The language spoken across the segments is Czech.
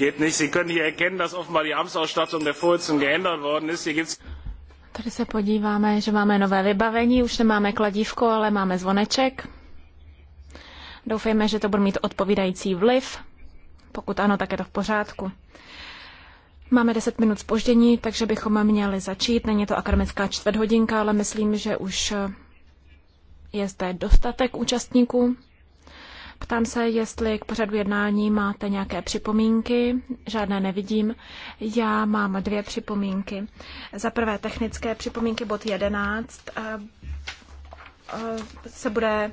geht nicht. Sie können hier erkennen, dass offenbar die Amtsausstattung der Vorsitzenden geändert worden ist. Hier gibt's Tady se podíváme, že máme nové vybavení, už nemáme kladívko, ale máme zvoneček. Doufejme, že to bude mít odpovídající vliv. Pokud ano, tak je to v pořádku. Máme 10 minut spoždění, takže bychom měli začít. Není to akademická čtvrthodinka, ale myslím, že už je zde dostatek účastníků. Ptám se, jestli k pořadu jednání máte nějaké připomínky. Žádné nevidím. Já mám dvě připomínky. Za prvé technické připomínky bod 11 eh, eh, se bude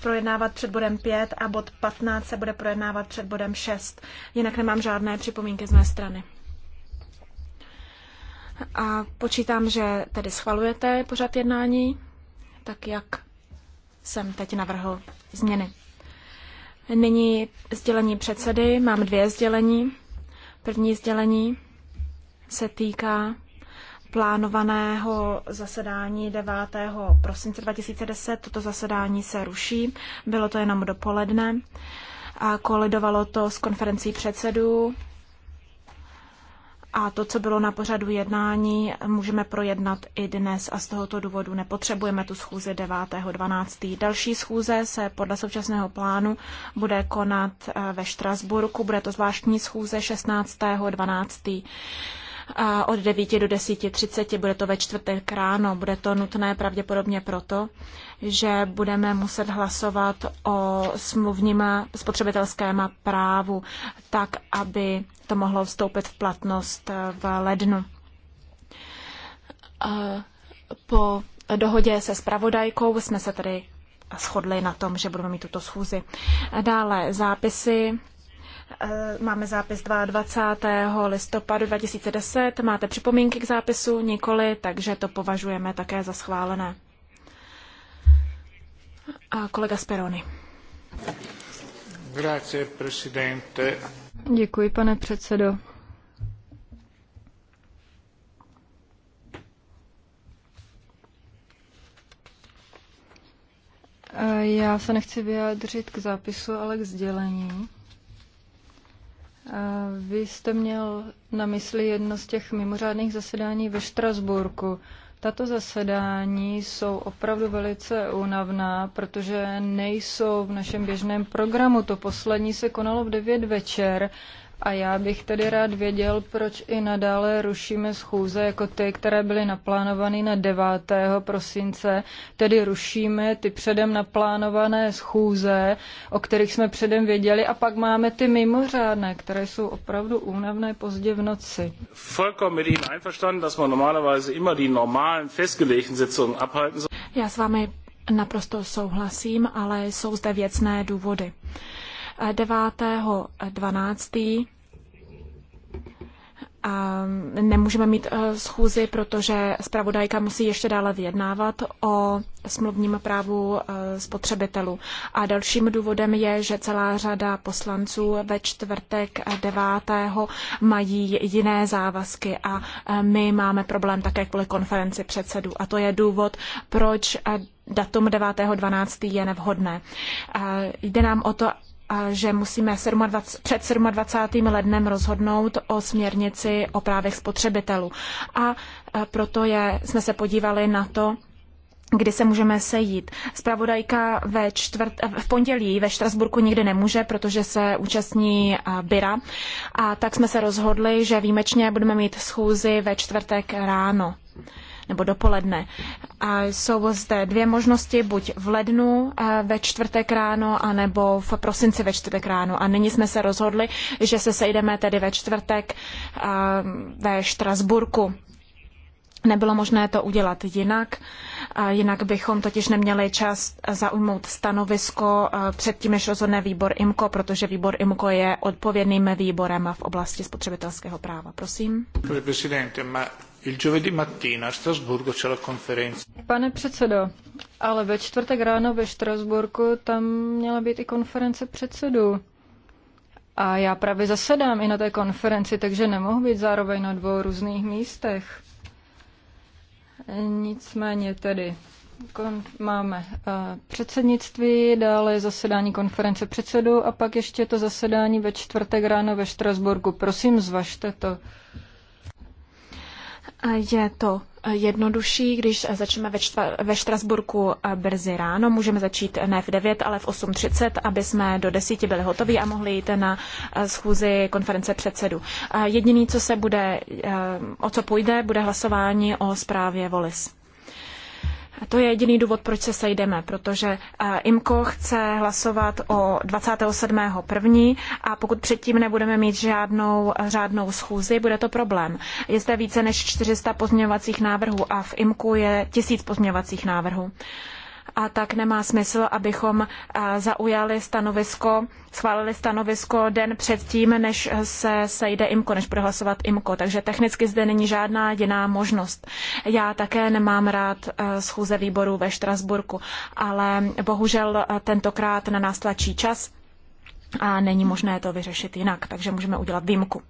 projednávat před bodem 5 a bod 15 se bude projednávat před bodem 6. Jinak nemám žádné připomínky z mé strany. A počítám, že tedy schvalujete pořad jednání, tak jak jsem teď navrhl změny. Nyní sdělení předsedy. Mám dvě sdělení. První sdělení se týká plánovaného zasedání 9. prosince 2010. Toto zasedání se ruší. Bylo to jenom dopoledne. A kolidovalo to s konferencí předsedů a to, co bylo na pořadu jednání, můžeme projednat i dnes a z tohoto důvodu nepotřebujeme tu schůzi 9.12. Další schůze se podle současného plánu bude konat eh, ve Štrasburku, bude to zvláštní schůze 16.12 od 9 do 10.30, bude to ve čtvrtek ráno. Bude to nutné pravděpodobně proto, že budeme muset hlasovat o smluvním spotřebitelském právu, tak aby to mohlo vstoupit v platnost v lednu. Po dohodě se spravodajkou jsme se tedy shodli na tom, že budeme mít tuto schůzi. Dále zápisy Eh, máme zápis 22. listopadu 2010. Máte připomínky k zápisu? Nikoli, takže to považujeme také za schválené. A kolega Speroni. Grazie, presidente. Děkuji, pane předsedo. Eh, já se nechci vyjádřit k zápisu, ale k sdělení. Vy jste měl na mysli jedno z těch mimořádných zasedání ve Štrasburku. Tato zasedání jsou opravdu velice únavná, protože nejsou v našem běžném programu. To poslední se konalo v 9 večer a já bych tedy rád věděl, proč i nadále rušíme schůze jako ty, které byly naplánovány na 9. prosince, tedy rušíme ty předem naplánované schůze, o kterých jsme předem věděli, a pak máme ty mimořádné, které jsou opravdu únavné pozdě v noci. Já s vámi naprosto souhlasím, ale jsou zde věcné důvody. 9.12. Nemůžeme mít eh, schůzi, protože zpravodajka musí ještě dále vyjednávat o smluvním právu eh, spotřebitelů. A dalším důvodem je, že celá řada poslanců ve čtvrtek 9. mají jiné závazky a eh, my máme problém také kvůli konferenci předsedů. A to je důvod, proč datum 9.12. je nevhodné. Jde nám o to, že musíme 27, před 27. lednem rozhodnout o směrnici o právech spotřebitelů. A proto je, jsme se podívali na to, kdy se můžeme sejít. Spravodajka ve čtvrt, v pondělí ve Štrasburku nikdy nemůže, protože se účastní Byra. A tak jsme se rozhodli, že výjimečně budeme mít schůzi ve čtvrtek ráno nebo dopoledne. A jsou zde dvě možnosti, buď v lednu eh, ve čtvrtek ráno, anebo v prosinci ve čtvrtek ráno. A nyní jsme se rozhodli, že se sejdeme tedy ve čtvrtek eh, ve Štrasburku. Nebylo možné to udělat jinak, eh, jinak bychom totiž neměli čas zaujmout stanovisko předtím, než rozhodne výbor IMCO, protože výbor IMCO je odpovědným výborem v oblasti spotřebitelského práva. Prosím. Pane předsedo, ale ve čtvrtek ráno ve Štrasburku tam měla být i konference předsedů. A já právě zasedám i na té konferenci, takže nemohu být zároveň na dvou různých místech. Nicméně tedy kon- máme uh, předsednictví, dále zasedání konference předsedů a pak ještě to zasedání ve čtvrtek ráno ve Štrasburku. Prosím, zvažte to. Uh, je to jednodušší, když začneme ve, čtva, ve Štrasburku brzy ráno. Můžeme začít ne v 9, ale v 8.30, aby jsme do 10 byli hotoví a mohli jít na schůzi konference předsedu. Jediný, co se bude, eh, o co půjde, bude hlasování o zprávě Volis. To je jediný důvod, proč se sejdeme, protože eh, IMKO chce hlasovat o 27.1. a pokud předtím nebudeme mít žádnou eh, řádnou schůzi, bude to problém. Je zde více než 400 pozměňovacích návrhů a v IMKU je tisíc pozměňovacích návrhů a tak nemá smysl, abychom eh, zaujali stanovisko, schválili stanovisko den předtím, než se sejde IMKO, než prohlasovat IMKO. Takže technicky zde není žádná jiná možnost. Já také nemám rád eh, schůze výboru ve Štrasburku, ale bohužel eh, tentokrát na nás tlačí čas a není možné to vyřešit jinak, takže můžeme udělat výjimku.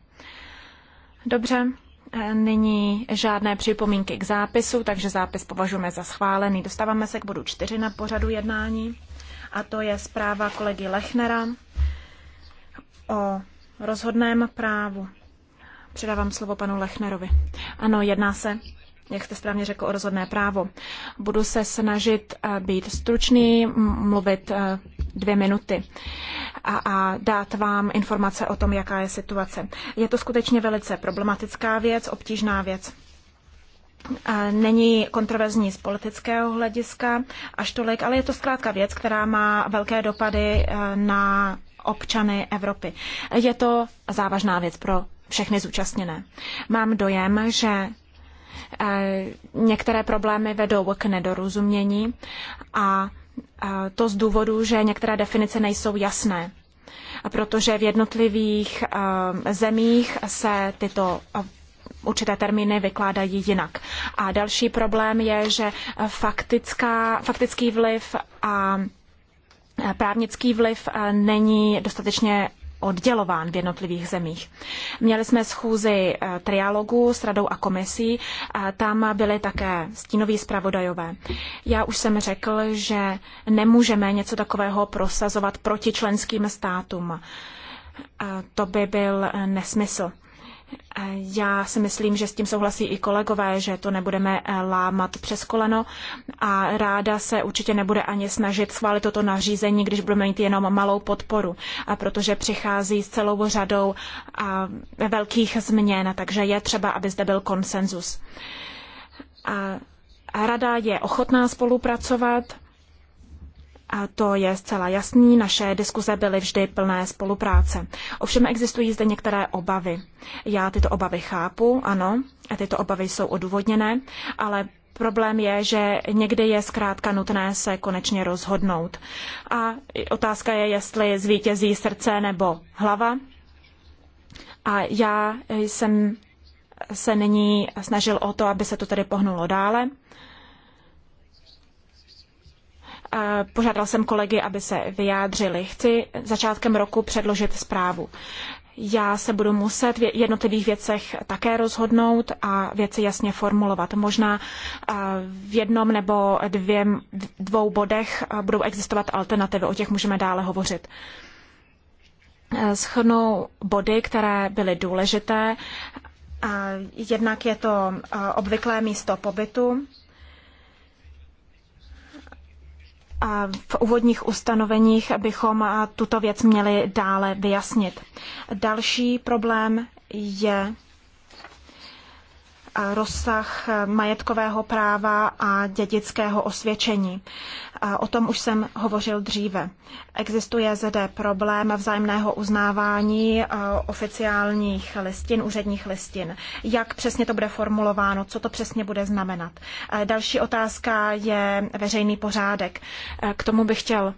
Dobře. Nyní žádné připomínky k zápisu, takže zápis považujeme za schválený. Dostáváme se k bodu 4 na pořadu jednání a to je zpráva kolegy Lechnera o rozhodném právu. Předávám slovo panu Lechnerovi. Ano, jedná se, jak jste správně řekl, o rozhodné právo. Budu se snažit eh, být stručný, mluvit eh, dvě minuty a, a dát vám informace o tom, jaká je situace. Je to skutečně velice problematická věc, obtížná věc. Není kontroverzní z politického hlediska až tolik, ale je to zkrátka věc, která má velké dopady eh, na občany Evropy. Je to závažná věc pro všechny zúčastněné. Mám dojem, že eh, některé problémy vedou k nedorozumění a to z důvodu, že některé definice nejsou jasné. A protože v jednotlivých eh, zemích se tyto eh, určité termíny vykládají jinak. A další problém je, že faktická, faktický vliv a eh, právnický vliv není dostatečně oddělován v jednotlivých zemích. Měli jsme schůzi eh, trialogu s radou a komisí, a eh, tam byly také stínoví zpravodajové. Já už jsem řekl, že nemůžeme něco takového prosazovat proti členským státům. A eh, to by byl nesmysl. Já si myslím, že s tím souhlasí i kolegové, že to nebudeme eh, lámat přes koleno a ráda se určitě nebude ani snažit schválit toto nařízení, když budeme mít jenom malou podporu, a protože přichází s celou řadou a velkých změn, takže je třeba, aby zde byl konsenzus. A Rada je ochotná spolupracovat a to je zcela jasný, naše diskuze byly vždy plné spolupráce. Ovšem existují zde některé obavy. Já tyto obavy chápu, ano, a tyto obavy jsou odůvodněné, ale Problém je, že někdy je zkrátka nutné se konečně rozhodnout. A otázka je, jestli zvítězí srdce nebo hlava. A já jsem se nyní snažil o to, aby se to tedy pohnulo dále. Požádal jsem kolegy, aby se vyjádřili. Chci začátkem roku předložit zprávu. Já se budu muset v jednotlivých věcech také rozhodnout a věci jasně formulovat. Možná v jednom nebo dvěm, dvou bodech budou existovat alternativy, o těch můžeme dále hovořit. Schrnu body, které byly důležité. Jednak je to obvyklé místo pobytu v úvodních ustanoveních bychom tuto věc měli dále vyjasnit. Další problém je rozsah majetkového práva a dědického osvědčení. O tom už jsem hovořil dříve. Existuje zde problém vzájemného uznávání oficiálních listin, úředních listin. Jak přesně to bude formulováno, co to přesně bude znamenat. Další otázka je veřejný pořádek. K tomu bych chtěl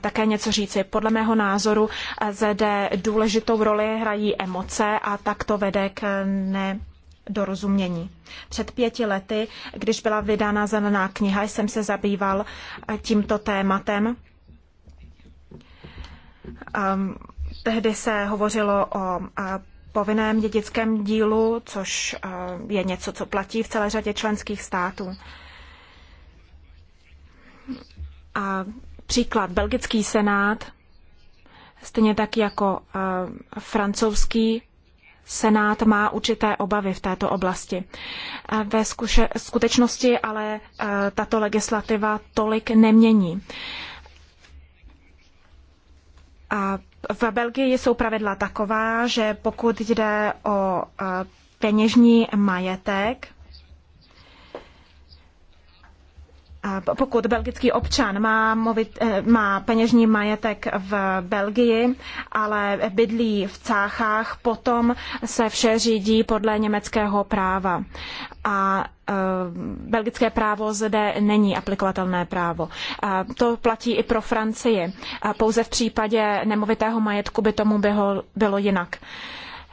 také něco říci. Podle mého názoru zde důležitou roli hrají emoce a tak to vede k ne dorozumění. Před pěti lety, když byla vydána zelená kniha, jsem se zabýval eh, tímto tématem. Um, tehdy se hovořilo o eh, povinném dědickém dílu, což eh, je něco, co platí v celé řadě členských států. A příklad belgický senát, stejně tak jako francouzský Senát má určité obavy v této oblasti. Ve zkuše, skutečnosti ale e, tato legislativa tolik nemění. A v Belgii jsou pravidla taková, že pokud jde o e, peněžní majetek, pokud belgický občan má, movit, eh, má peněžní majetek v Belgii, ale bydlí v Cáchách, potom se vše řídí podle německého práva. A eh, belgické právo zde není aplikovatelné právo. To platí i pro Francii. Pouze v případě nemovitého majetku by tomu bylo, bylo jinak.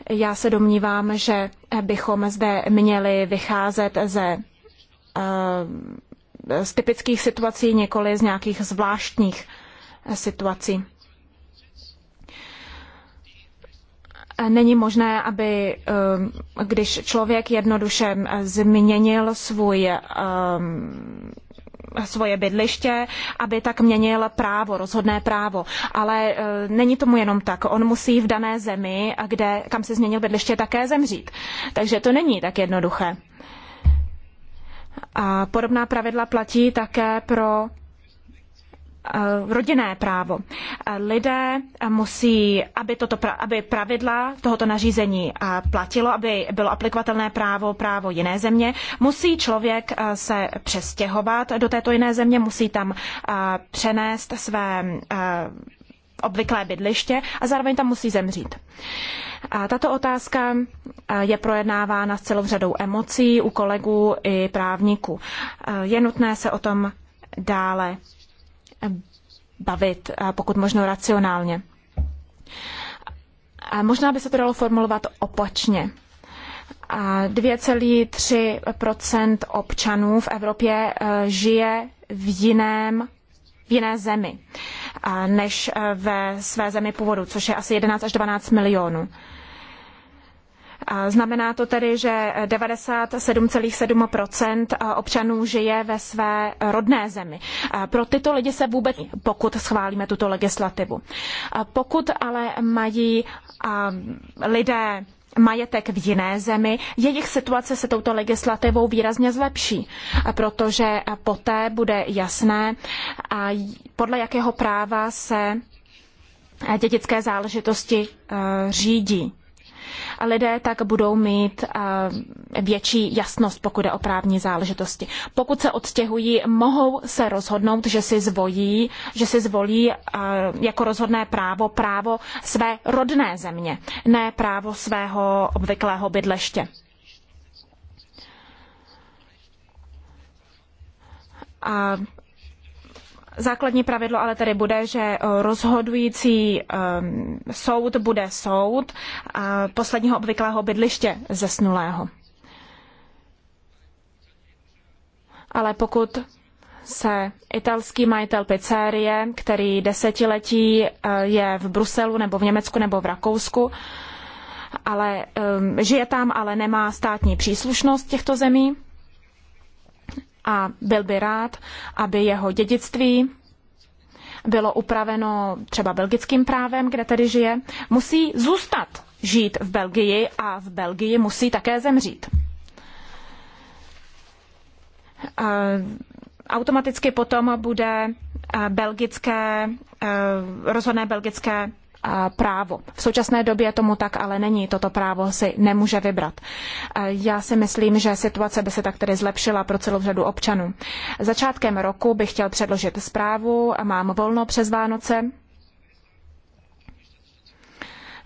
Já se domnívám, že bychom zde měli vycházet ze eh, z typických situací, nikoli z nějakých zvláštních eh, situací. Není možné, aby eh, když člověk jednoduše eh, změnil svůj svoje bydliště, aby tak měnil právo, rozhodné právo. Ale není tomu jenom tak. On musí v dané zemi, kde, kam se změnil bydliště, také zemřít. Takže to není tak jednoduché. A podobná pravidla platí také pro eh, rodinné právo. Eh, lidé musí, aby, toto, aby pravidla tohoto nařízení eh, platilo, aby bylo aplikovatelné právo, právo jiné země, musí člověk se přestěhovat do této jiné země, musí tam přenést své obvyklé bydliště a zároveň tam musí zemřít. A tato otázka je projednávána s celou řadou emocí u kolegů i právníků. Je nutné se o tom dále bavit, pokud možno racionálně. A možná by se to dalo formulovat opačně. 2,3 občanů v Evropě e, žije v, jiném, v jiné zemi než eh, ve své zemi původu, což je asi 11 až 12 milionů. Znamená to tedy, že 97,7 eh, občanů žije ve své rodné zemi. Pro tyto lidi se vůbec, pokud schválíme tuto legislativu. Pokud ale mají lidé majetek v jiné zemi, jejich situace se touto legislativou výrazně zlepší, protože poté bude jasné, podle jakého práva se dědické záležitosti eh, řídí lidé tak budou mít eh, větší jasnost, pokud je o právní záležitosti. Pokud se odstěhují, mohou se rozhodnout, že si zvolí, že si zvolí eh, jako rozhodné právo právo své rodné země, ne právo svého obvyklého bydleště. A Základní pravidlo ale tedy bude, že eh, rozhodující um, soud bude soud a posledního obvyklého bydliště zesnulého. Ale pokud se italský majitel pizzerie, který desetiletí eh, je v Bruselu nebo v Německu nebo v Rakousku, ale um, žije tam, ale nemá státní příslušnost těchto zemí, a byl by rád, aby jeho dědictví bylo upraveno třeba belgickým právem, kde tedy žije, musí zůstat žít v Belgii a v Belgii musí také zemřít. Automaticky potom bude eh, belgické, eh, rozhodné belgické právo. V současné době tomu tak ale není, toto právo si nemůže vybrat. Já si myslím, že situace by se tak tedy zlepšila pro celou řadu občanů. Začátkem roku bych chtěl předložit zprávu, mám volno přes Vánoce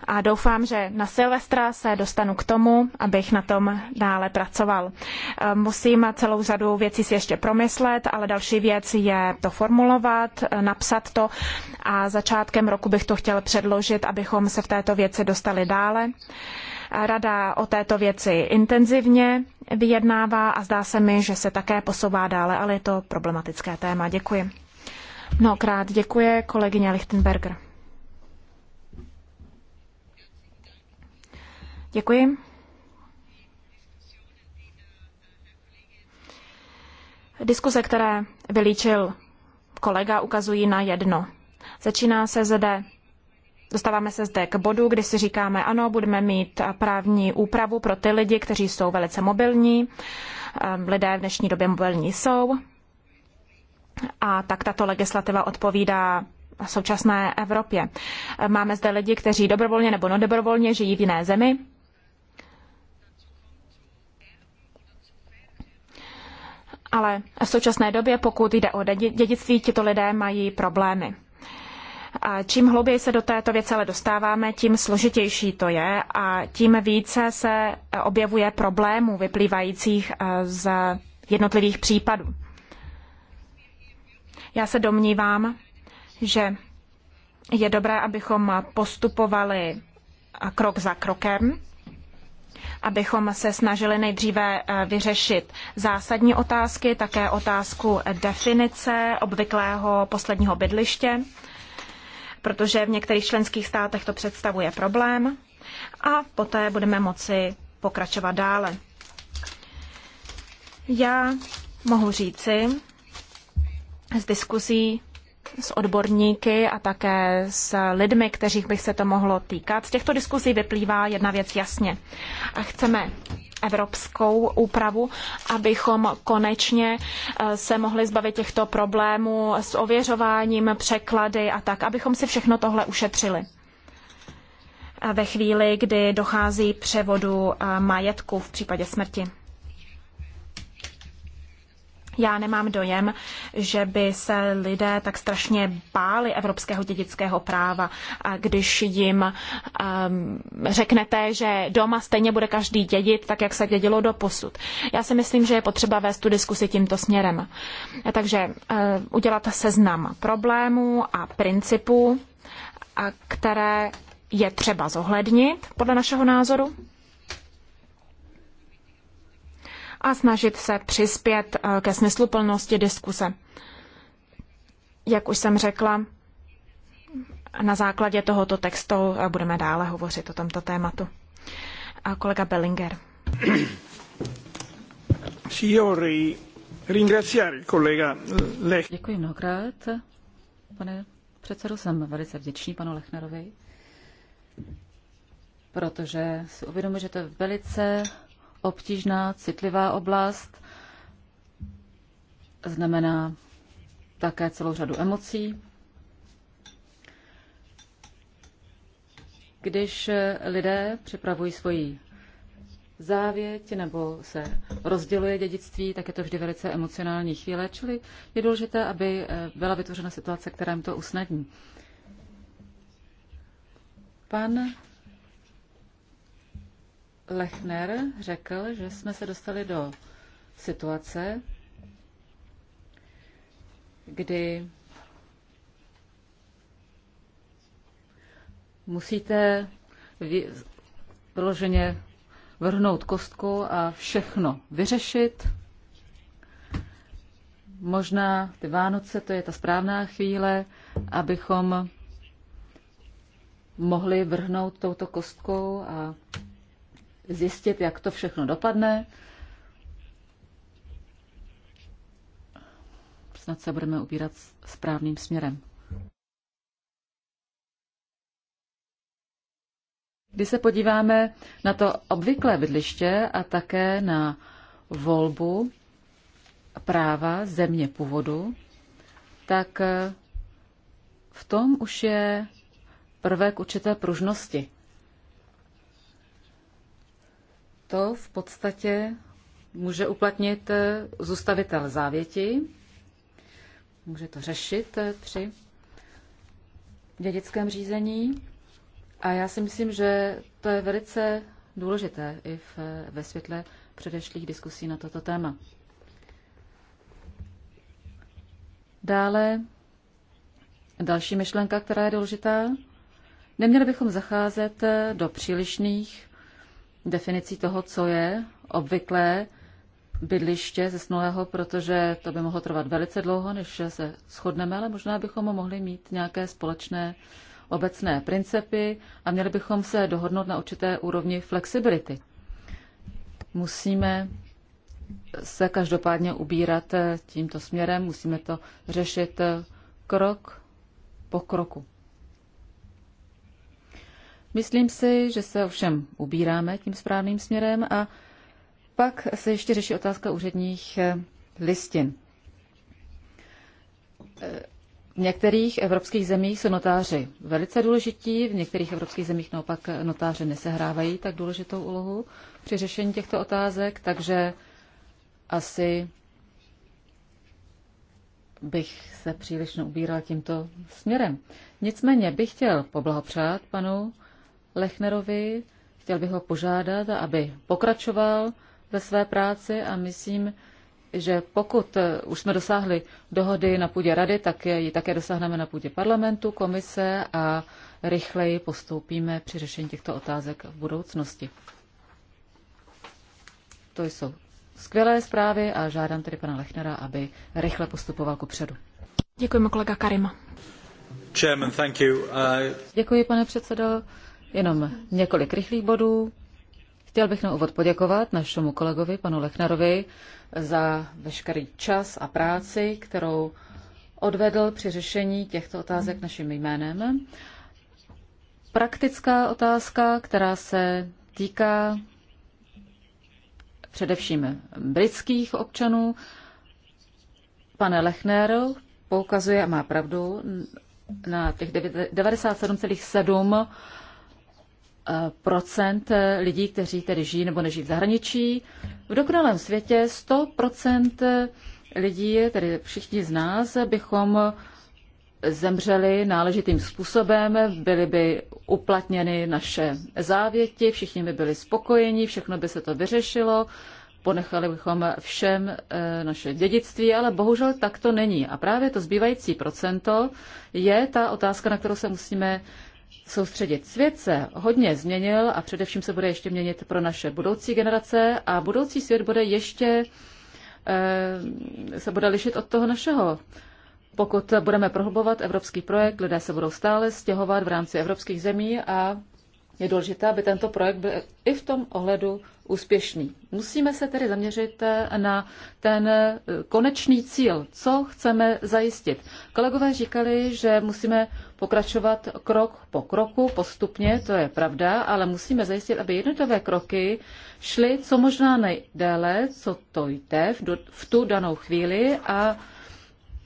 a doufám, že na Silvestra se dostanu k tomu, abych na tom dále pracoval. Ehm, musím celou řadu věcí si ještě promyslet, ale další věc je to formulovat, eh, napsat to a začátkem roku bych to chtěl předložit, abychom se v této věci dostali dále. Rada o této věci intenzivně vyjednává a zdá se mi, že se také posouvá dále, ale je to problematické téma. Děkuji. Mnohokrát děkuji kolegyně Lichtenberger. Děkuji. Diskuse, které vylíčil kolega, ukazují na jedno. Začíná se zde Dostáváme se zde k bodu, kdy si říkáme, ano, budeme mít právní úpravu pro ty lidi, kteří jsou velice mobilní. Ehm, lidé v dnešní době mobilní jsou. A tak tato legislativa odpovídá současné Evropě. Ehm, máme zde lidi, kteří dobrovolně nebo nedobrovolně žijí v jiné zemi ale v současné době, pokud jde o dědictví, tito lidé mají problémy. A čím hlouběji se do této věci ale dostáváme, tím složitější to je a tím více se objevuje problémů vyplývajících eh, z jednotlivých případů. Já se domnívám, že je dobré, abychom postupovali eh, krok za krokem abychom se snažili nejdříve eh, vyřešit zásadní otázky, také otázku definice obvyklého posledního bydliště, protože v některých členských státech to představuje problém a poté budeme moci pokračovat dále. Já mohu říci z diskuzí s odborníky a také s lidmi, kteřích bych se to mohlo týkat. Z těchto diskuzí vyplývá jedna věc jasně. A chceme evropskou úpravu, abychom konečně eh, se mohli zbavit těchto problémů s ověřováním, překlady a tak, abychom si všechno tohle ušetřili. A ve chvíli, kdy dochází převodu eh, majetku v případě smrti. Já nemám dojem, že by se lidé tak strašně báli evropského dědického práva, když jim um, řeknete, že doma stejně bude každý dědit, tak jak se dědilo do posud. Já si myslím, že je potřeba vést tu diskusi tímto směrem. Takže uh, udělat seznam problémů a principů, a které je třeba zohlednit podle našeho názoru a snažit se přispět eh, ke smysluplnosti diskuse. Jak už jsem řekla, na základě tohoto textu eh, budeme dále hovořit o tomto tématu. A kolega Bellinger. Děkuji mnohokrát, pane předsedo. Jsem velice vděčný panu Lechnerovi, protože si uvědomuji, že to je velice obtížná, citlivá oblast. Znamená také celou řadu emocí. Když lidé připravují svoji závěť nebo se rozděluje dědictví, tak je to vždy velice emocionální chvíle, čili je důležité, aby eh, byla vytvořena situace, která jim to usnadní. Pan Lechner řekl, že jsme se dostali do situace, kdy musíte vyloženě vrhnout kostku a všechno vyřešit. Možná ty Vánoce, to je ta správná chvíle, abychom mohli vrhnout touto kostkou a zjistit, jak to všechno dopadne. Snad se budeme ubírat správným směrem. Když se podíváme na to obvyklé bydliště a také na volbu práva země původu, tak v tom už je prvek určité pružnosti. to v podstatě může uplatnit eh, zůstavitel závěti, může to řešit eh, při dědickém řízení. A já si myslím, že to je velice důležité i v, eh, ve světle předešlých diskusí na toto téma. Dále další myšlenka, která je důležitá. Neměli bychom zacházet do přílišných definicí toho, co je obvyklé bydliště zesnulého, protože to by mohlo trvat velice dlouho, než se shodneme, ale možná bychom mohli mít nějaké společné obecné principy a měli bychom se dohodnout na určité úrovni flexibility. Musíme se každopádně ubírat tímto směrem, musíme to řešit krok po kroku. Myslím si, že se ovšem ubíráme tím správným směrem a pak se ještě řeší otázka úředních eh, listin. Eh, v některých evropských zemích jsou notáři velice důležití, v některých evropských zemích naopak notáři nesehrávají tak důležitou úlohu při řešení těchto otázek, takže asi bych se příliš neubíral tímto směrem. Nicméně bych chtěl poblahopřát panu Lechnerovi. Chtěl bych ho požádat, aby pokračoval ve své práci a myslím, že pokud eh, už jsme dosáhli dohody na půdě rady, tak ji také dosáhneme na půdě parlamentu, komise a rychleji postoupíme při řešení těchto otázek v budoucnosti. To jsou skvělé zprávy a žádám tedy pana Lechnera, aby rychle postupoval ku předu. Děkujeme kolega Karima. Chairman, thank you. Uh... Děkuji, pane předsedo. Jenom několik rychlých bodů. Chtěl bych na úvod poděkovat našemu kolegovi, panu Lechnerovi, za veškerý čas a práci, kterou odvedl při řešení těchto otázek naším jménem. Praktická otázka, která se týká především britských občanů. Pane Lechner poukazuje a má pravdu na těch 97,7 procent eh, lidí, kteří tedy žijí nebo nežijí v zahraničí. V dokonalém světě 100 eh, lidí, tedy všichni z nás, bychom zemřeli náležitým způsobem, byly by uplatněny naše závěti, všichni by byli spokojeni, všechno by se to vyřešilo, ponechali bychom všem eh, naše dědictví, ale bohužel tak to není. A právě to zbývající procento je ta otázka, na kterou se musíme soustředit. Svět se hodně změnil a především se bude ještě měnit pro naše budoucí generace a budoucí svět bude ještě eh, se bude lišit od toho našeho. Pokud budeme prohlubovat evropský projekt, lidé se budou stále stěhovat v rámci evropských zemí a je důležité, aby tento projekt byl i v tom ohledu úspěšný. Musíme se tedy zaměřit eh, na ten eh, konečný cíl, co chceme zajistit. Kolegové říkali, že musíme pokračovat krok po kroku, postupně, to je pravda, ale musíme zajistit, aby jednotové kroky šly co možná nejdéle, co to jde v tu danou chvíli a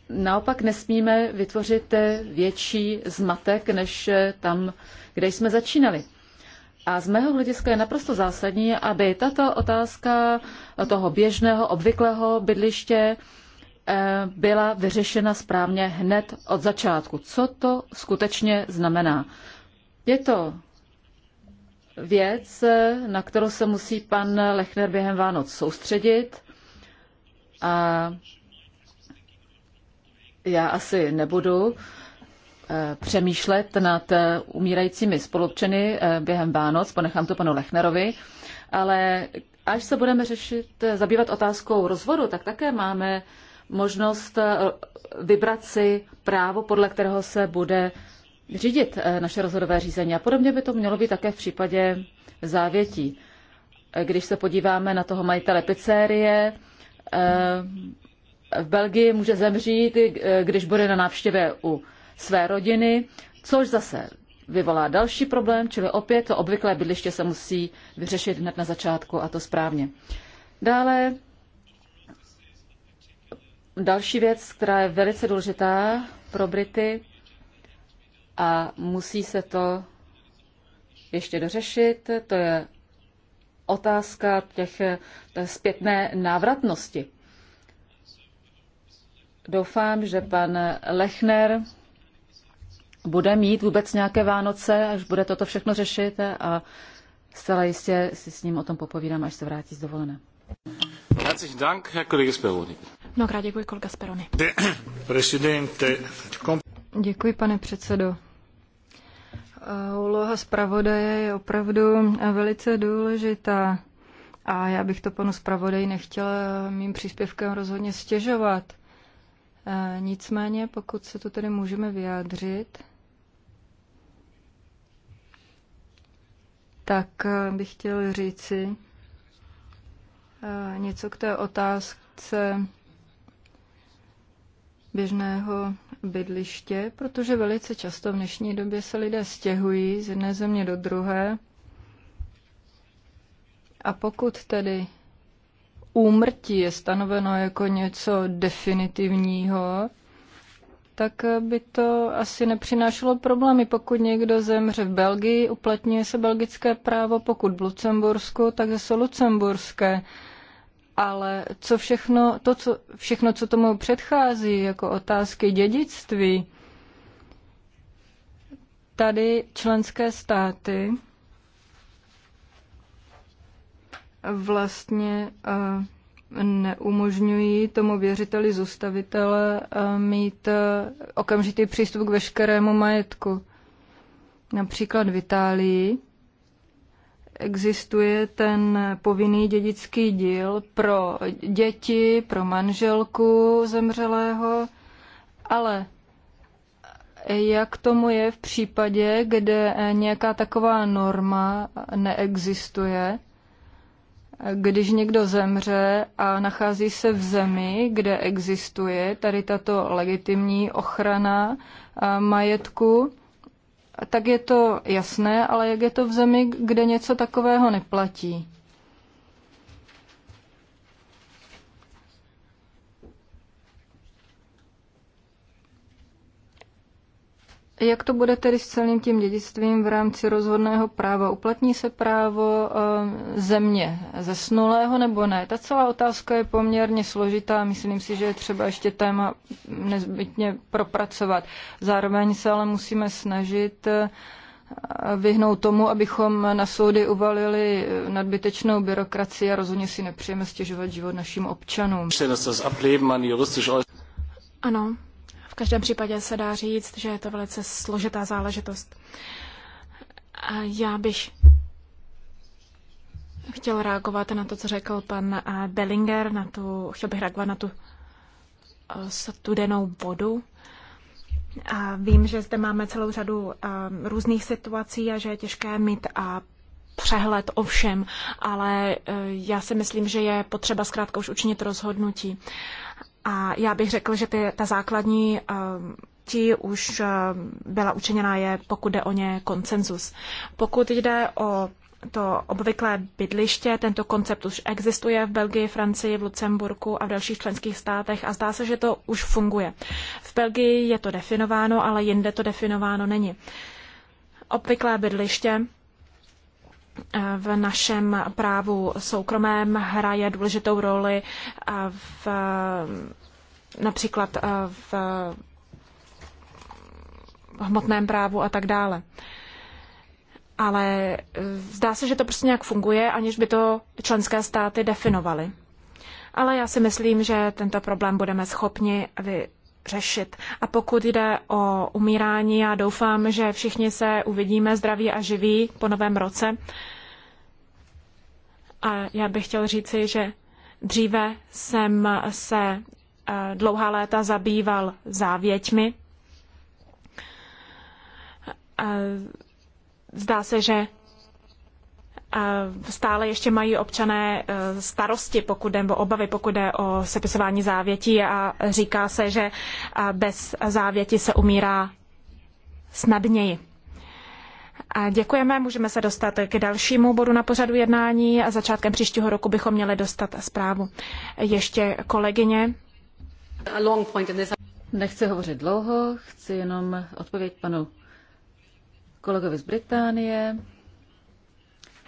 naopak nesmíme vytvořit eh, větší zmatek, než tam, kde jsme začínali. A z mého hlediska je naprosto zásadní, aby tato otázka toho běžného, obvyklého bydliště eh, byla vyřešena správně hned od začátku. Co to skutečně znamená? Je to věc, na kterou se musí pan Lechner během Vánoc soustředit. A já asi nebudu Eh, přemýšlet nad eh, umírajícími spolupčany eh, během Vánoc, ponechám to panu Lechnerovi, ale až se budeme řešit, zabývat otázkou rozvodu, tak také máme možnost vybrat si právo, podle kterého se bude řídit naše rozhodové řízení. A podobně by to mělo být také v případě závětí. Když se podíváme na toho majitele pizzerie, v Belgii může zemřít, když bude na návštěvě u své rodiny, což zase vyvolá další problém, čili opět to obvyklé bydliště se musí vyřešit hned na začátku a to správně. Dále další věc, která je velice důležitá pro Brity a musí se to ještě dořešit, to je otázka těch zpětné návratnosti. Doufám, že pan Lechner bude mít vůbec nějaké Vánoce, až bude toto všechno řešit a zcela jistě si s ním o tom popovídám, až se vrátí z dovolené. Herzlichen Dank, Herr Kollege Speroni. Mnohokrát děkuji, kolega Speroni. Děkuji, pane předsedo. Eh, úloha zpravodaje je opravdu eh, velice důležitá a já bych to panu zpravodaji nechtěla mým příspěvkem rozhodně stěžovat. Eh, nicméně, pokud se tu tedy můžeme vyjádřit, tak eh, bych chtěl říci eh, něco k té otázce běžného bydliště, protože velice často v dnešní době se lidé stěhují z jedné země do druhé. A pokud tedy úmrtí je stanoveno jako něco definitivního, tak eh, by to asi nepřinášelo problémy. Pokud někdo zemře v Belgii, uplatňuje se belgické právo, pokud v Lucembursku, tak zase lucemburské. Ale co všechno, to, co, všechno, co tomu předchází, jako otázky dědictví, tady členské státy vlastně uh, neumožňují tomu věřiteli zůstavitele eh, mít eh, okamžitý přístup k veškerému majetku. Například v Itálii existuje ten povinný dědický díl pro děti, pro manželku zemřelého, ale jak tomu je v případě, kde nějaká taková norma neexistuje, když někdo zemře a nachází se v zemi, kde existuje tady tato legitimní ochrana eh, majetku, tak je to jasné, ale jak je to v zemi, kde něco takového neplatí? Jak to bude tedy s celým tím dědictvím v rámci rozhodného práva? Uplatní se právo eh, země zesnulého nebo ne? Ta celá otázka je poměrně složitá. Myslím si, že je třeba ještě téma nezbytně propracovat. Zároveň se ale musíme snažit eh, vyhnout tomu, abychom na soudy uvalili nadbytečnou byrokracii a rozhodně si nepřejeme stěžovat život našim občanům. Ano, v každém případě se dá říct, že je to velice složitá záležitost. A já bych chtěl reagovat na to, co řekl pan eh, Bellinger, na tu, chtěl bych reagovat na tu eh, studenou vodu. A vím, že zde máme celou řadu eh, různých situací a že je těžké mít a přehled o všem, ale já si myslím, že je potřeba zkrátka už učinit rozhodnutí. A já bych řekl, že ty, ta základní ehm, ti už ehm, byla učiněna je, pokud jde o ně, koncenzus. Pokud jde o to obvyklé bydliště, tento koncept už existuje v Belgii, Francii, v Lucemburku a v dalších členských státech a zdá se, že to už funguje. V Belgii je to definováno, ale jinde to definováno není. Obvyklé bydliště v našem právu soukromém hraje důležitou roli v, například v hmotném právu a tak dále. Ale zdá se, že to prostě nějak funguje, aniž by to členské státy definovaly. Ale já si myslím, že tento problém budeme schopni vy, řešit. A pokud jde o umírání, já doufám, že všichni se uvidíme zdraví a živí po novém roce. A já bych chtěl říci, že dříve jsem se eh, dlouhá léta zabýval závěťmi. Eh, zdá se, že stále ještě mají občané e, starosti, pokud jde, nebo obavy, pokud jde o sepisování závětí a říká se, že e, bez závěti se umírá snadněji. A děkujeme, můžeme se dostat k dalšímu bodu na pořadu jednání a začátkem příštího roku bychom měli dostat zprávu. Ještě kolegyně. Nechci hovořit dlouho, chci jenom odpovědět panu kolegovi z Británie.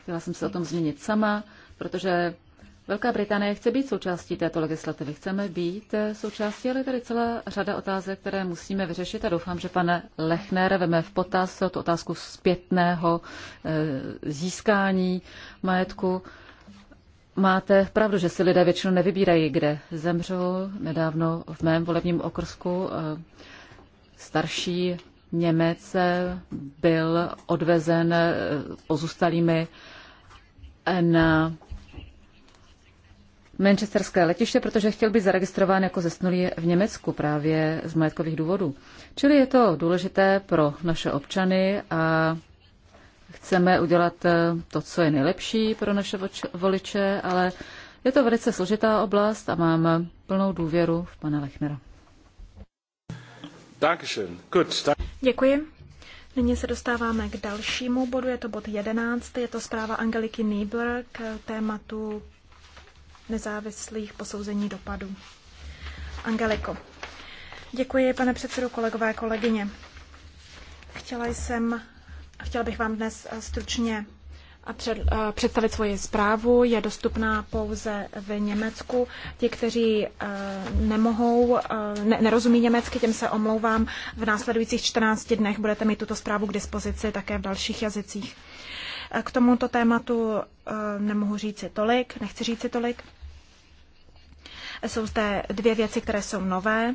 Chtěla jsem se o tom zmínit sama, protože Velká Británie chce být součástí této legislativy. Chceme být součástí, ale tady celá řada otázek, které musíme vyřešit a doufám, že pane Lechner veme v potaz tu otázku zpětného eh, získání majetku. Máte pravdu, že si lidé většinou nevybírají, kde zemřou. Nedávno v mém volebním okrsku eh, starší Němec eh, byl odvezen pozůstalými na manchesterské letiště, protože chtěl být zaregistrován jako zesnulý v Německu právě z majetkových důvodů. Čili je to důležité pro naše občany a chceme udělat eh, to, co je nejlepší pro naše voliče, ale je to velice složitá oblast a mám plnou důvěru v pana Lechnera. Děkuji. Nyní se dostáváme k dalšímu bodu, je to bod 11, je to zpráva Angeliky Niebler k tématu nezávislých posouzení dopadů. Angeliko. Děkuji, pane předsedu, kolegové, kolegyně. Chtěla jsem, chtěla bych vám dnes stručně a před, a představit svoji zprávu. Je dostupná pouze v Německu. Ti, kteří e, nemohou, e, ne, nerozumí německy, těm se omlouvám. V následujících 14 dnech budete mít tuto zprávu k dispozici také v dalších jazycích. E, k tomuto tématu nemohu říci tolik, nechci říci tolik. Jsou zde dvě věci, které jsou nové.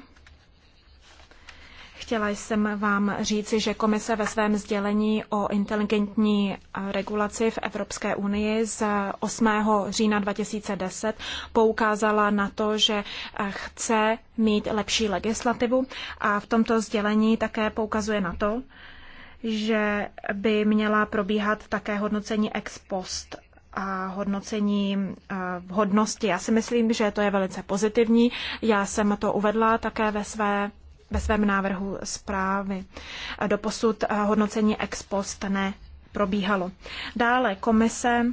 Chtěla jsem vám říci, že komise ve svém sdělení o inteligentní regulaci v Evropské unii z 8. října 2010 poukázala na to, že chce mít lepší legislativu a v tomto sdělení také poukazuje na to, že by měla probíhat také hodnocení ex post a hodnocení eh, vhodnosti. Já si myslím, že to je velice pozitivní. Já jsem to uvedla také ve své ve svém návrhu zprávy. Doposud eh, hodnocení ex post neprobíhalo. Dále komise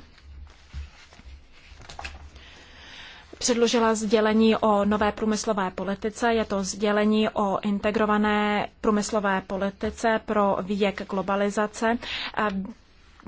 předložila sdělení o nové průmyslové politice. Je to sdělení o integrované průmyslové politice pro výjek globalizace. Eh,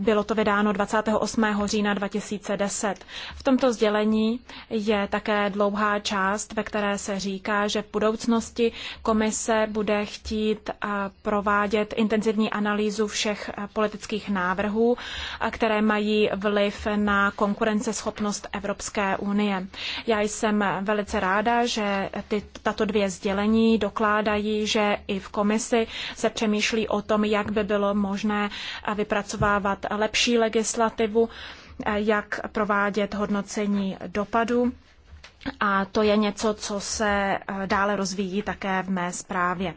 bylo to vydáno 28. října 2010. V tomto sdělení je také dlouhá část, ve které se říká, že v budoucnosti komise bude chtít eh, provádět intenzivní analýzu všech eh, politických návrhů, eh, které mají vliv na konkurenceschopnost Evropské unie. Já jsem velice ráda, že ty, tato dvě sdělení dokládají, že i v komisi se přemýšlí o tom, jak by bylo možné vypracovávat lepší legislativu, eh, jak provádět hodnocení dopadu. A to je něco, co se eh, dále rozvíjí také v mé zprávě.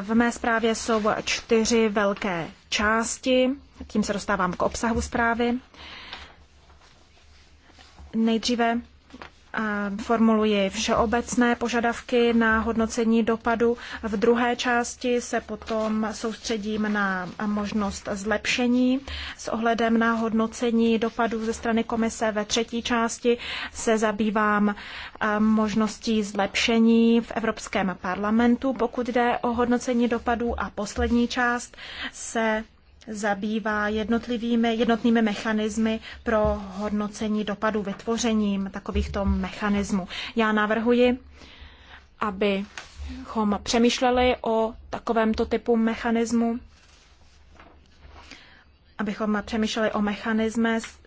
v mé zprávě jsou čtyři velké části, tím se dostávám k obsahu zprávy. Nejdříve formuluji všeobecné požadavky na hodnocení dopadu. V druhé části se potom soustředím na možnost zlepšení s ohledem na hodnocení dopadu ze strany komise. Ve třetí části se zabývám eh, možností zlepšení v Evropském parlamentu, pokud jde o hodnocení dopadu A poslední část se zabývá jednotlivými, jednotnými mechanismy pro hodnocení dopadu vytvořením takovýchto mechanismů. Já navrhuji, abychom přemýšleli o takovémto typu mechanismu, abychom přemýšleli o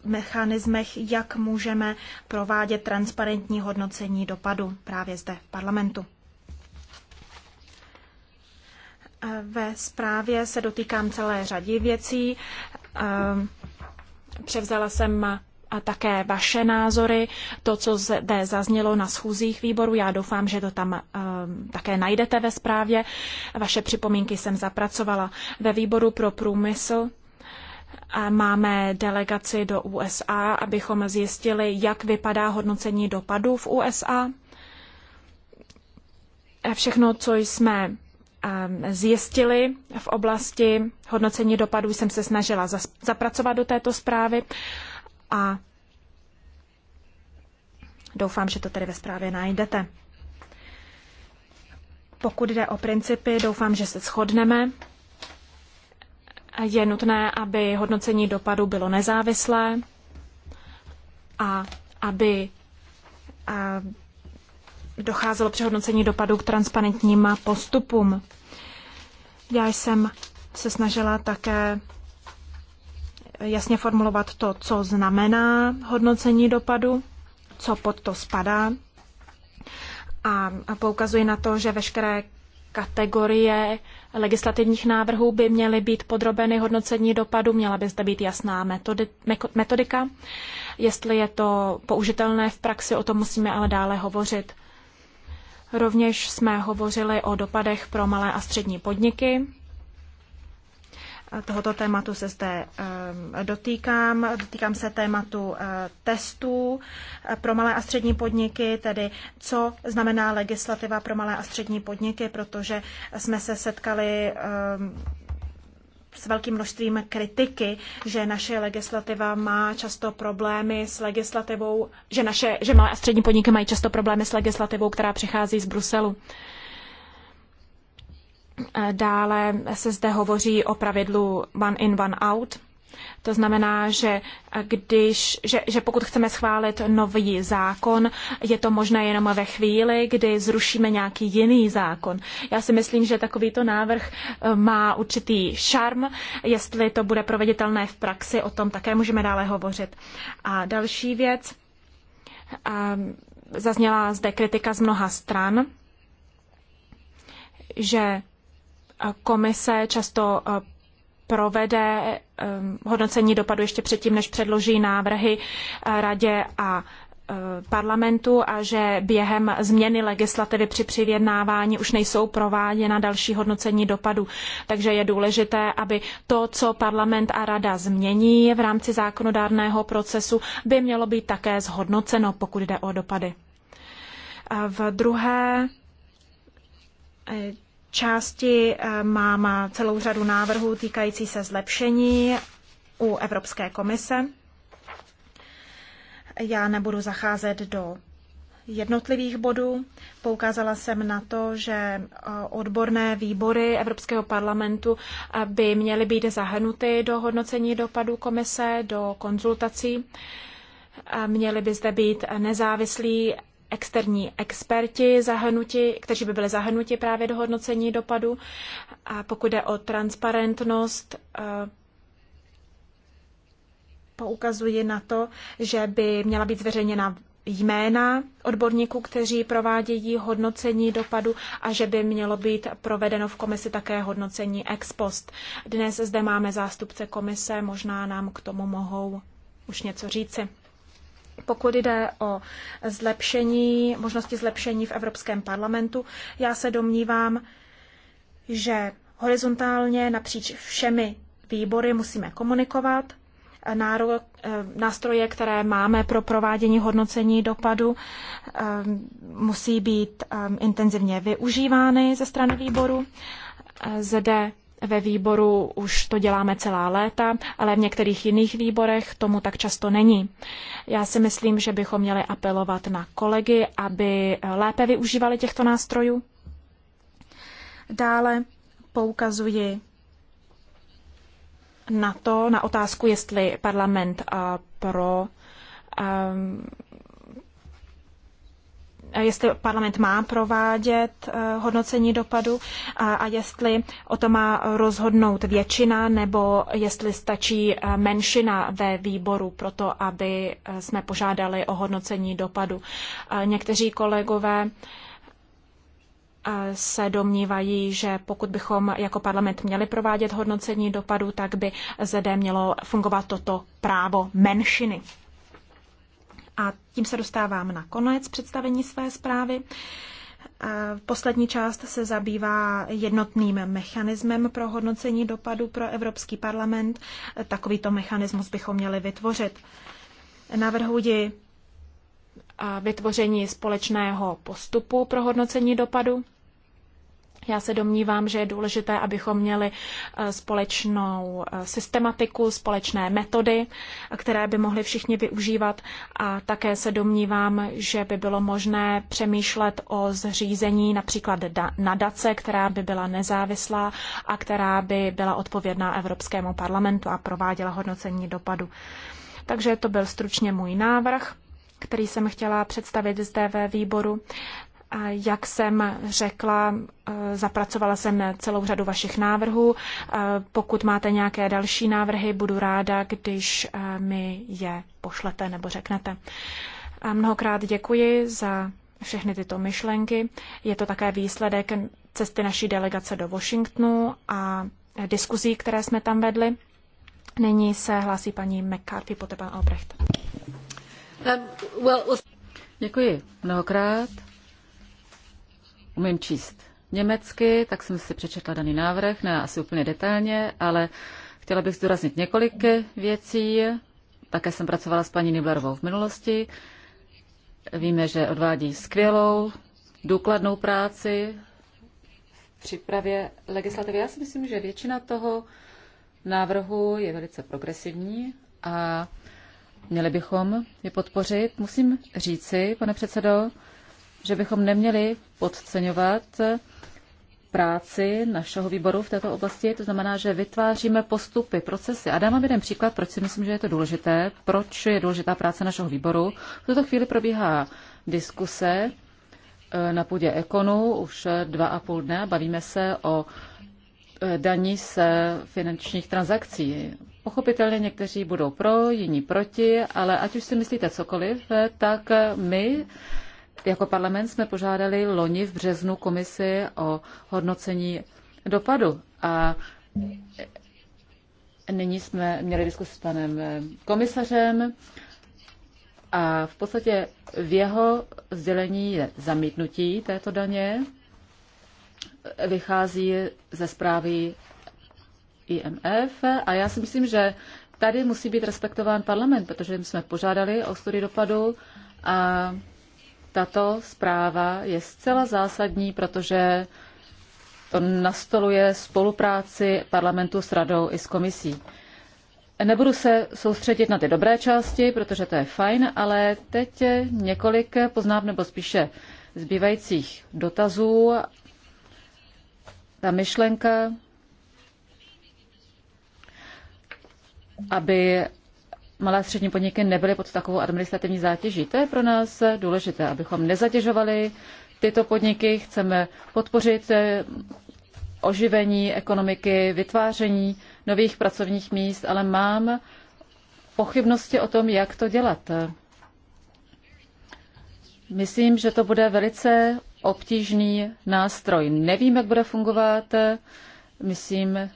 mechanismech, jak můžeme provádět transparentní hodnocení dopadu právě zde v parlamentu. Ve zprávě se dotýkám celé řady věcí. Ehm, převzala jsem a také vaše názory, to, co zde zaznělo na schůzích výboru. Já doufám, že to tam um, také najdete ve zprávě. Vaše připomínky jsem zapracovala ve výboru pro průmysl. A máme delegaci do USA, abychom zjistili, jak vypadá hodnocení dopadů v USA. Všechno, co jsme zjistili v oblasti hodnocení dopadů, jsem se snažila zapracovat do této zprávy a doufám, že to tedy ve zprávě najdete. Pokud jde o principy, doufám, že se shodneme. Je nutné, aby hodnocení dopadu bylo nezávislé a aby docházelo při hodnocení dopadu k transparentním postupům. Já jsem se snažila také jasně formulovat to, co znamená hodnocení dopadu, co pod to spadá. A poukazuji na to, že veškeré kategorie legislativních návrhů by měly být podrobeny hodnocení dopadu, měla by zde být jasná metody, metodika. Jestli je to použitelné v praxi, o tom musíme ale dále hovořit. Rovněž jsme hovořili o dopadech pro malé a střední podniky. Tohoto tématu se zde eh, dotýkám. Dotýkám se tématu eh, testů eh, pro malé a střední podniky, tedy co znamená legislativa pro malé a střední podniky, protože jsme se setkali s velkým množstvím kritiky, že naše legislativa má často problémy s legislativou, že, naše, že malé a střední podniky mají často problémy s legislativou, která přichází z Bruselu. Dále se zde hovoří o pravidlu one in, one out. To znamená, že, když, že, že pokud chceme schválit nový zákon, je to možné jenom ve chvíli, kdy zrušíme nějaký jiný zákon. Já si myslím, že takovýto návrh eh, má určitý šarm. Jestli to bude proveditelné v praxi, o tom také můžeme dále hovořit. A další věc. Zazněla zde kritika z mnoha stran, že eh, komise často eh, provede um, hodnocení dopadu ještě předtím, než předloží návrhy eh, radě a eh, parlamentu a že během změny legislativy při přivědnávání už nejsou prováděna další hodnocení dopadu. Takže je důležité, aby to, co parlament a rada změní v rámci zákonodárného procesu, by mělo být také zhodnoceno, pokud jde o dopady. A v druhé eh, části eh, mám celou řadu návrhů týkající se zlepšení u Evropské komise. Já nebudu zacházet do jednotlivých bodů. Poukázala jsem na to, že eh, odborné výbory Evropského parlamentu eh, by měly být zahrnuty do hodnocení dopadů komise, do konzultací. Měli by zde být nezávislí externí experti, zahrnuti, kteří by byli zahrnuti právě do hodnocení dopadu. A pokud jde o transparentnost, eh, poukazuji na to, že by měla být zveřejněna jména odborníků, kteří provádějí hodnocení dopadu a že by mělo být provedeno v komisi také hodnocení ex post. Dnes zde máme zástupce komise, možná nám k tomu mohou už něco říci. Pokud jde o zlepšení, možnosti zlepšení v Evropském parlamentu, já se domnívám, že horizontálně napříč všemi výbory musíme komunikovat. Eh, nástroje, které máme pro provádění hodnocení dopadu, eh, musí být eh, intenzivně využívány ze strany výboru. Zde ve výboru už to děláme celá léta, ale v některých jiných výborech tomu tak často není. Já si myslím, že bychom měli apelovat na kolegy, aby lépe využívali těchto nástrojů. Dále poukazuji na to, na otázku, jestli parlament eh, pro eh, Eh, jestli parlament má provádět eh, hodnocení dopadu a, a jestli o to má rozhodnout většina nebo jestli stačí eh, menšina ve výboru pro to, aby jsme požádali o hodnocení dopadu. Někteří kolegové se domnívají, že pokud bychom jako parlament měli provádět hodnocení dopadu, tak by zde mělo fungovat toto právo menšiny. A tím se dostávám na konec představení své zprávy. Poslední část se zabývá jednotným mechanismem pro hodnocení dopadu pro Evropský parlament. Takovýto mechanismus bychom měli vytvořit. Navrhuji vytvoření společného postupu pro hodnocení dopadu. Já se domnívám, že je důležité, abychom měli eh, společnou eh, systematiku, společné metody, které by mohli všichni využívat a také se domnívám, že by bylo možné přemýšlet o zřízení například nadace, která by byla nezávislá a která by byla odpovědná Evropskému parlamentu a prováděla hodnocení dopadu. Takže to byl stručně můj návrh který jsem chtěla představit zde ve výboru. Jak jsem řekla, eh, zapracovala jsem celou řadu vašich návrhů. Eh, pokud máte nějaké další návrhy, budu ráda, když eh, mi je pošlete nebo řeknete. A mnohokrát děkuji za všechny tyto myšlenky. Je to také výsledek cesty naší delegace do Washingtonu a diskuzí, které jsme tam vedli. Nyní se hlásí paní McCarthy, poté pan Albrecht. Um, děkuji mnohokrát umím číst německy, tak jsem si přečetla daný návrh, ne asi úplně detailně, ale chtěla bych zdůraznit několik věcí. Také jsem pracovala s paní Niblerovou v minulosti. Víme, že odvádí skvělou, důkladnou práci v přípravě legislativy. Já si myslím, že většina toho návrhu je velice progresivní a měli bychom je podpořit. Musím říci, pane předsedo, že bychom neměli podceňovat práci našeho výboru v této oblasti. To znamená, že vytváříme postupy, procesy. A dám vám jeden příklad, proč si myslím, že je to důležité, proč je důležitá práce našeho výboru. V tuto chvíli probíhá diskuse e, na půdě Ekonu už dva a půl dne. Bavíme se o e, daní z finančních transakcí. Pochopitelně někteří budou pro, jiní proti, ale ať už si myslíte cokoliv, tak my jako parlament jsme požádali loni v březnu komisi o hodnocení dopadu a nyní jsme měli diskusi s panem komisařem a v podstatě v jeho sdělení je zamítnutí této daně. Vychází ze zprávy IMF a já si myslím, že tady musí být respektován parlament, protože jsme požádali o studii dopadu a tato zpráva je zcela zásadní, protože to nastoluje spolupráci parlamentu s radou i s komisí. Nebudu se soustředit na ty dobré části, protože to je fajn, ale teď několik poznám, nebo spíše zbývajících dotazů. Ta myšlenka, aby malé a střední podniky nebyly pod takovou administrativní zátěží. To je pro nás důležité, abychom nezatěžovali tyto podniky. Chceme podpořit eh, oživení ekonomiky, vytváření nových pracovních míst, ale mám pochybnosti o tom, jak to dělat. Myslím, že to bude velice obtížný nástroj. Nevím, jak bude fungovat. Myslím,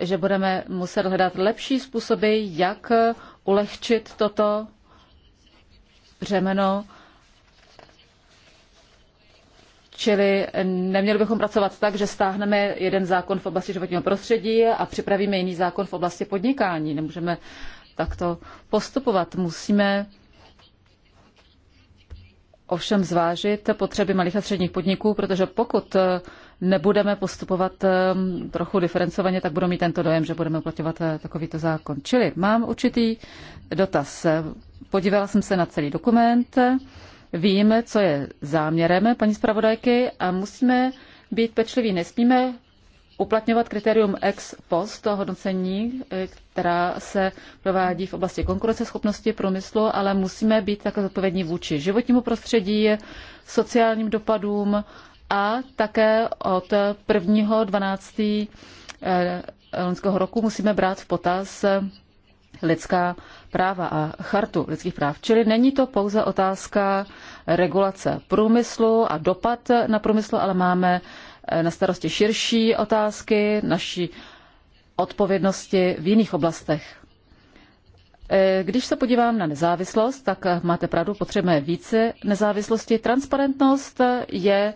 že budeme muset hledat lepší způsoby, jak ulehčit toto břemeno. Čili neměli bychom pracovat tak, že stáhneme jeden zákon v oblasti životního prostředí a připravíme jiný zákon v oblasti podnikání. Nemůžeme takto postupovat. Musíme ovšem zvážit potřeby malých a středních podniků, protože pokud nebudeme postupovat ehm, trochu diferencovaně, tak budou mít tento dojem, že budeme uplatňovat eh, takovýto zákon. Čili mám určitý dotaz. Podívala jsem se na celý dokument, vím, co je záměrem paní zpravodajky a musíme být pečliví. Nesmíme uplatňovat kritérium ex post hodnocení, eh, která se provádí v oblasti konkurenceschopnosti průmyslu, ale musíme být také zodpovědní vůči životnímu prostředí, sociálním dopadům a také od 1.12. Eh, loňského roku musíme brát v potaz lidská práva a chartu lidských práv. Čili není to pouze otázka regulace průmyslu a dopad na průmysl, ale máme eh, na starosti širší otázky, naší odpovědnosti v jiných oblastech. Eh, když se podívám na nezávislost, tak máte pravdu, potřebujeme více nezávislosti. Transparentnost je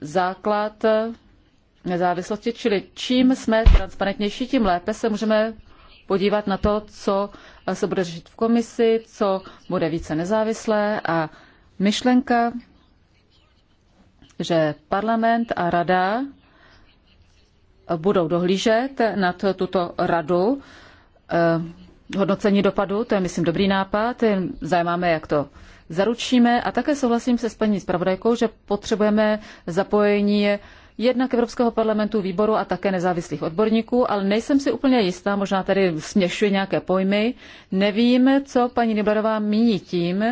základ nezávislosti, čili čím jsme transparentnější, tím lépe se můžeme podívat na to, co se bude řešit v komisi, co bude více nezávislé a myšlenka, že parlament a rada budou dohlížet na tuto radu eh, hodnocení dopadu, to je, myslím, dobrý nápad. Zajímáme, jak to zaručíme. A také souhlasím se s paní zpravodajkou, že potřebujeme zapojení jednak Evropského parlamentu, výboru a také nezávislých odborníků, ale nejsem si úplně jistá, možná tady směšuje nějaké pojmy. Nevím, co paní Niblerová míní tím,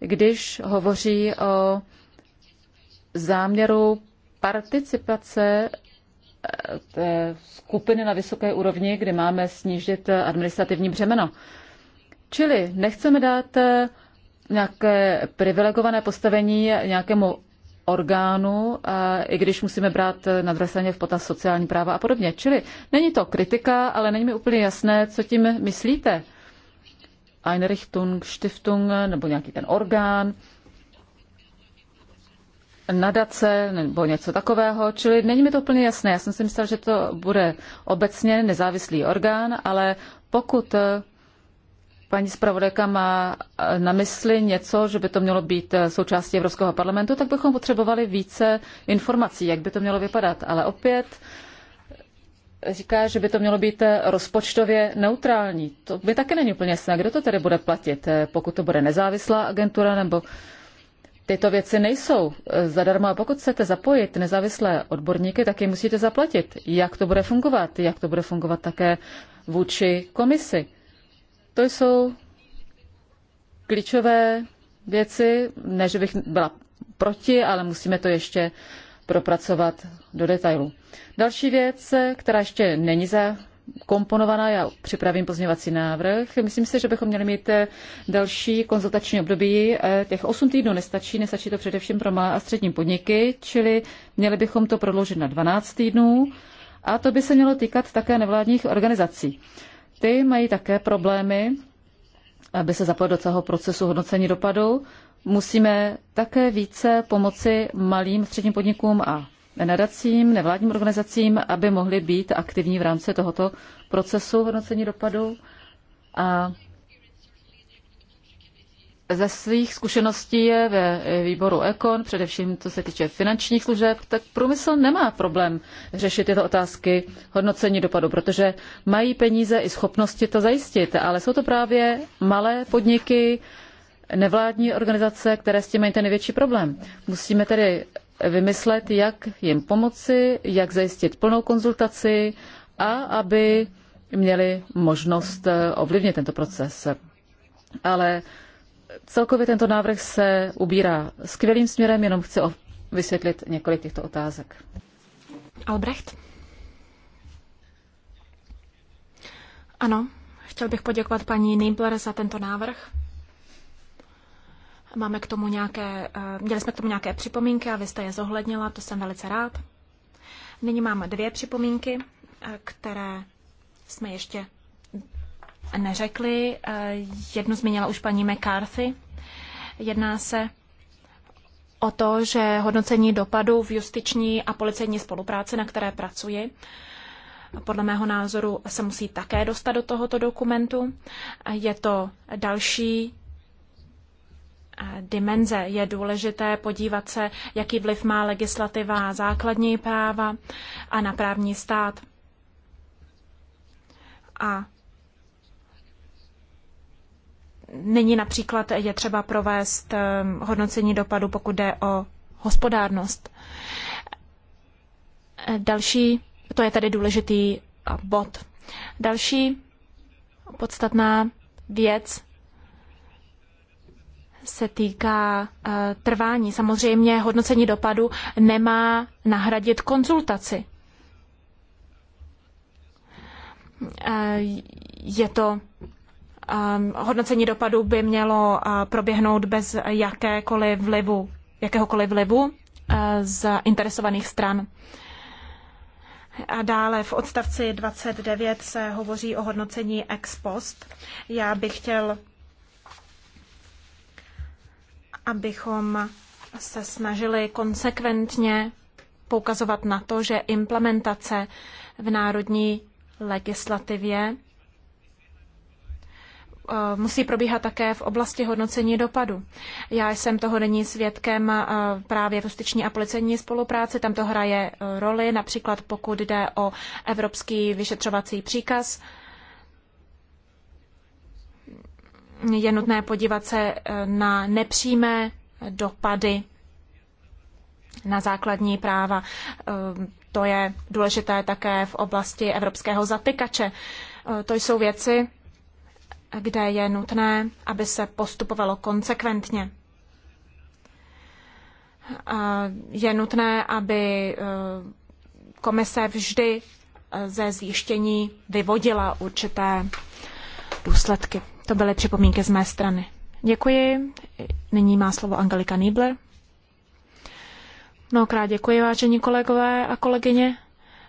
když hovoří o záměru participace eh, té skupiny na vysoké úrovni, kdy máme snížit administrativní břemeno. Čili nechceme dát eh, nějaké privilegované postavení nějakému orgánu, i když musíme brát na druhé straně v potaz sociální práva a podobně. Čili není to kritika, ale není mi úplně jasné, co tím myslíte. Einrichtung, Stiftung nebo nějaký ten orgán, nadace nebo něco takového, čili není mi to úplně jasné. Já jsem si myslel, že to bude obecně nezávislý orgán, ale pokud paní zpravodajka má eh, na mysli něco, že by to mělo být eh, součástí Evropského parlamentu, tak bychom potřebovali více informací, jak by to mělo vypadat. Ale opět eh, říká, že by to mělo být rozpočtově neutrální. To by také není úplně jasné, kdo to tedy bude platit, pokud to bude nezávislá agentura nebo tyto věci nejsou zadarmo a pokud chcete zapojit nezávislé odborníky, tak je musíte zaplatit. Jak to bude fungovat? Jak to bude fungovat také vůči komisi? To jsou klíčové věci, ne, že bych byla proti, ale musíme to ještě propracovat do detailu. Další věc, která ještě není zakomponovaná, já připravím pozměvací návrh. Myslím si, že bychom měli mít další konzultační období. Těch 8 týdnů nestačí, nestačí to především pro malé a střední podniky, čili měli bychom to prodloužit na 12 týdnů. A to by se mělo týkat také nevládních organizací. Ty mají také problémy, aby se zapojili do celého procesu hodnocení dopadu. Musíme také více pomoci malým středním podnikům a nadacím, nevládním organizacím, aby mohly být aktivní v rámci tohoto procesu hodnocení dopadu. A ze svých zkušeností je ve výboru Ekon, především co se týče finančních služeb, tak průmysl nemá problém řešit tyto otázky hodnocení dopadu, protože mají peníze i schopnosti to zajistit, ale jsou to právě malé podniky, nevládní organizace, které s tím mají ten největší problém. Musíme tedy vymyslet, jak jim pomoci, jak zajistit plnou konzultaci a aby měli možnost eh, ovlivnit tento proces. Ale celkově tento návrh se ubírá skvělým směrem, jenom chci vysvětlit několik těchto otázek. Albrecht? Ano, chtěl bych poděkovat paní Nibler za tento návrh. Máme k tomu nějaké, eh, měli jsme k tomu nějaké připomínky a vy jste je zohlednila, to jsem velice rád. Nyní máme dvě připomínky, eh, které jsme ještě neřekli. Eh, jednu zmínila už paní McCarthy. Jedná se o to, že hodnocení dopadu v justiční a policejní spolupráci, na které pracuji, podle mého názoru se musí také dostat do tohoto dokumentu. Je to další eh, dimenze. Je důležité podívat se, jaký vliv má legislativa na základní práva a na právní stát. A Nyní například je třeba provést ehm, hodnocení dopadu, pokud jde o hospodárnost. Další, to je tedy důležitý eh, bod. Další podstatná věc se týká eh, trvání. Samozřejmě hodnocení dopadu nemá nahradit konzultaci. Eh, je to Ehm, hodnocení dopadu by mělo eh, proběhnout bez jakékoliv vlivu, jakéhokoliv vlivu eh, z interesovaných stran. A dále v odstavci 29 se hovoří o hodnocení ex post. Já bych chtěl, abychom se snažili konsekventně poukazovat na to, že implementace v národní legislativě Eh, musí probíhat také v oblasti hodnocení dopadu. Já jsem toho není svědkem eh, právě v justiční a policejní spolupráci. Tam to hraje eh, roli, například pokud jde o evropský vyšetřovací příkaz. Je nutné podívat se na nepřímé dopady na základní práva. To je důležité také v oblasti evropského zatykače. To jsou věci, kde je nutné, aby se postupovalo konsekventně. Je nutné, aby e, komise vždy e, ze zjištění vyvodila určité důsledky. To byly připomínky z mé strany. Děkuji. Nyní má slovo Angelika Niebler. Mnohokrát děkuji, vážení kolegové a kolegyně,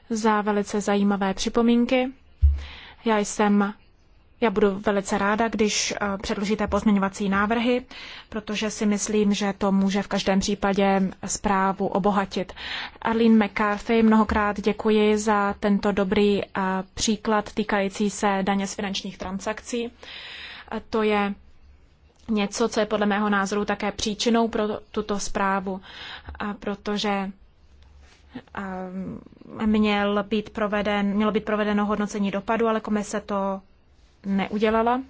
za velice zajímavé připomínky. Já jsem já budu velice ráda, když eh, předložíte pozměňovací návrhy, protože si myslím, že to může v každém případě zprávu obohatit. Arlene McCarthy, mnohokrát děkuji za tento dobrý eh, příklad týkající se daně z finančních transakcí. Eh, to je něco, co je podle mého názoru také příčinou pro tuto zprávu, protože měl být proveden, mělo být provedeno hodnocení dopadu, ale komise to neudělala.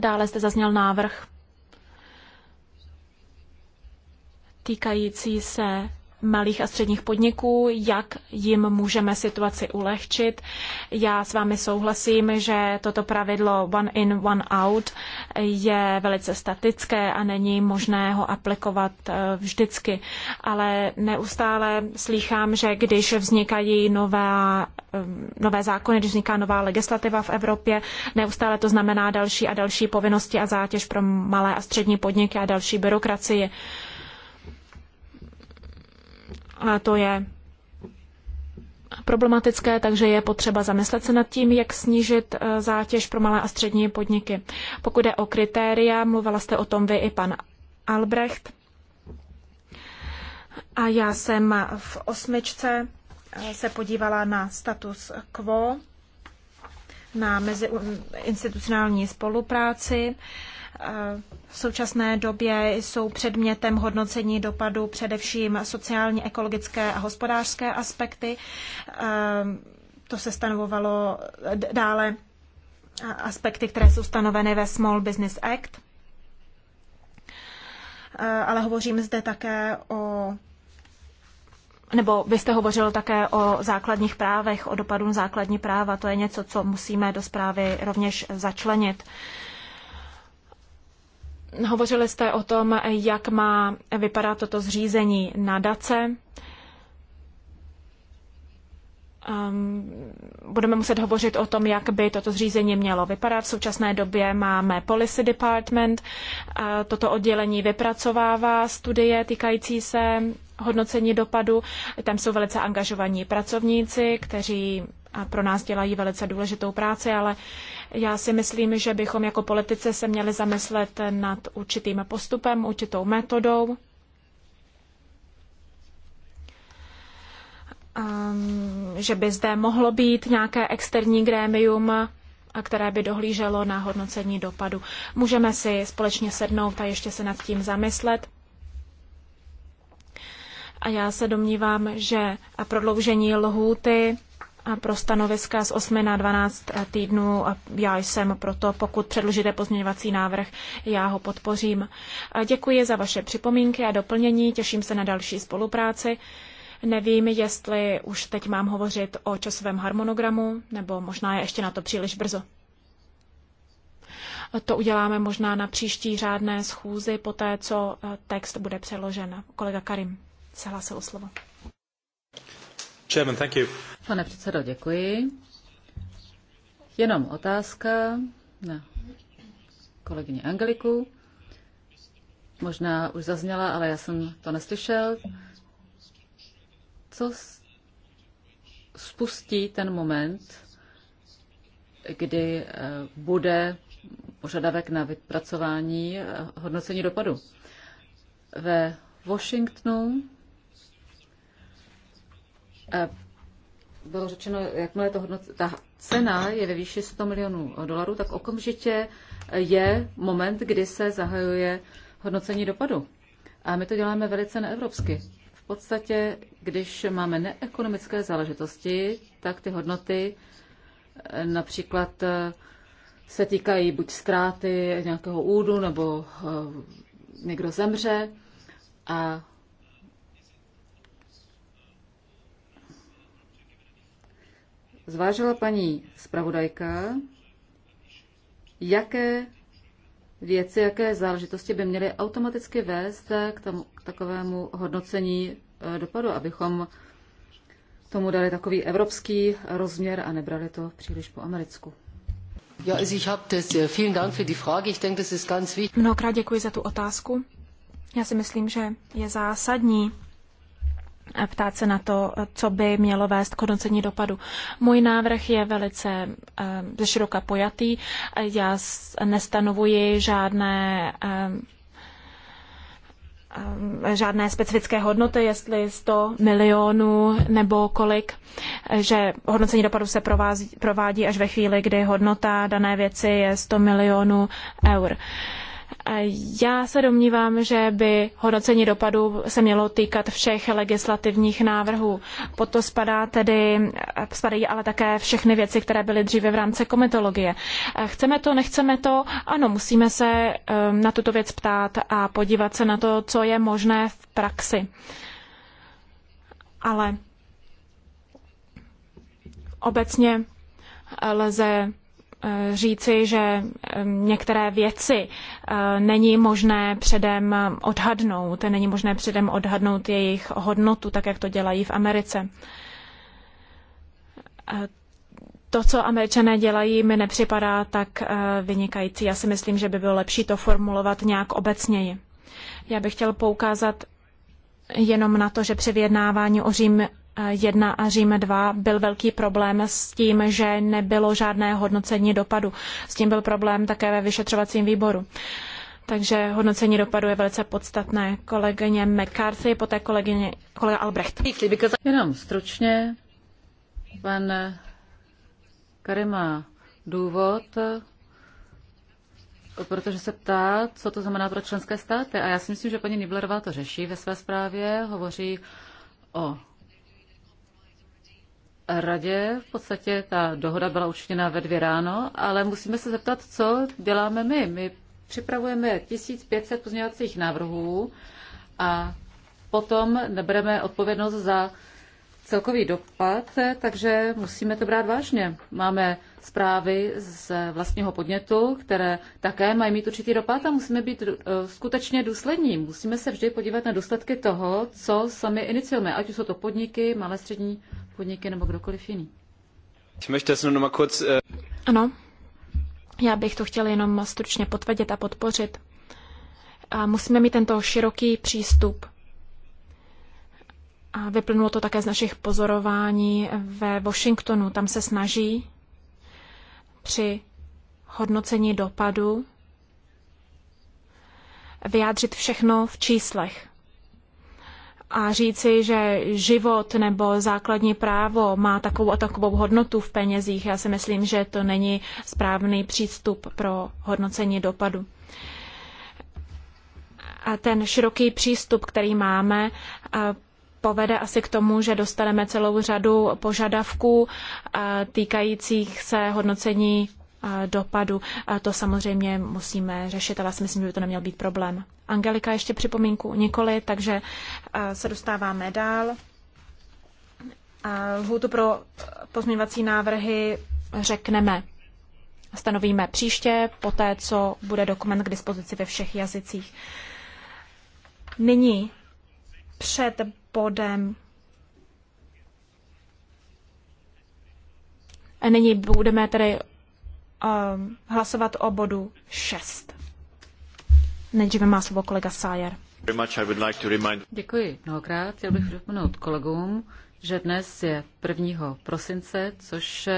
Dále zde zazněl návrh týkající se malých a středních podniků, jak jim můžeme situaci ulehčit. Já s vámi souhlasím, že toto pravidlo one in, one out je velice statické a není možné ho aplikovat eh, vždycky. Ale neustále slýchám, že když vznikají nové, eh, nové zákony, když vzniká nová legislativa v Evropě, neustále to znamená další a další povinnosti a zátěž pro malé a střední podniky a další byrokracii. A to je problematické, takže je potřeba zamyslet se nad tím, jak snížit eh, zátěž pro malé a střední podniky. Pokud je o kritéria, mluvila jste o tom vy i pan Albrecht. A já jsem v osmičce eh, se podívala na status quo, na institucionální spolupráci v současné době jsou předmětem hodnocení dopadu především sociální, ekologické a hospodářské aspekty. Ehm, to se stanovovalo dále aspekty, které jsou stanoveny ve Small Business Act. Eh, ale hovořím zde také o nebo vy jste hovořil také o základních právech, o dopadu na základní práva. To je něco, co musíme do zprávy rovněž začlenit. Uh, Hovořili jste o tom, jak má vypadat toto zřízení na DACE. Ehm, budeme muset hovořit o tom, jak by toto zřízení mělo vypadat. V současné době máme Policy Department. toto oddělení vypracovává studie týkající se hodnocení dopadu. Tam jsou velice angažovaní pracovníci, kteří a pro nás dělají velice důležitou práci, ale já si myslím, že bychom jako politice se měli zamyslet nad určitým postupem, určitou metodou. Ehm, že by zde mohlo být nějaké externí grémium, které by dohlíželo na hodnocení dopadu. Můžeme si společně sednout a ještě se nad tím zamyslet. A já se domnívám, že prodloužení lhůty pro stanoviska z 8 na 12 týdnů. Já jsem proto, pokud předložíte pozměňovací návrh, já ho podpořím. Děkuji za vaše připomínky a doplnění, těším se na další spolupráci. Nevím, jestli už teď mám hovořit o časovém harmonogramu, nebo možná je ještě na to příliš brzo. To uděláme možná na příští řádné schůzi, poté co eh, text bude přeložen. Kolega Karim se hlásil o slovo. Chairman, thank you. Pane předsedo, děkuji. Jenom otázka na kolegyni Angeliku. Možná už zazněla, ale já jsem to neslyšel. Co spustí ten moment, kdy eh, bude požadavek na vypracování eh, hodnocení dopadu? Ve Washingtonu Eh, bylo řečeno, jakmile to hodnot, ta cena je ve výši 100 milionů dolarů, tak okamžitě je moment, kdy se zahajuje hodnocení dopadu. A my to děláme velice neevropsky. V podstatě, když máme neekonomické záležitosti, tak ty hodnoty eh, například eh, se týkají buď ztráty nějakého údu, nebo někdo zemře a zvážila paní zpravodajka, jaké věci, jaké záležitosti by měly automaticky vést k, tomu, k takovému hodnocení e, dopadu, abychom tomu dali takový evropský rozměr a nebrali to příliš po americku. Mnohokrát děkuji za tu otázku. Já si myslím, že je zásadní a ptát se na to, co by mělo vést k hodnocení dopadu. Můj návrh je velice eh, ze široka pojatý. Já nestanovuji žádné eh, eh, žádné specifické hodnoty, jestli 100 milionů nebo kolik, že hodnocení dopadu se provází, provádí až ve chvíli, kdy hodnota dané věci je 100 milionů eur. Uh, já se domnívám, že by hodnocení dopadu se mělo týkat všech legislativních návrhů. Pod to spadá tedy, spadají ale také všechny věci, které byly dříve v rámci komitologie. Chceme to, nechceme to? Ano, musíme se um, na tuto věc ptát a podívat se na to, co je možné v praxi. Ale obecně lze Eh, říci, že eh, některé věci eh, není možné předem odhadnout, není možné předem odhadnout jejich hodnotu, tak jak to dělají v Americe. To, co američané dělají, mi nepřipadá tak vynikající. Já si myslím, že by bylo lepší to formulovat nějak obecněji. Já bych chtěl poukázat jenom na to, že při vyjednávání o Řím 1 a Řím 2 byl velký problém s tím, že nebylo žádné hodnocení dopadu. S tím byl problém také ve vyšetřovacím výboru. Takže hodnocení dopadu je velice podstatné. Kolegyně McCarthy, poté kolegyně, kolega Albrecht. Jenom stručně, pan Karim má důvod, protože se ptá, co to znamená pro členské státy. A já si myslím, že paní Niblerová to řeší ve své zprávě, hovoří o radě v podstatě ta dohoda byla učiněna ve dvě ráno, ale musíme se zeptat, co děláme my. My připravujeme 1500 pozměňovacích návrhů a potom nebereme odpovědnost za celkový dopad, takže musíme to brát vážně. Máme zprávy z vlastního podnětu, které také mají mít určitý dopad a musíme být eh, skutečně důslední. Musíme se vždy podívat na důsledky toho, co sami iniciujeme, ať už jsou to podniky, malé střední podniky nebo kdokoliv jiný. Äh, ano, já bych to chtěla jenom stručně potvrdit a podpořit. A musíme mít tento široký přístup. A vyplnulo to také z našich pozorování ve Washingtonu. Tam se snaží při hodnocení dopadu vyjádřit všechno v číslech a říci, že život nebo základní právo má takovou a takovou hodnotu v penězích, já si myslím, že to není správný přístup pro hodnocení dopadu. A ten široký přístup, který máme, povede asi k tomu, že dostaneme celou řadu požadavků týkajících se hodnocení dopadu. To samozřejmě musíme řešit, ale já si myslím, že by to neměl být problém. Angelika ještě připomínku nikoli, takže se dostáváme dál. Lhůtu pro pozměňovací návrhy řekneme, stanovíme příště, poté, co bude dokument k dispozici ve všech jazycích. Nyní před bodem Nyní budeme tedy uh, hlasovat o bodu 6. Nejdříve má slovo kolega Sájer. Děkuji mnohokrát. Chtěl bych připomenout kolegům, že dnes je 1. prosince, což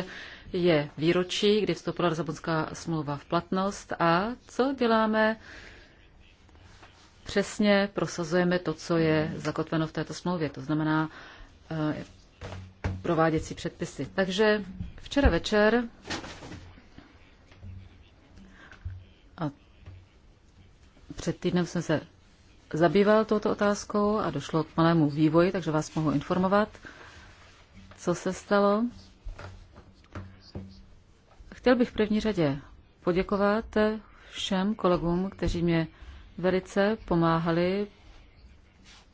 je výročí, kdy vstoupila Lisabonská smlouva v platnost a co děláme přesně prosazujeme to, co je zakotveno v této smlouvě, to znamená eh, prováděcí předpisy. Takže včera večer Před týdnem jsem se zabýval touto otázkou a došlo k malému vývoji, takže vás mohu informovat, co se stalo. Chtěl bych v první řadě poděkovat všem kolegům, kteří mě velice pomáhali,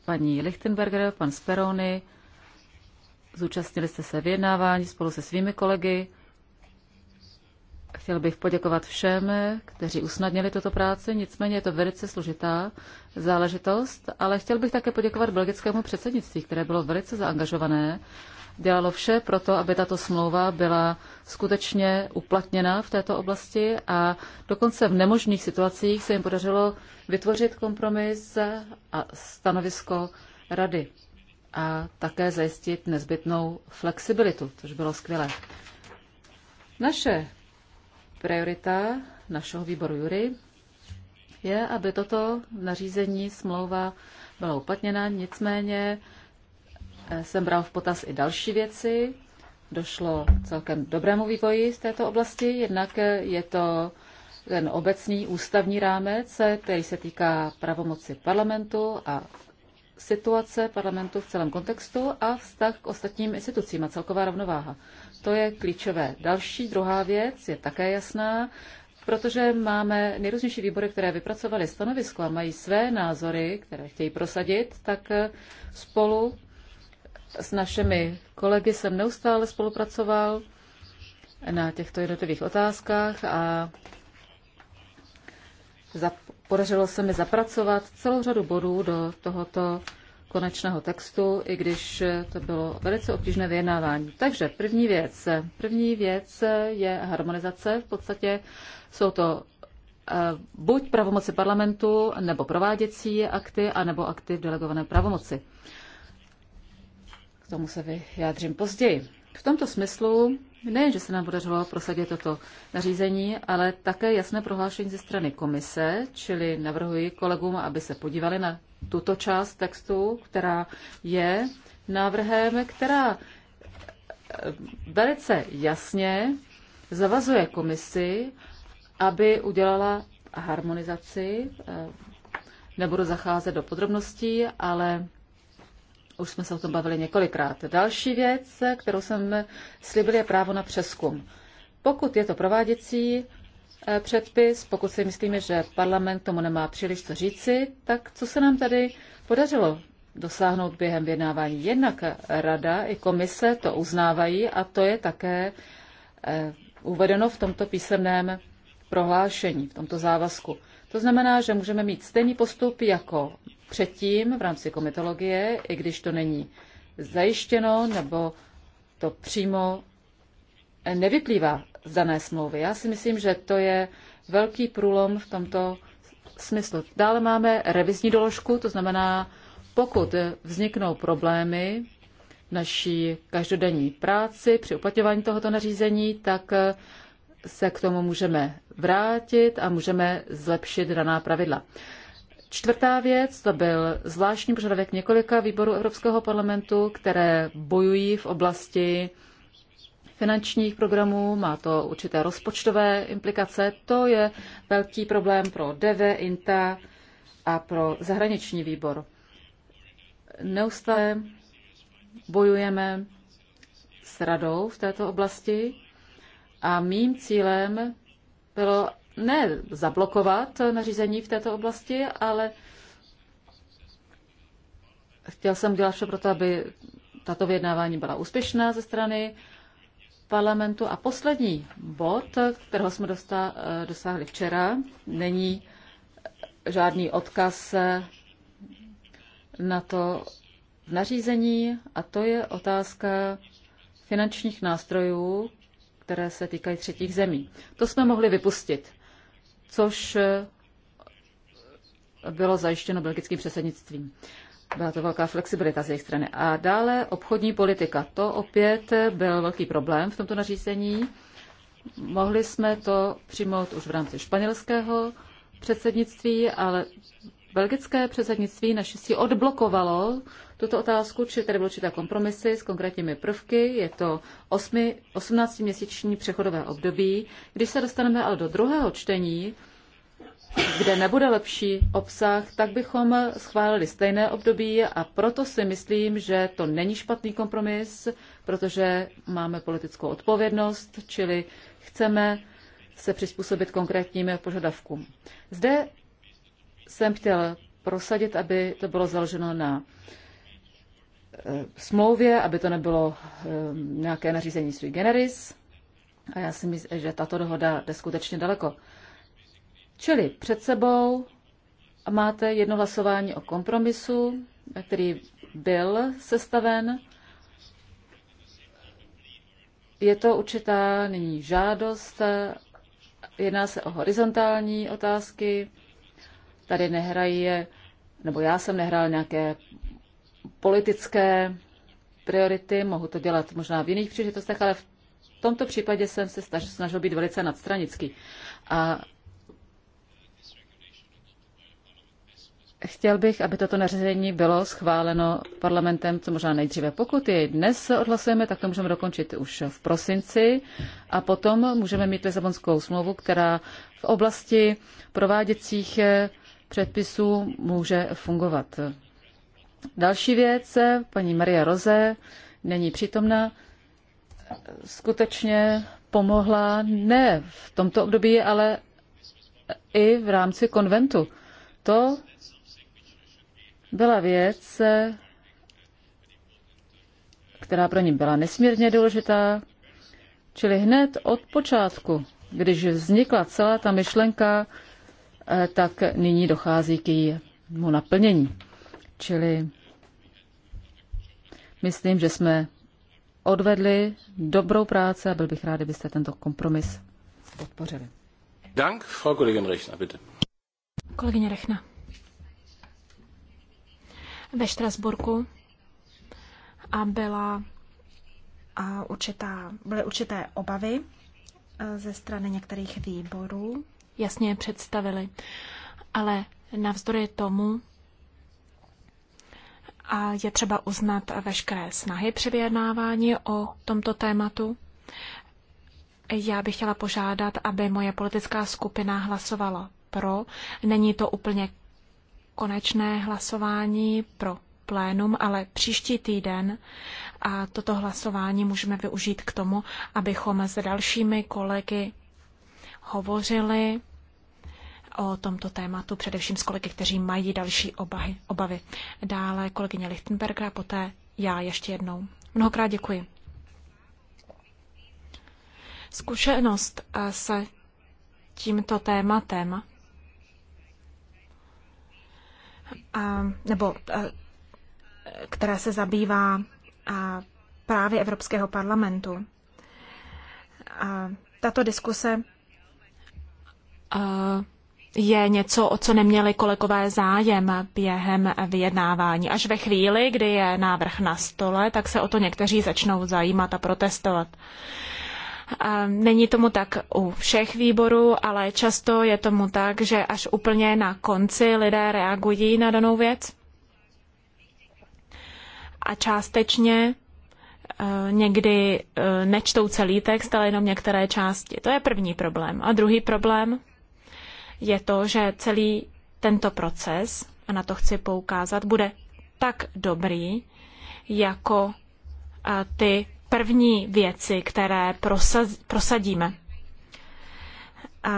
paní Lichtenberger, pan Speroni. zúčastnili jste se vyjednávání spolu se svými kolegy, Chtěl bych poděkovat všem, kteří usnadnili tuto práci, nicméně je to velice složitá záležitost, ale chtěl bych také poděkovat belgickému předsednictví, které bylo velice zaangažované, dělalo vše pro to, aby tato smlouva byla skutečně uplatněna v této oblasti a dokonce v nemožných situacích se jim podařilo vytvořit kompromis a stanovisko rady a také zajistit nezbytnou flexibilitu, což bylo skvělé. Naše priorita našeho výboru Jury je, aby toto nařízení smlouva byla uplatněna, nicméně eh, jsem bral v potaz i další věci. Došlo celkem dobrému vývoji z této oblasti, jednak eh, je to ten obecný ústavní rámec, eh, který se týká pravomoci parlamentu a situace parlamentu v celém kontextu a vztah k ostatním institucím a celková rovnováha. To je klíčové. Další druhá věc je také jasná, protože máme nejrůznější výbory, které vypracovaly stanovisko a mají své názory, které chtějí prosadit, tak eh, spolu s našimi kolegy jsem neustále spolupracoval na těchto jednotlivých otázkách a podařilo se mi zapracovat celou řadu bodů do tohoto konečného textu, i když to bylo velice obtížné vyjednávání. Takže první věc. První věc je harmonizace. V podstatě jsou to eh, buď pravomoci parlamentu, nebo prováděcí akty, anebo akty v delegované pravomoci. K tomu se vyjádřím později. V tomto smyslu ne, že se nám podařilo prosadit toto nařízení, ale také jasné prohlášení ze strany komise, čili navrhuji kolegům, aby se podívali na tuto část textu, která je návrhem, která eh, velice jasně zavazuje komisi, aby udělala harmonizaci. Eh, nebudu zacházet do podrobností, ale už jsme se o tom bavili několikrát. Další věc, kterou jsem slibil, je právo na přeskum. Pokud je to prováděcí eh, předpis, pokud si myslíme, že parlament tomu nemá příliš co říci, tak co se nám tady podařilo dosáhnout během vyjednávání? Jednak rada i komise to uznávají a to je také eh, uvedeno v tomto písemném prohlášení, v tomto závazku. To znamená, že můžeme mít stejný postup jako předtím v rámci komitologie, i když to není zajištěno nebo to přímo nevyplývá z dané smlouvy. Já si myslím, že to je velký průlom v tomto smyslu. Dále máme revizní doložku, to znamená, pokud vzniknou problémy v naší každodenní práci při uplatňování tohoto nařízení, tak se k tomu můžeme vrátit a můžeme zlepšit daná pravidla. Čtvrtá věc, to byl zvláštní požadavek několika výborů Evropského parlamentu, které bojují v oblasti finančních programů, má to určité rozpočtové implikace. To je velký problém pro DV, INTA a pro zahraniční výbor. Neustále bojujeme s radou v této oblasti a mým cílem bylo, ne zablokovat nařízení v této oblasti, ale chtěl jsem dělat vše pro to, aby tato vyjednávání byla úspěšná ze strany parlamentu. A poslední bod, kterého jsme dosta, eh, dosáhli včera, není žádný odkaz eh, na to v nařízení, a to je otázka finančních nástrojů, které se týkají třetích zemí. To jsme mohli vypustit což eh, bylo zajištěno belgickým předsednictvím. Byla to velká flexibilita z jejich strany. A dále obchodní politika. To opět byl velký problém v tomto nařízení. Mohli jsme to přijmout už v rámci španělského předsednictví, ale belgické předsednictví naštěstí odblokovalo tuto otázku, či tady byly určité kompromisy s konkrétními prvky. Je to 18-měsíční přechodové období. Když se dostaneme ale do druhého čtení, kde nebude lepší obsah, tak bychom schválili stejné období a proto si myslím, že to není špatný kompromis, protože máme politickou odpovědnost, čili chceme se přizpůsobit konkrétním požadavkům. Zde jsem chtěl prosadit, aby to bylo založeno na Eh, smlouvě, aby to nebylo eh, nějaké nařízení sui generis. A já si myslím, že tato dohoda jde skutečně daleko. Čili před sebou máte jedno hlasování o kompromisu, který byl sestaven. Je to určitá nyní žádost, jedná se o horizontální otázky. Tady nehrají, nebo já jsem nehrál nějaké politické priority, mohu to dělat možná v jiných příležitostech, ale v tomto případě jsem se snažil být velice nadstranický. A Chtěl bych, aby toto nařízení bylo schváleno parlamentem co možná nejdříve. Pokud je dnes odhlasujeme, tak to můžeme dokončit už v prosinci a potom můžeme mít Lisabonskou smlouvu, která v oblasti prováděcích předpisů může fungovat. Další věc, paní Maria Roze není přítomna. skutečně pomohla ne v tomto období, ale i v rámci konventu. To byla věc, která pro ní byla nesmírně důležitá, čili hned od počátku, když vznikla celá ta myšlenka, eh, tak nyní dochází k jejímu naplnění. Čili myslím, že jsme odvedli dobrou práci a byl bych rád, kdybyste tento kompromis podpořili. Dank, Frau Kollegin Rechner, bitte. Kolegyně Rechna. Ve Štrasburku a byla a určitá, byly určité obavy e, ze strany některých výborů. Jasně je představili. Ale navzdory tomu a je třeba uznat veškeré snahy při vyjednávání o tomto tématu. Já bych chtěla požádat, aby moje politická skupina hlasovala pro. Není to úplně konečné hlasování pro plénum, ale příští týden a toto hlasování můžeme využít k tomu, abychom s dalšími kolegy hovořili o tomto tématu, především s kolegy, kteří mají další obahy, obavy. Dále kolegyně Lichtenberger a poté já ještě jednou. Mnohokrát děkuji. Zkušenost eh, se tímto tématem a, eh, nebo a, eh, která se zabývá a, právě Evropského parlamentu. A, tato diskuse a, je něco, o co neměli kolegové zájem během vyjednávání. Až ve chvíli, kdy je návrh na stole, tak se o to někteří začnou zajímat a protestovat. Není tomu tak u všech výborů, ale často je tomu tak, že až úplně na konci lidé reagují na danou věc a částečně e, někdy e, nečtou celý text, ale jenom některé části. To je první problém. A druhý problém je to, že celý tento proces, a na to chci poukázat, bude tak dobrý, jako ty první věci, které prosadíme. A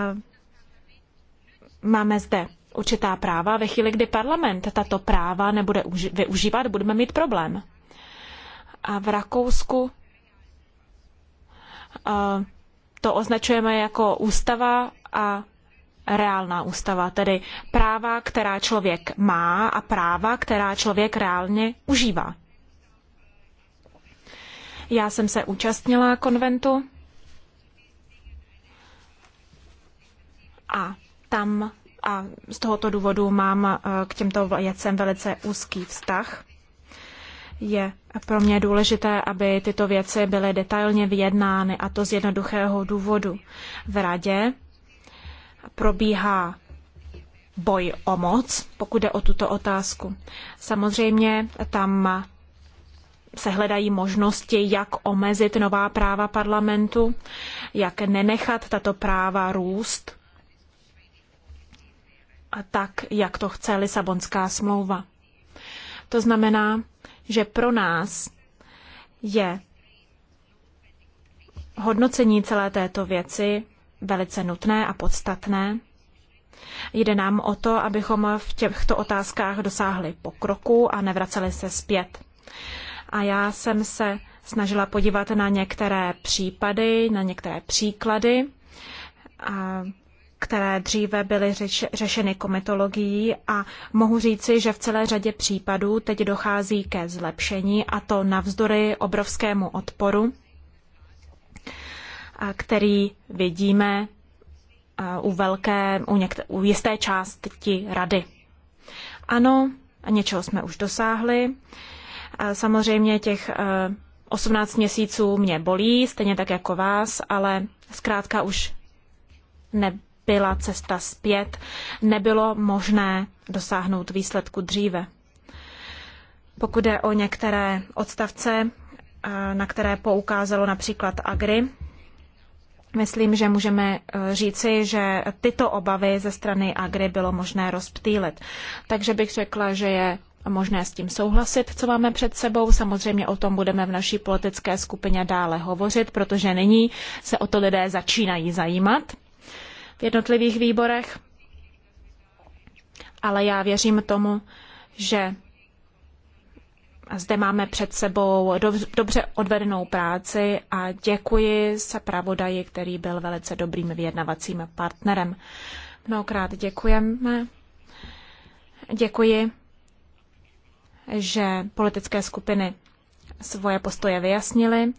máme zde určitá práva. Ve chvíli, kdy parlament tato práva nebude využívat, budeme mít problém. A v Rakousku a to označujeme jako ústava a reálná ústava, tedy práva, která člověk má a práva, která člověk reálně užívá. Já jsem se účastnila konventu a tam a z tohoto důvodu mám eh, k těmto věcem velice úzký vztah. Je pro mě důležité, aby tyto věci byly detailně vyjednány a to z jednoduchého důvodu. V radě probíhá boj o moc, pokud jde o tuto otázku. Samozřejmě tam se hledají možnosti, jak omezit nová práva parlamentu, jak nenechat tato práva růst, a tak, jak to chce Lisabonská smlouva. To znamená, že pro nás je hodnocení celé této věci velice nutné a podstatné. Jde nám o to, abychom v těchto otázkách dosáhli pokroku a nevraceli se zpět. A já jsem se snažila podívat na některé případy, na některé příklady, které dříve byly řeš, řešeny komitologií a mohu říci, že v celé řadě případů teď dochází ke zlepšení a to navzdory obrovskému odporu který vidíme u velké, u, někde, u jisté části rady. Ano, něčeho jsme už dosáhli. Samozřejmě těch 18 měsíců mě bolí, stejně tak jako vás, ale zkrátka už nebyla cesta zpět, nebylo možné dosáhnout výsledku dříve. Pokud je o některé odstavce, na které poukázalo například Agri, Myslím, že můžeme eh, říci, že tyto obavy ze strany Agri bylo možné rozptýlit. Takže bych řekla, že je možné s tím souhlasit, co máme před sebou. Samozřejmě o tom budeme v naší politické skupině dále hovořit, protože nyní se o to lidé začínají zajímat v jednotlivých výborech. Ale já věřím tomu, že zde máme před sebou dobře odvedenou práci a děkuji zpravodaji, který byl velice dobrým vyjednavacím partnerem. Mnohokrát děkujeme. Děkuji, že politické skupiny svoje postoje vyjasnili.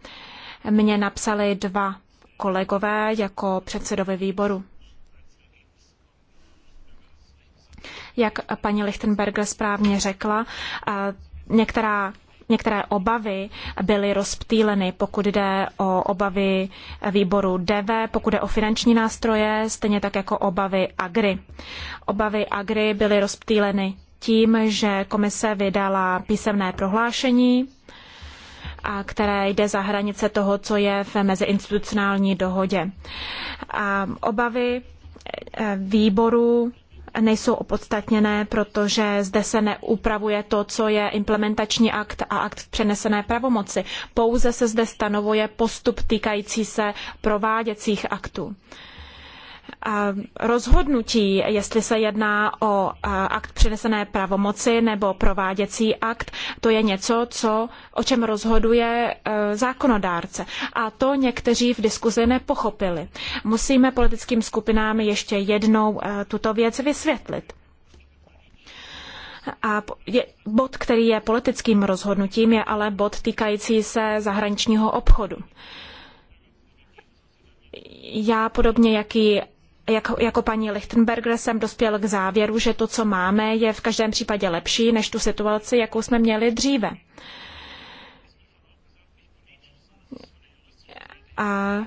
Mně napsali dva kolegové jako předsedové výboru. Jak paní Lichtenberger správně řekla, některá Některé obavy byly rozptýleny, pokud jde o obavy výboru DV, pokud jde o finanční nástroje, stejně tak jako obavy Agri. Obavy Agri byly rozptýleny tím, že komise vydala písemné prohlášení, a které jde za hranice toho, co je v meziinstitucionální dohodě. A obavy eh, výboru nejsou opodstatněné, protože zde se neupravuje to, co je implementační akt a akt v přenesené pravomoci. Pouze se zde stanovuje postup týkající se prováděcích aktů rozhodnutí, jestli se jedná o akt přenesené pravomoci nebo prováděcí akt, to je něco, co, o čem rozhoduje e, zákonodárce. A to někteří v diskuzi nepochopili. Musíme politickým skupinám ještě jednou e, tuto věc vysvětlit. A bod, který je politickým rozhodnutím, je ale bod týkající se zahraničního obchodu. Já podobně, jaký jak, jako paní Lichtenberger jsem dospěl k závěru, že to, co máme, je v každém případě lepší než tu situaci, jakou jsme měli dříve. A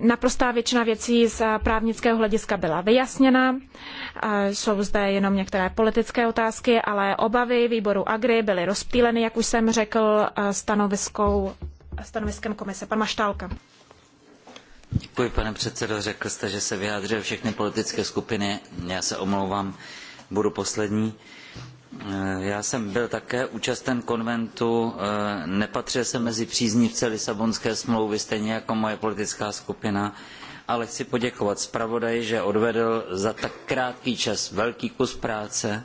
naprostá většina věcí z právnického hlediska byla vyjasněna. Jsou zde jenom některé politické otázky, ale obavy výboru Agri byly rozptýleny, jak už jsem řekl, stanoviskou, stanoviskem komise. Pan Maštálka. Děkuji, pane předsedo. Řekl jste, že se vyjádřil všechny politické skupiny. Já se omlouvám, budu poslední. Eh, já jsem byl také účasten konventu, eh, nepatřil jsem mezi příznivce Lisabonské smlouvy, stejně jako moje politická skupina, ale chci poděkovat zpravodaji, že odvedl za tak krátký čas velký kus práce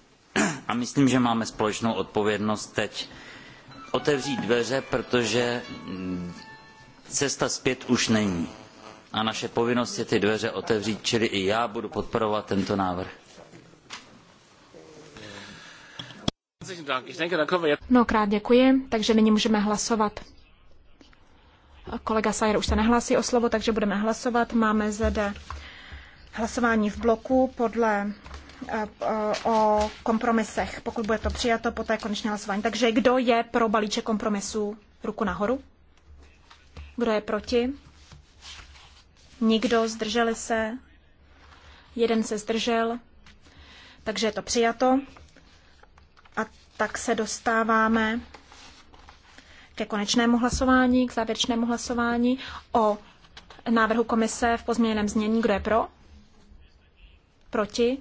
a myslím, že máme společnou odpovědnost teď otevřít dveře, protože mm, cesta zpět už není. A naše povinnost je ty dveře otevřít, čili i já budu podporovat tento návrh. Mnohokrát děkuji, takže nyní můžeme hlasovat. Kolega Sajer už se nehlásí o slovo, takže budeme hlasovat. Máme zde hlasování v bloku podle eh, eh, o kompromisech, pokud bude to přijato, poté konečně hlasování. Takže kdo je pro balíček kompromisů? Ruku nahoru. Kdo je proti? Nikdo, zdrželi se. Jeden se zdržel. Takže je to přijato. A tak se dostáváme ke konečnému hlasování, k závěrečnému hlasování o návrhu komise v pozměněném změní. Kdo je pro? Proti?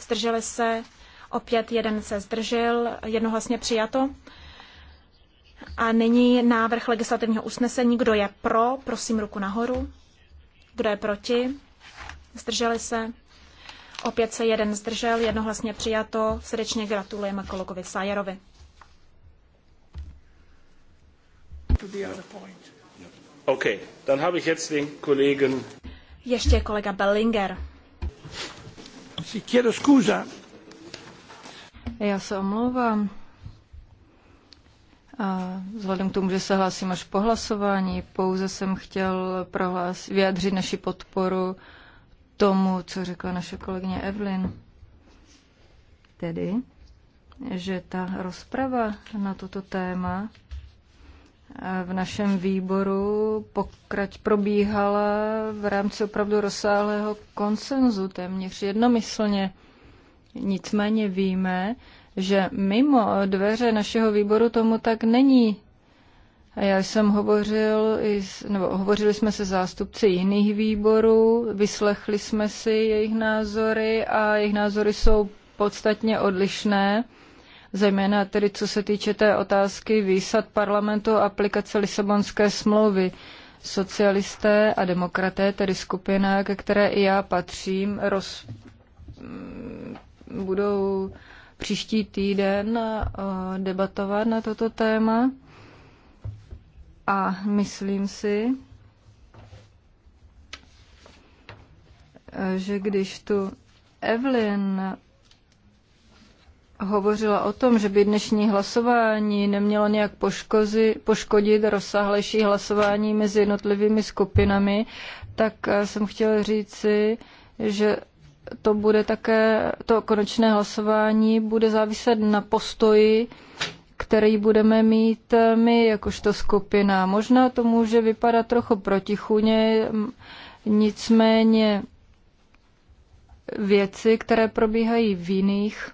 Zdrželi se? Opět jeden se zdržel, jednohlasně přijato. A nyní návrh legislativního usnesení. Kdo je pro, prosím ruku nahoru. Kdo je proti? Zdrželi se? Opět se jeden zdržel, jednohlasně přijato. Srdečně gratulujeme kolegovi Sajerovi. Okay, dann habe ich jetzt den Kollegen. Ještě kolega Bellinger. Si chiedo scusa. Já se omlouvám. A vzhledem k tomu, že se hlásím až po hlasování, pouze jsem chtěl prohlásit vyjádřit naši podporu tomu, co řekla naše kolegyně Evelyn. Tedy, že ta rozprava na toto téma v našem výboru pokrať probíhala v rámci opravdu rozsáhlého konsenzu, téměř jednomyslně. Nicméně víme, že mimo dveře našeho výboru tomu tak není. A já jsem hovořil, nebo hovořili jsme se zástupci jiných výborů, vyslechli jsme si jejich názory a jejich názory jsou podstatně odlišné, zejména tedy co se týče té otázky výsad parlamentu a aplikace Lisabonské smlouvy. Socialisté a demokraté, tedy skupina, ke které i já patřím, roz... budou příští týden eh, debatovat na toto téma a myslím si, eh, že když tu Evelyn hovořila o tom, že by dnešní hlasování nemělo nějak poškozi, poškodit rozsáhlejší hlasování mezi jednotlivými skupinami, tak eh, jsem chtěla říci, že to bude také, to konečné hlasování bude záviset na postoji, který budeme mít eh, my jakožto skupina. Možná to může vypadat trochu protichůně, nicméně věci, které probíhají v jiných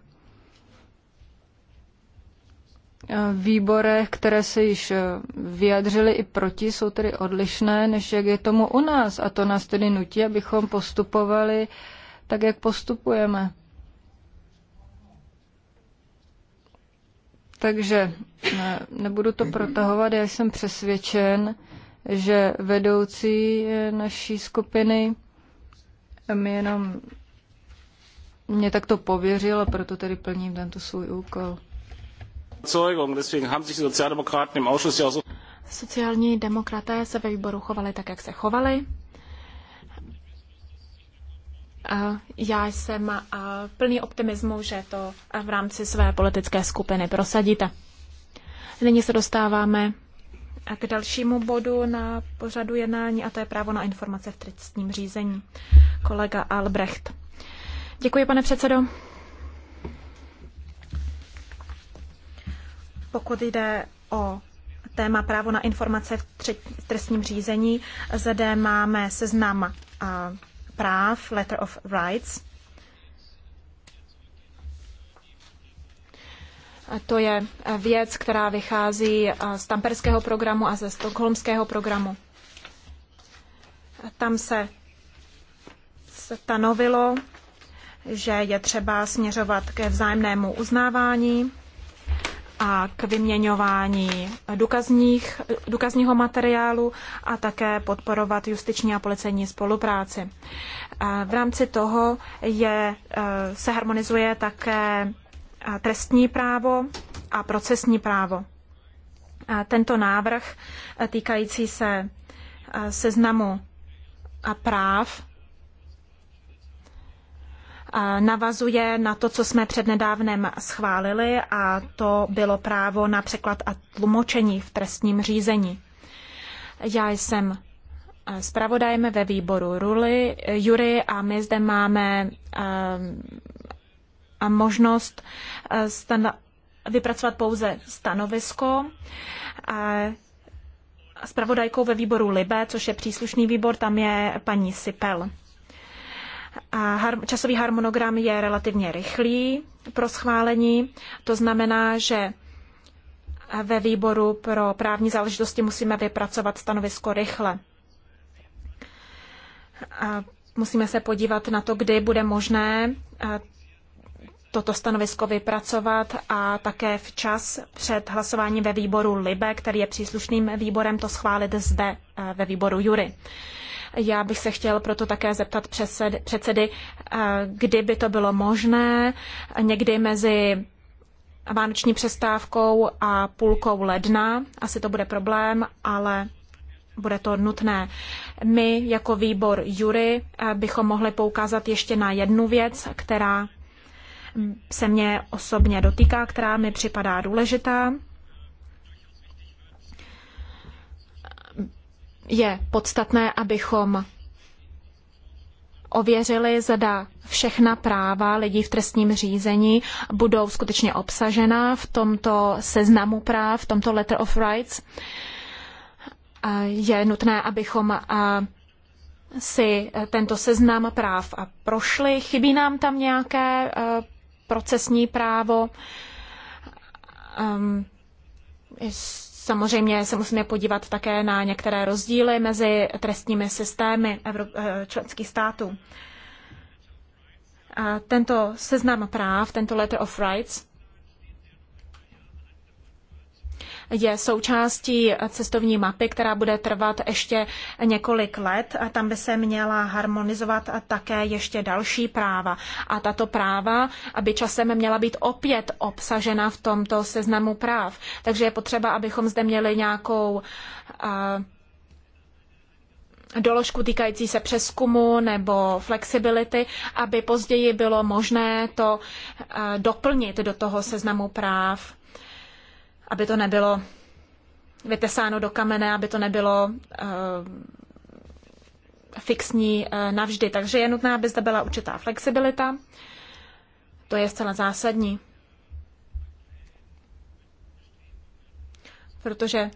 eh, výborech, které se již eh, vyjadřily i proti, jsou tedy odlišné, než jak je tomu u nás. A to nás tedy nutí, abychom postupovali uh, tak jak postupujeme. Takže ne, nebudu to protahovat, já jsem přesvědčen, že vedoucí naší skupiny mi jenom mě tak to pověřil a proto tedy plním tento svůj úkol. Sociální demokraté se ve výboru chovali tak, jak se chovali. Já jsem plný optimismu, že to v rámci své politické skupiny prosadíte. Nyní se dostáváme k dalšímu bodu na pořadu jednání a to je právo na informace v trestním řízení. Kolega Albrecht. Děkuji, pane předsedo. Pokud jde o téma právo na informace v trestním řízení, zde máme seznam práv, Letter of Rights. To je věc, která vychází z tamperského programu a ze stokholmského programu. Tam se stanovilo, že je třeba směřovat ke vzájemnému uznávání a k vyměňování důkazních, důkazního materiálu a také podporovat justiční a policejní spolupráci. V rámci toho je, e, se harmonizuje také e, trestní právo a procesní právo. Tento návrh e, týkající se seznamu a práv navazuje na to, co jsme přednedávnem schválili a to bylo právo na překlad a tlumočení v trestním řízení. Já jsem eh, zpravodajem ve výboru Ruli, Jury a my zde máme eh, a možnost eh, standa- vypracovat pouze stanovisko. A spravodajkou ve výboru Libe, což je příslušný výbor, tam je paní Sipel. Časový harmonogram je relativně rychlý pro schválení, to znamená, že ve výboru pro právní záležitosti musíme vypracovat stanovisko rychle. A musíme se podívat na to, kdy bude možné toto stanovisko vypracovat a také včas před hlasováním ve výboru LIBE, který je příslušným výborem, to schválit zde ve výboru JURY. Já bych se chtěl proto také zeptat přesed, předsedy, eh, kdyby to bylo možné, někdy mezi vánoční přestávkou a půlkou ledna. Asi to bude problém, ale bude to nutné. My jako výbor jury eh, bychom mohli poukázat ještě na jednu věc, která se mě osobně dotýká, která mi připadá důležitá. Je podstatné, abychom ověřili, zda všechna práva lidí v trestním řízení budou skutečně obsažena v tomto seznamu práv, v tomto letter of rights. Je nutné, abychom si tento seznam práv a prošli. Chybí nám tam nějaké e, procesní právo. Ehm, Samozřejmě se musíme podívat také na některé rozdíly mezi trestními systémy eh, členských států. Tento seznam práv, tento letter of rights, je součástí cestovní mapy, která bude trvat ještě několik let. A tam by se měla harmonizovat také ještě další práva. A tato práva aby časem měla být opět obsažena v tomto seznamu práv. Takže je potřeba, abychom zde měli nějakou doložku týkající se přeskumu nebo flexibility, aby později bylo možné to doplnit do toho seznamu práv aby to nebylo vytesáno do kamene, aby to nebylo uh, fixní uh, navždy. Takže je nutná, aby zde byla určitá flexibilita. To je zcela zásadní. Protože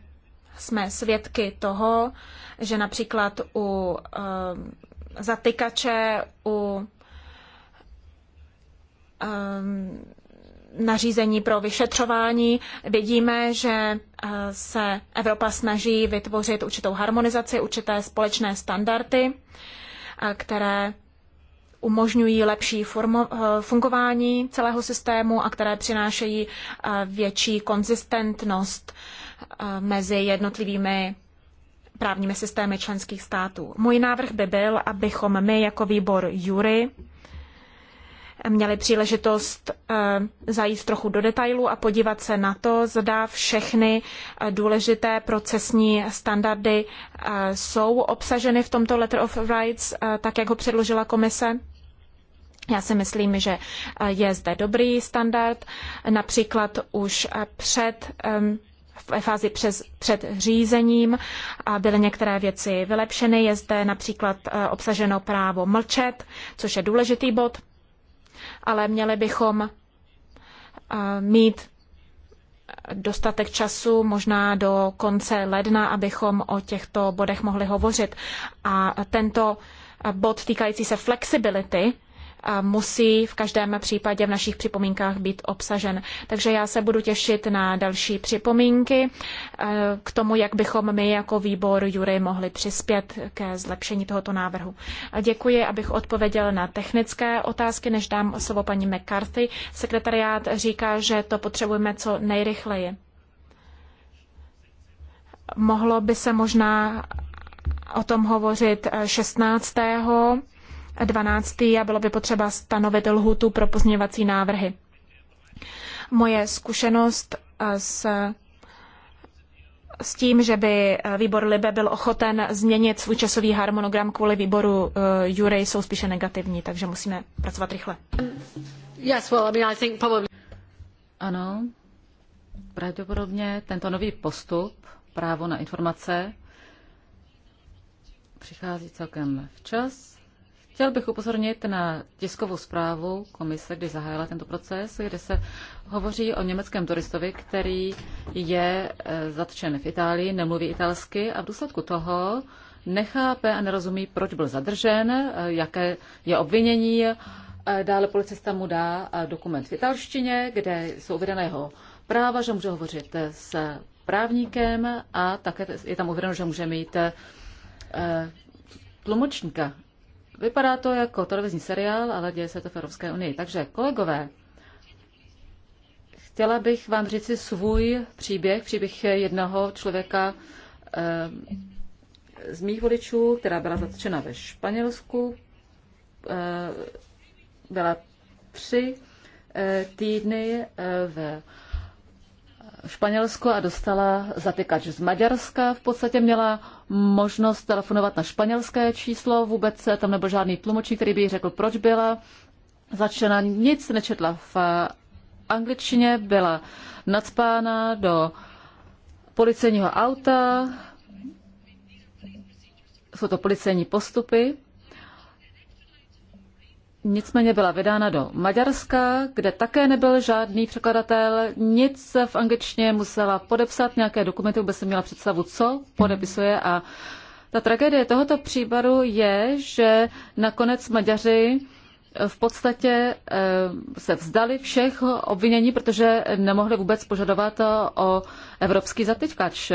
jsme svědky toho, že například u uh, zatykače, u um, nařízení pro vyšetřování. Vidíme, že eh, se Evropa snaží vytvořit určitou harmonizaci, určité společné standardy, eh, které umožňují lepší eh, fungování celého systému a které přinášejí větší konzistentnost mezi jednotlivými právními systémy členských států. Můj návrh by byl, abychom my jako výbor Jury měli příležitost eh, zajít trochu do detailu a podívat se na to, zda všechny eh, důležité procesní standardy eh, jsou obsaženy v tomto Letter of Rights, tak jak ho předložila komise. Já si myslím, že je zde dobrý standard, například už před fázi přes, před řízením byly některé věci vylepšeny. Je zde například obsaženo právo mlčet, což je důležitý bod ale měli bychom eh, mít dostatek času, možná do konce ledna, abychom o těchto bodech mohli hovořit. A tento bod týkající se flexibility musí v každém případě v našich připomínkách být obsažen. Takže já se budu těšit na další připomínky eh, k tomu, jak bychom my jako výbor Jury mohli přispět ke zlepšení tohoto návrhu. Děkuji, abych odpověděl na technické otázky, než dám slovo paní McCarthy. Sekretariát říká, že to potřebujeme co nejrychleji. Mohlo by se možná o tom hovořit 16. Eh, 12. a bylo by potřeba stanovit lhutu pro pozměňovací návrhy. Moje zkušenost eh, s s tím, že by eh, výbor Libe byl ochoten změnit svůj časový harmonogram kvůli výboru eh, Jury, jsou spíše negativní, takže musíme pracovat rychle. Ano, pravděpodobně tento nový postup, právo na informace, přichází celkem včas. Chtěl bych upozornit na tiskovou zprávu komise, kdy zahájila tento proces, kde se hovoří o německém turistovi, který je eh, zatčen v Itálii, nemluví italsky a v důsledku toho nechápe a nerozumí, proč byl zadržen, eh, jaké je obvinění. Eh, dále policista mu dá dokument v italštině, kde jsou uvedené jeho práva, že může hovořit s právníkem a také je tam uvedeno, že může mít tlumočníka Vypadá to jako televizní seriál, ale děje se to v Evropské unii. Takže, kolegové, chtěla bych vám říct si svůj příběh, příběh jednoho člověka eh, z mých voličů, která byla zatčena ve Španělsku. Eh, byla tři eh, týdny ve Španělsko a dostala zatykač z Maďarska. V podstatě měla možnost telefonovat na španělské číslo, vůbec tam nebyl žádný tlumočník, který by jí řekl, proč byla začena, nic nečetla v angličtině, byla nadspána do policejního auta, jsou to policejní postupy nicméně byla vydána do Maďarska, kde také nebyl žádný překladatel, nic v angličtině musela podepsat, nějaké dokumenty vůbec neměla představu, co podepisuje a ta tragédie tohoto případu je, že nakonec Maďaři v podstatě eh, se vzdali všech obvinění, protože nemohli vůbec požadovat o evropský zatyčkač.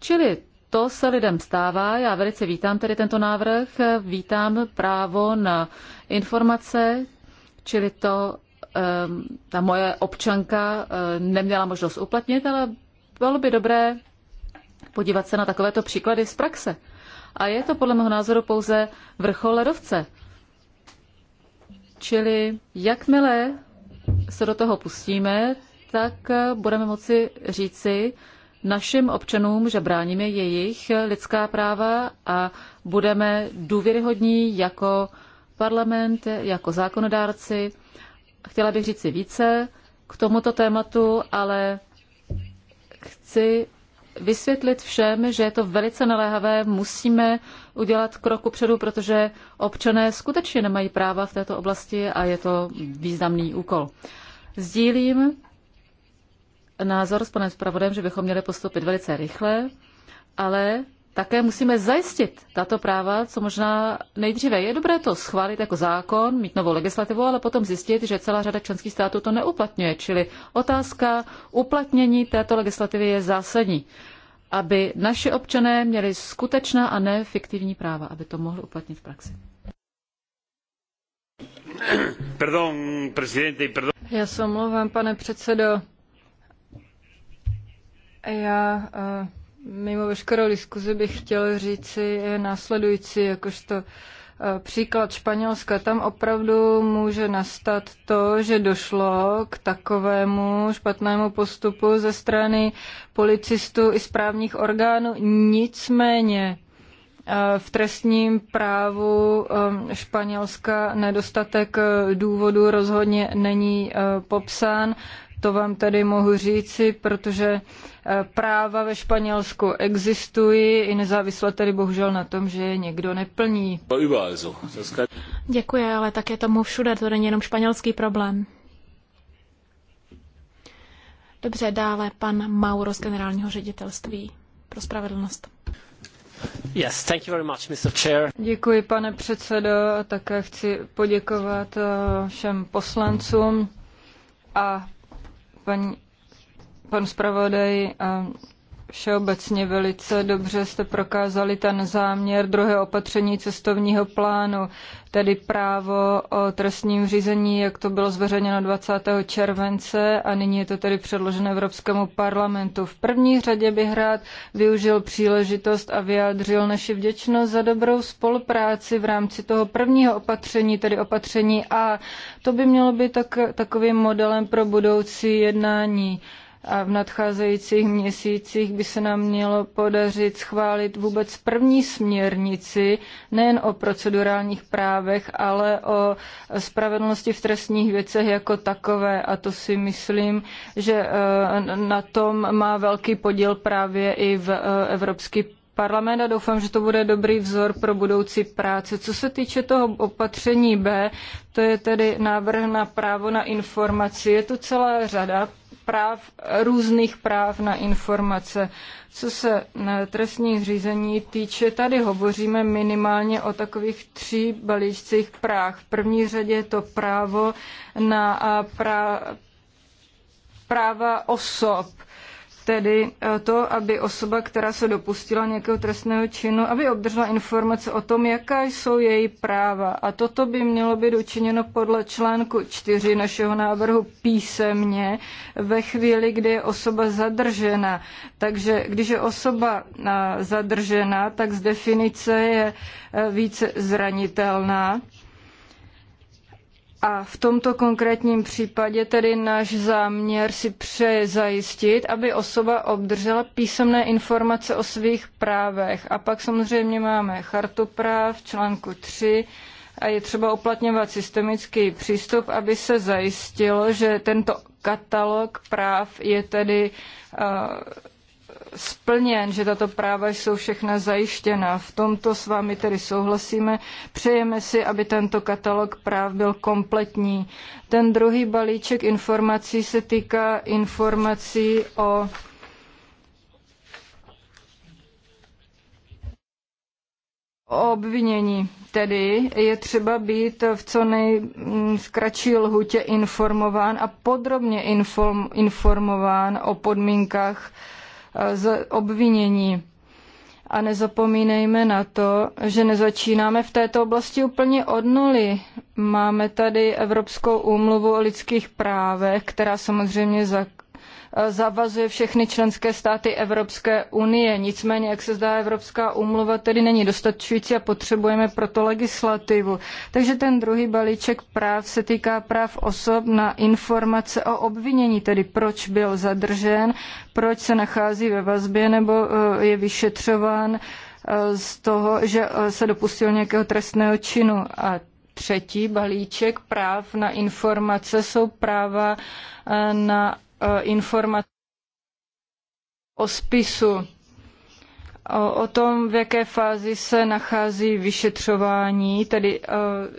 Čili to se lidem stává. Já velice vítám tedy tento návrh. Vítám právo na informace, čili to ta moje občanka eh, neměla možnost uplatnit, ale bylo by dobré podívat se na takovéto příklady z praxe. A je to podle mého názoru pouze vrchol ledovce. Čili jakmile se do toho pustíme, tak eh, budeme moci říci, našim občanům, že bráníme jejich lidská práva a budeme důvěryhodní jako parlament, jako zákonodárci. Chtěla bych říct si více k tomuto tématu, ale chci vysvětlit všem, že je to velice naléhavé, musíme udělat krok upředu, protože občané skutečně nemají práva v této oblasti a je to významný úkol. Sdílím názor s panem zpravodem, že bychom měli postupit velice rychle, ale také musíme zajistit tato práva, co možná nejdříve. Je dobré to schválit jako zákon, mít novou legislativu, ale potom zjistit, že celá řada členských států to neuplatňuje. Čili otázka uplatnění této legislativy je zásadní, aby naši občané měli skutečná a ne fiktivní práva, aby to mohli uplatnit v praxi. Pardon, prezidente, pardon. Já se omlouvám, pane předsedo. Já eh, mimo veškerou diskuzi bych chtěl říci následující, jakožto eh, příklad Španělska. Tam opravdu může nastat to, že došlo k takovému špatnému postupu ze strany policistů i správních orgánů. Nicméně eh, v trestním právu Španělska nedostatek důvodu rozhodně není popsán to vám tady mohu říci, protože eh, práva ve Španělsku existují, i nezávisle tedy bohužel na tom, že je někdo neplní. Děkuji, ale tak je tomu všude, to není jenom španělský problém. Dobře, dále pan Mauro z generálního ředitelství pro spravedlnost. Yes, thank you very much, Mr. Chair. Děkuji, pane předsedo, a také chci poděkovat eh, všem poslancům a paní, pan zpravodaj všeobecně velice dobře jste prokázali ten záměr druhé opatření cestovního plánu, tedy právo o trestním řízení, jak to bylo zveřejněno 20. července a nyní je to tedy předloženo Evropskému parlamentu. V první řadě bych rád využil příležitost a vyjádřil naši vděčnost za dobrou spolupráci v rámci toho prvního opatření, tedy opatření A. To by mělo být tak, takovým modelem pro budoucí jednání a v nadcházejících měsících by se nám mělo podařit schválit vůbec první směrnici nejen o procedurálních právech, ale o spravedlnosti v trestních věcech jako takové. A to si myslím, že e, na tom má velký podíl právě i v e, Evropský parlament a doufám, že to bude dobrý vzor pro budoucí práce. Co se týče toho opatření B, to je tedy návrh na právo na informaci. Je tu celá řada práv, různých práv na informace. Co se eh, trestní řízení týče, tady hovoříme minimálně o takových tří balíčcích práv. V první řadě je to právo na eh, prá, práva osob tedy eh, to, aby osoba, která se dopustila nějakého trestného činu, aby obdržela informace o tom, jaká jsou její práva. A toto by mělo být učiněno podle článku 4 našeho návrhu písemně ve chvíli, kdy je osoba zadržena. Takže když je osoba eh, zadržena, tak z definice je eh, více zranitelná a v tomto konkrétním případě tedy náš záměr si přeje zajistit, aby osoba obdržela písemné informace o svých právech. A pak samozřejmě máme chartu práv, článku 3, a je třeba uplatňovat systemický přístup, aby se zajistilo, že tento katalog práv je tedy uh, splněn, že tato práva jsou všechna zajištěna. V tomto s vámi tedy souhlasíme. Přejeme si, aby tento katalog práv byl kompletní. Ten druhý balíček informací se týká informací o obvinění tedy je třeba být v co nejkratší lhutě informován a podrobně inform, informován o podmínkách z obvinění. A nezapomínejme na to, že nezačínáme v této oblasti úplně od nuly. Máme tady Evropskou úmluvu o lidských právech, která samozřejmě Eh, zavazuje všechny členské státy Evropské unie. Nicméně, jak se zdá, Evropská úmluva tedy není dostačující a potřebujeme proto legislativu. Takže ten druhý balíček práv se týká práv osob na informace o obvinění, tedy proč byl zadržen, proč se nachází ve vazbě nebo eh, je vyšetřován eh, z toho, že se dopustil nějakého trestného činu. A třetí balíček práv na informace jsou práva na Eh, informace o spisu, o tom, v jaké fázi se nachází vyšetřování. Tedy eh,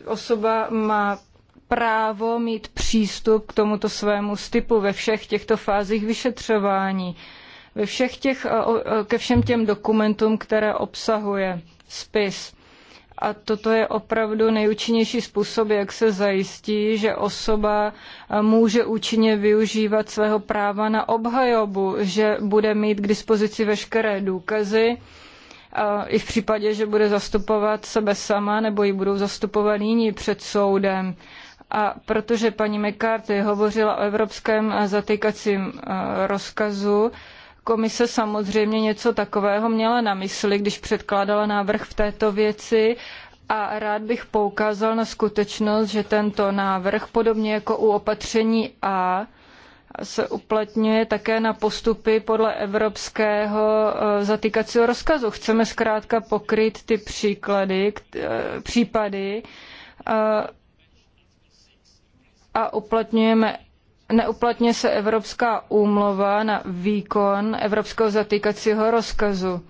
osoba má právo mít přístup k tomuto svému stypu ve všech těchto fázích vyšetřování, ve všech těch, eh, ke všem těm dokumentům, které obsahuje spis. A toto je opravdu nejúčinnější způsob, jak se zajistí, že osoba eh, může účinně využívat svého práva na obhajobu, že bude mít k dispozici veškeré důkazy, eh, i v případě, že bude zastupovat sebe sama nebo ji budou zastupovat jiní před soudem. A protože paní McCarthy hovořila o evropském eh, zatýkacím rozkazu, Komise samozřejmě něco takového měla na mysli, když předkládala návrh v této věci a rád bych poukázal na skutečnost, že tento návrh, podobně jako u opatření A, se uplatňuje také na postupy podle evropského eh, zatýkacího rozkazu. Chceme zkrátka pokryt ty příklady, eh, případy eh, a uplatňujeme neuplatňuje se Evropská úmluva na výkon Evropského zatýkacího rozkazu.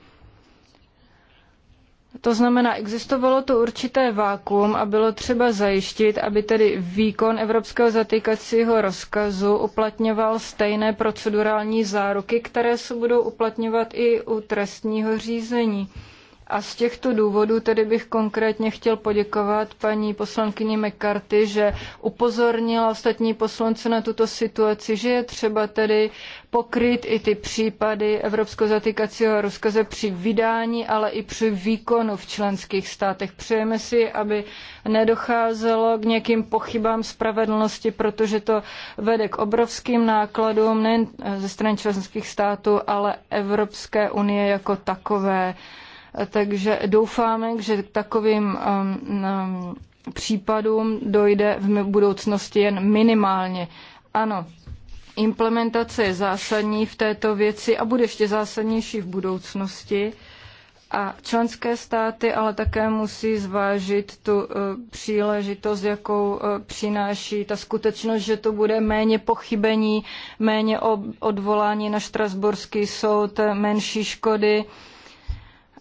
To znamená, existovalo tu určité vákuum a bylo třeba zajistit, aby tedy výkon evropského zatýkacího rozkazu uplatňoval stejné procedurální záruky, které se budou uplatňovat i u trestního řízení. A z těchto důvodů tedy bych konkrétně chtěl poděkovat paní poslankyni McCarthy, že upozornila ostatní poslance na tuto situaci, že je třeba tedy pokryt i ty případy Evropského zatýkacího rozkaze při vydání, ale i při výkonu v členských státech. Přejeme si, aby nedocházelo k nějakým pochybám spravedlnosti, protože to vede k obrovským nákladům nejen ze strany členských států, ale Evropské unie jako takové. Takže doufáme, že k takovým um, um, případům dojde v budoucnosti jen minimálně. Ano, implementace je zásadní v této věci a bude ještě zásadnější v budoucnosti. A členské státy ale také musí zvážit tu uh, příležitost, jakou uh, přináší ta skutečnost, že to bude méně pochybení, méně odvolání na Štrasborský soud, menší škody. Uh,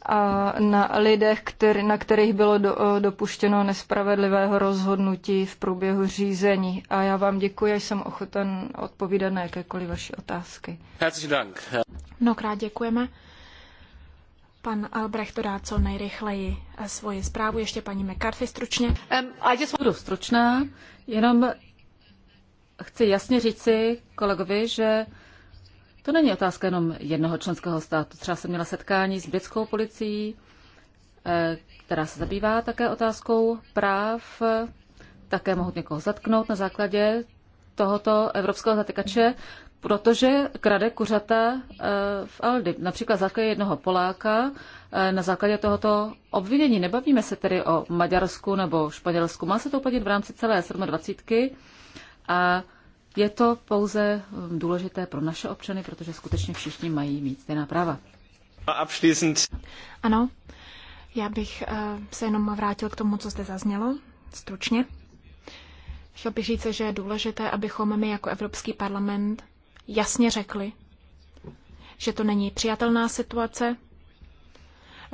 a na lidech, který, na kterých bylo do, eh, dopuštěno nespravedlivého rozhodnutí v průběhu řízení. A já vám děkuji, a jsem ochoten odpovídat na jakékoliv vaše otázky. Herzlichen Dank. Mnohokrát děkujeme. Pan Albrecht to dá co nejrychleji eh, svoji zprávu. Ještě paní McCarthy stručně. Um, a just... Budu stručná, jenom chci jasně říci kolegovi, že to není otázka jenom jednoho členského státu. Třeba jsem měla setkání s britskou policií, eh, která se zabývá také otázkou práv. Také mohu někoho zatknout na základě tohoto evropského zatykače, protože krade kuřata eh, v Aldi. Například základě jednoho Poláka eh, na základě tohoto obvinění. Nebavíme se tedy o Maďarsku nebo Španělsku. Má se to podívat v rámci celé 27. A je to pouze um, důležité pro naše občany, protože skutečně všichni mají mít stejná práva. Ano, já bych eh, se jenom vrátil k tomu, co zde zaznělo, stručně. Chtěl bych říct, že je důležité, abychom my jako Evropský parlament jasně řekli, že to není přijatelná situace,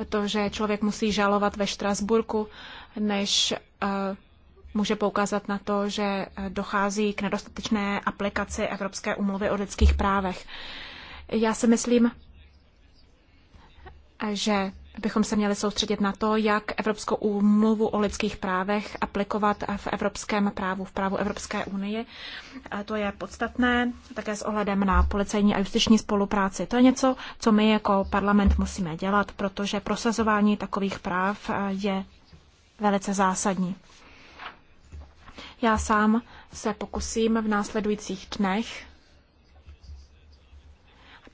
to, že člověk musí žalovat ve Štrasburku, než eh, může poukázat na to, že eh, dochází k nedostatečné aplikaci Evropské umluvy o lidských právech. Já si myslím, že bychom se měli soustředit na to, jak Evropskou úmluvu o lidských právech aplikovat v evropském právu, v právu Evropské unie. A to je podstatné také s ohledem na policejní a justiční spolupráci. To je něco, co my jako parlament musíme dělat, protože prosazování takových práv eh, je velice zásadní. Já sám se pokusím v následujících dnech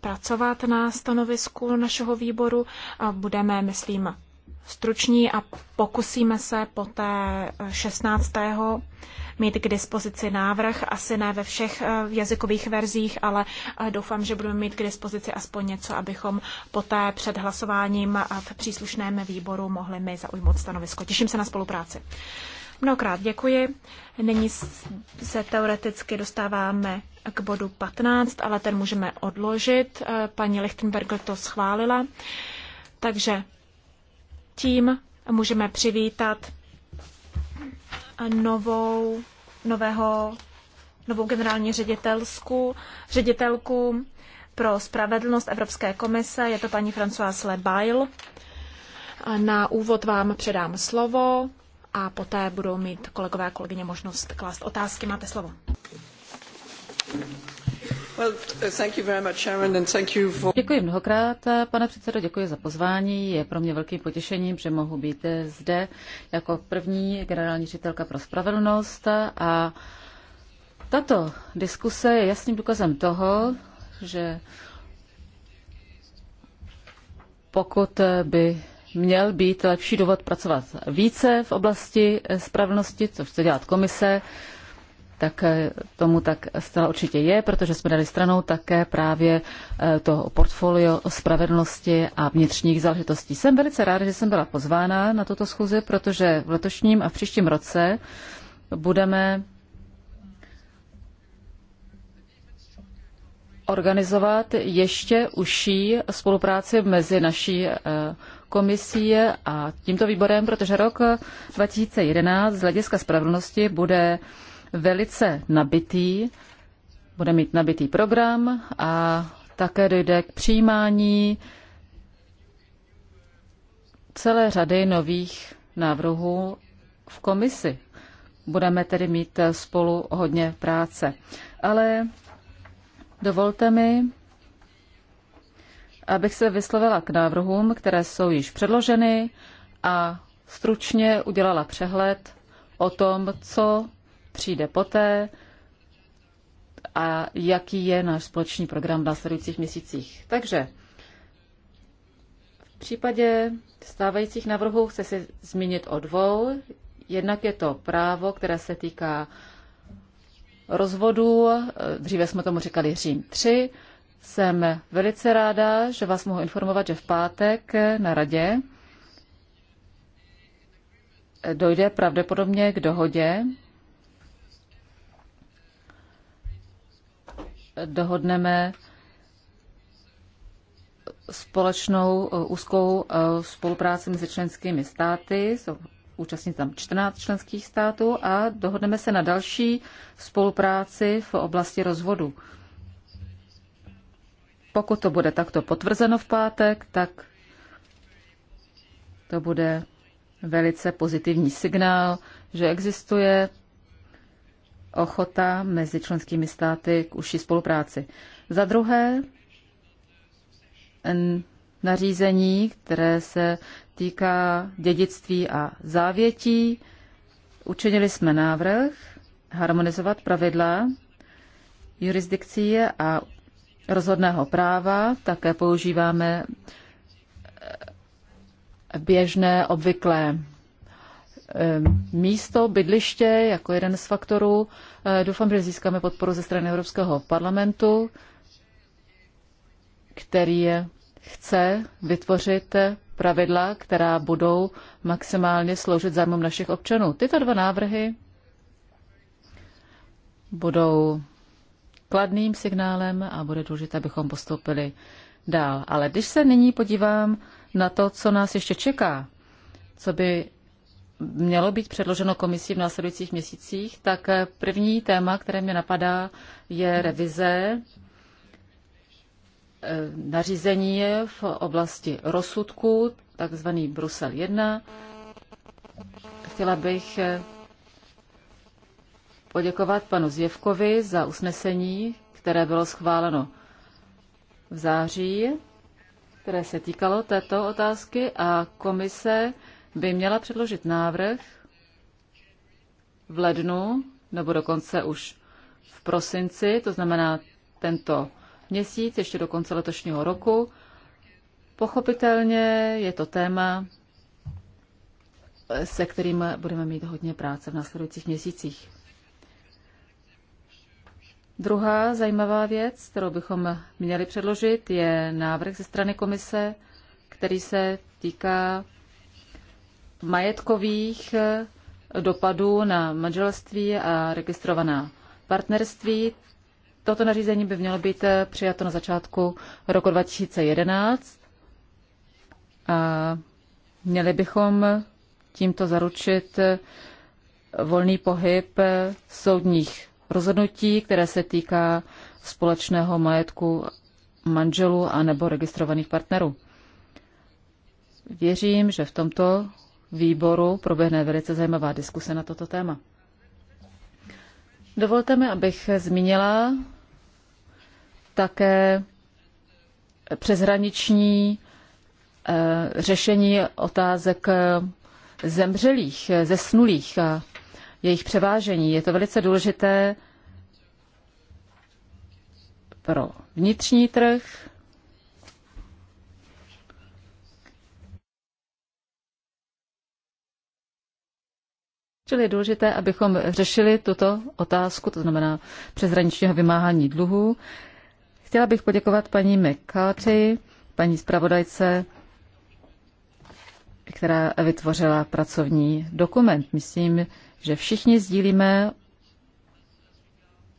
pracovat na stanovisku našeho výboru. a Budeme, myslím, struční a pokusíme se poté 16. mít k dispozici návrh, asi ne ve všech e, jazykových verzích, ale e, doufám, že budeme mít k dispozici aspoň něco, abychom poté před hlasováním v příslušném výboru mohli my zaujmout stanovisko. Těším se na spolupráci. Mnohokrát děkuji. Nyní se teoreticky dostáváme k bodu 15, ale ten můžeme odložit. Eh, paní Lichtenberger to schválila. Takže tím můžeme přivítat eh, novou, nového, novou generální ředitelsku, ředitelku pro spravedlnost Evropské komise. Je to paní Françoise Lebail. Eh, na úvod vám předám slovo a poté budou mít kolegové a kolegyně možnost klást otázky. Máte slovo. Děkuji mnohokrát, pane předsedo, děkuji za pozvání. Je pro mě velkým potěšením, že mohu být zde jako první generální ředitelka pro spravedlnost a tato diskuse je jasným důkazem toho, že pokud by měl být lepší důvod pracovat více v oblasti spravedlnosti, co chce dělat komise, tak eh, tomu tak zcela určitě je, protože jsme dali stranou také právě eh, to portfolio spravedlnosti a vnitřních záležitostí. Jsem velice ráda, že jsem byla pozvána na tuto schůzi, protože v letošním a v příštím roce budeme organizovat ještě užší spolupráci mezi naší eh, komisí a tímto výborem, protože rok 2011 z hlediska spravedlnosti bude velice nabitý, bude mít nabitý program a také dojde k přijímání celé řady nových návrhů v komisi. Budeme tedy mít spolu hodně práce. Ale dovolte mi, abych se vyslovila k návrhům, které jsou již předloženy a stručně udělala přehled o tom, co přijde poté a jaký je náš společný program v následujících měsících. Takže v případě stávajících návrhů chce se zmínit o dvou. Jednak je to právo, které se týká rozvodů, dříve jsme tomu říkali Řím 3, jsem velice ráda, že vás mohu informovat, že v pátek na radě dojde pravděpodobně k dohodě. Dohodneme společnou eh, úzkou eh, spolupráci mezi členskými státy, jsou účastní tam 14 členských států a dohodneme se na další spolupráci v oblasti rozvodu. Pokud to bude takto potvrzeno v pátek, tak to bude velice pozitivní signál, že existuje ochota mezi členskými státy k užší spolupráci. Za druhé, nařízení, které se týká dědictví a závětí, učinili jsme návrh harmonizovat pravidla jurisdikcie a rozhodného práva, také používáme eh, běžné, obvyklé eh, místo, bydliště jako jeden z faktorů. Eh, doufám, že získáme podporu ze strany Evropského parlamentu, který chce vytvořit pravidla, která budou maximálně sloužit zájmům našich občanů. Tyto dva návrhy budou kladným signálem a bude důležité, abychom postoupili dál. Ale když se nyní podívám na to, co nás ještě čeká, co by mělo být předloženo komisí v následujících měsících, tak první téma, které mě napadá, je revize eh, nařízení v oblasti rozsudku, takzvaný Brusel 1. Chtěla bych eh, poděkovat panu Zjevkovi za usnesení, které bylo schváleno v září, které se týkalo této otázky a komise by měla předložit návrh v lednu nebo dokonce už v prosinci, to znamená tento měsíc, ještě do konce letošního roku. Pochopitelně je to téma, se kterým budeme mít hodně práce v následujících měsících. Druhá zajímavá věc, kterou bychom měli předložit, je návrh ze strany komise, který se týká majetkových dopadů na manželství a registrovaná partnerství. Toto nařízení by mělo být přijato na začátku roku 2011 a měli bychom tímto zaručit volný pohyb soudních rozhodnutí, které se týká společného majetku manželů a nebo registrovaných partnerů. Věřím, že v tomto výboru proběhne velice zajímavá diskuse na toto téma. Dovolte mi, abych zmínila také přeshraniční eh, řešení otázek eh, zemřelých, eh, zesnulých jejich převážení. Je to velice důležité pro vnitřní trh, Čili je důležité, abychom řešili tuto otázku, to znamená přeshraničního vymáhání dluhů. Chtěla bych poděkovat paní McCarthy, paní zpravodajce, která vytvořila pracovní dokument. Myslím, že všichni sdílíme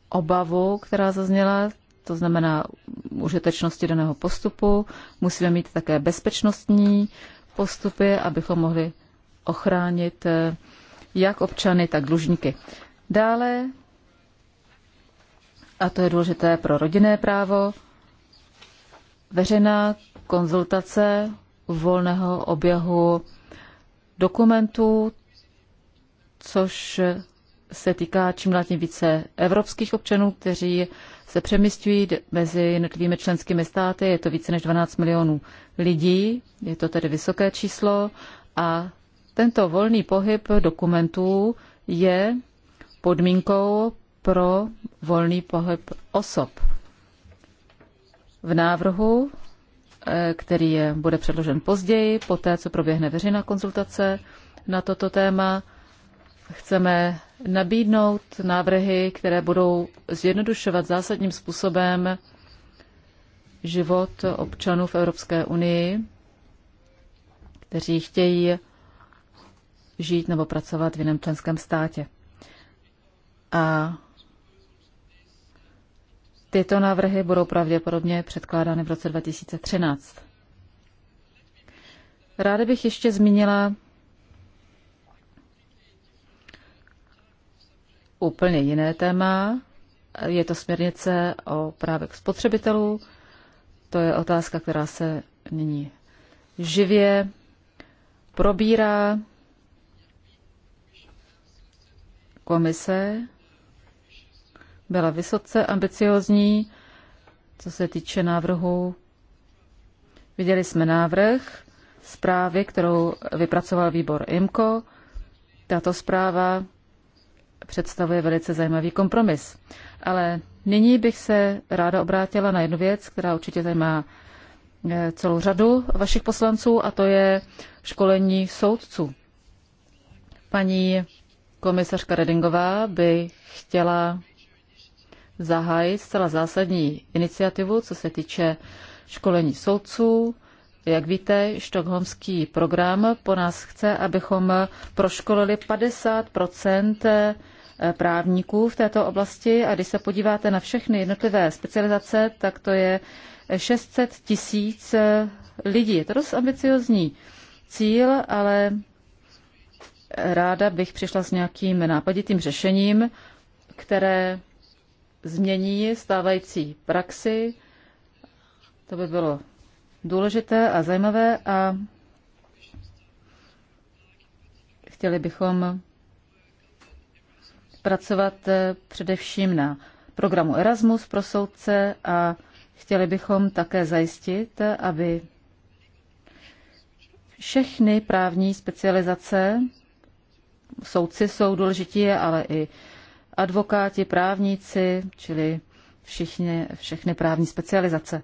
obavu, která zazněla, to znamená užitečnosti daného postupu. Musíme mít také bezpečnostní postupy, abychom mohli ochránit eh, jak občany, tak dlužníky. Dále, a to je důležité pro rodinné právo, veřejná konzultace volného oběhu dokumentů, což se týká čím dál tím více evropských občanů, kteří se přemysťují mezi jednotlivými členskými státy. Je to více než 12 milionů lidí, je to tedy vysoké číslo a tento volný pohyb dokumentů je podmínkou pro volný pohyb osob. V návrhu, eh, který je, bude předložen později, poté co proběhne veřejná konzultace na toto téma, Chceme nabídnout návrhy, které budou zjednodušovat zásadním způsobem život občanů v Evropské unii, kteří chtějí žít nebo pracovat v jiném členském státě. A tyto návrhy budou pravděpodobně předkládány v roce 2013. Ráda bych ještě zmínila úplně jiné téma. Je to směrnice o právech spotřebitelů. To je otázka, která se nyní živě probírá. Komise byla vysoce ambiciozní, co se týče návrhu. Viděli jsme návrh zprávy, kterou vypracoval výbor IMCO. Tato zpráva představuje velice zajímavý kompromis. Ale nyní bych se ráda obrátila na jednu věc, která určitě zajímá eh, celou řadu vašich poslanců, a to je školení soudců. Paní komisařka Redingová by chtěla zahájit zcela zásadní iniciativu, co se týče školení soudců. Jak víte, štokholmský program po nás chce, abychom proškolili 50 eh, právníků v této oblasti a když se podíváte na všechny jednotlivé specializace, tak to je 600 tisíc eh, lidí. Je to dost ambiciozní cíl, ale ráda bych přišla s nějakým nápaditým řešením, které změní stávající praxi. To by bylo důležité a zajímavé a chtěli bychom pracovat eh, především na programu Erasmus pro soudce a chtěli bychom také zajistit, aby všechny právní specializace, soudci jsou důležití, ale i advokáti, právníci, čili všichni, všechny právní specializace.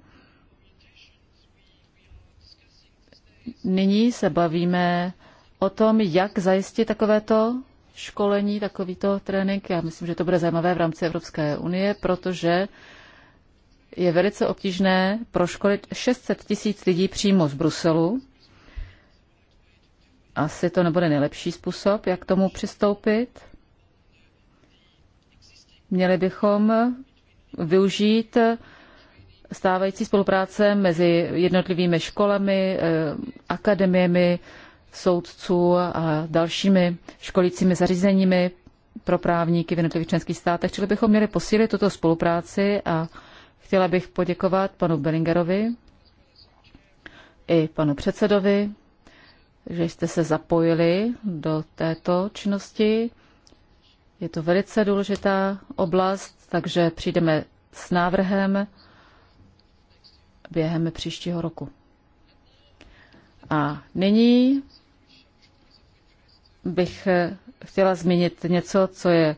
nyní se bavíme o tom, jak zajistit takovéto školení, takovýto trénink. Já myslím, že to bude zajímavé v rámci Evropské unie, protože je velice obtížné proškolit 600 tisíc lidí přímo z Bruselu. Asi to nebude nejlepší způsob, jak tomu přistoupit. Měli bychom využít stávající spolupráce mezi jednotlivými školami, eh, akademiemi, soudců a dalšími školícími zařízeními pro právníky v jednotlivých členských státech. Čili bychom měli posílit tuto spolupráci a chtěla bych poděkovat panu Bellingerovi i panu předsedovi, že jste se zapojili do této činnosti. Je to velice důležitá oblast, takže přijdeme s návrhem během příštího roku. A nyní bych chtěla zmínit něco, co je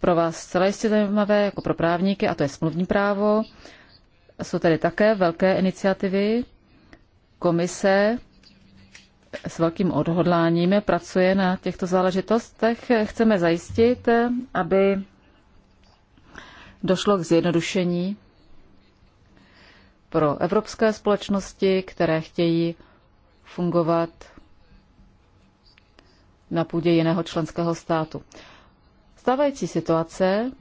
pro vás celé jistě zajímavé, jako pro právníky, a to je smluvní právo. Jsou tady také velké iniciativy. Komise s velkým odhodláním pracuje na těchto záležitostech. Chceme zajistit, aby došlo k zjednodušení pro evropské společnosti, které chtějí fungovat na půdě jiného členského státu. Stávající situace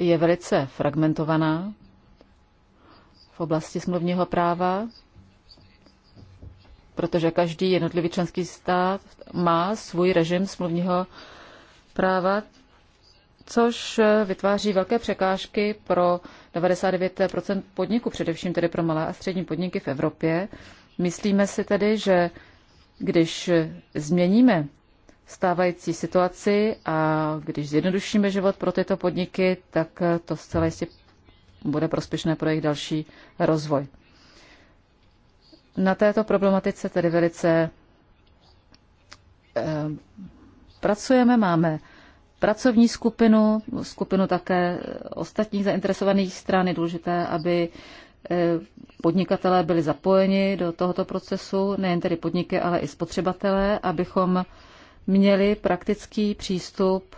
je velice fragmentovaná v oblasti smluvního práva, protože každý jednotlivý členský stát má svůj režim smluvního práva, což vytváří velké překážky pro 99 podniků, především tedy pro malé a střední podniky v Evropě. Myslíme si tedy, že když změníme stávající situaci a když zjednodušíme život pro tyto podniky, tak to zcela jistě bude prospěšné pro jejich další rozvoj. Na této problematice tedy velice eh, pracujeme, máme pracovní skupinu, skupinu také ostatních zainteresovaných stran. Je důležité, aby eh, podnikatelé byli zapojeni do tohoto procesu, nejen tedy podniky, ale i spotřebatelé, abychom měli praktický přístup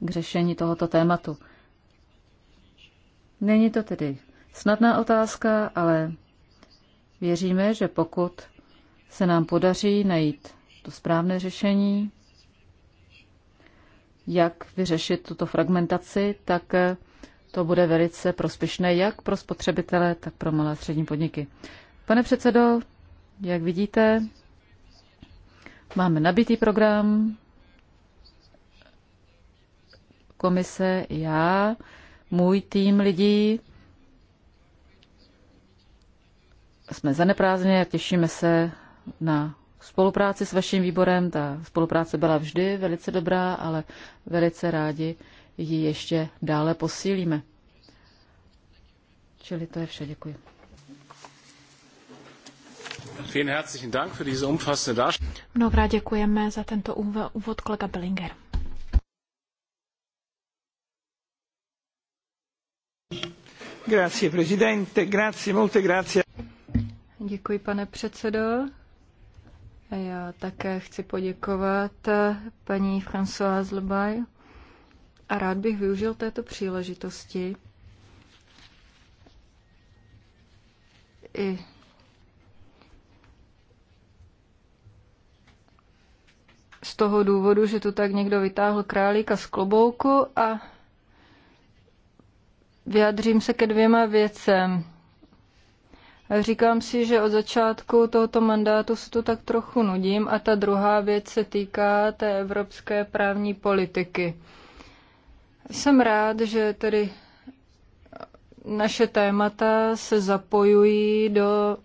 k řešení tohoto tématu. Není to tedy snadná otázka, ale věříme, že pokud se nám podaří najít to správné řešení, jak vyřešit tuto fragmentaci, tak eh, to bude velice prospěšné jak pro spotřebitele, tak pro malé a střední podniky. Pane předsedo, jak vidíte, máme nabitý program, komise, já, můj tým lidí. Jsme zaneprázdně a těšíme se na spolupráci s vaším výborem. Ta spolupráce byla vždy velice dobrá, ale velice rádi ji ještě dále posílíme. Čili to je vše. Děkuji. Vielen herzlichen Dank für diese umfassende Mnohokrát děkujeme za tento úvod kolega Bellinger. Grazie, presidente. Grazie, molte grazie. Děkuji, pane předsedo. Já také chci poděkovat eh, paní Françoise Lebay a rád bych využil této příležitosti i z toho důvodu, že tu tak někdo vytáhl králíka z klobouku a vyjadřím se ke dvěma věcem. Říkám si, že od začátku tohoto mandátu se to tak trochu nudím a ta druhá věc se týká té evropské právní politiky. Jsem rád, že tedy naše témata se zapojují do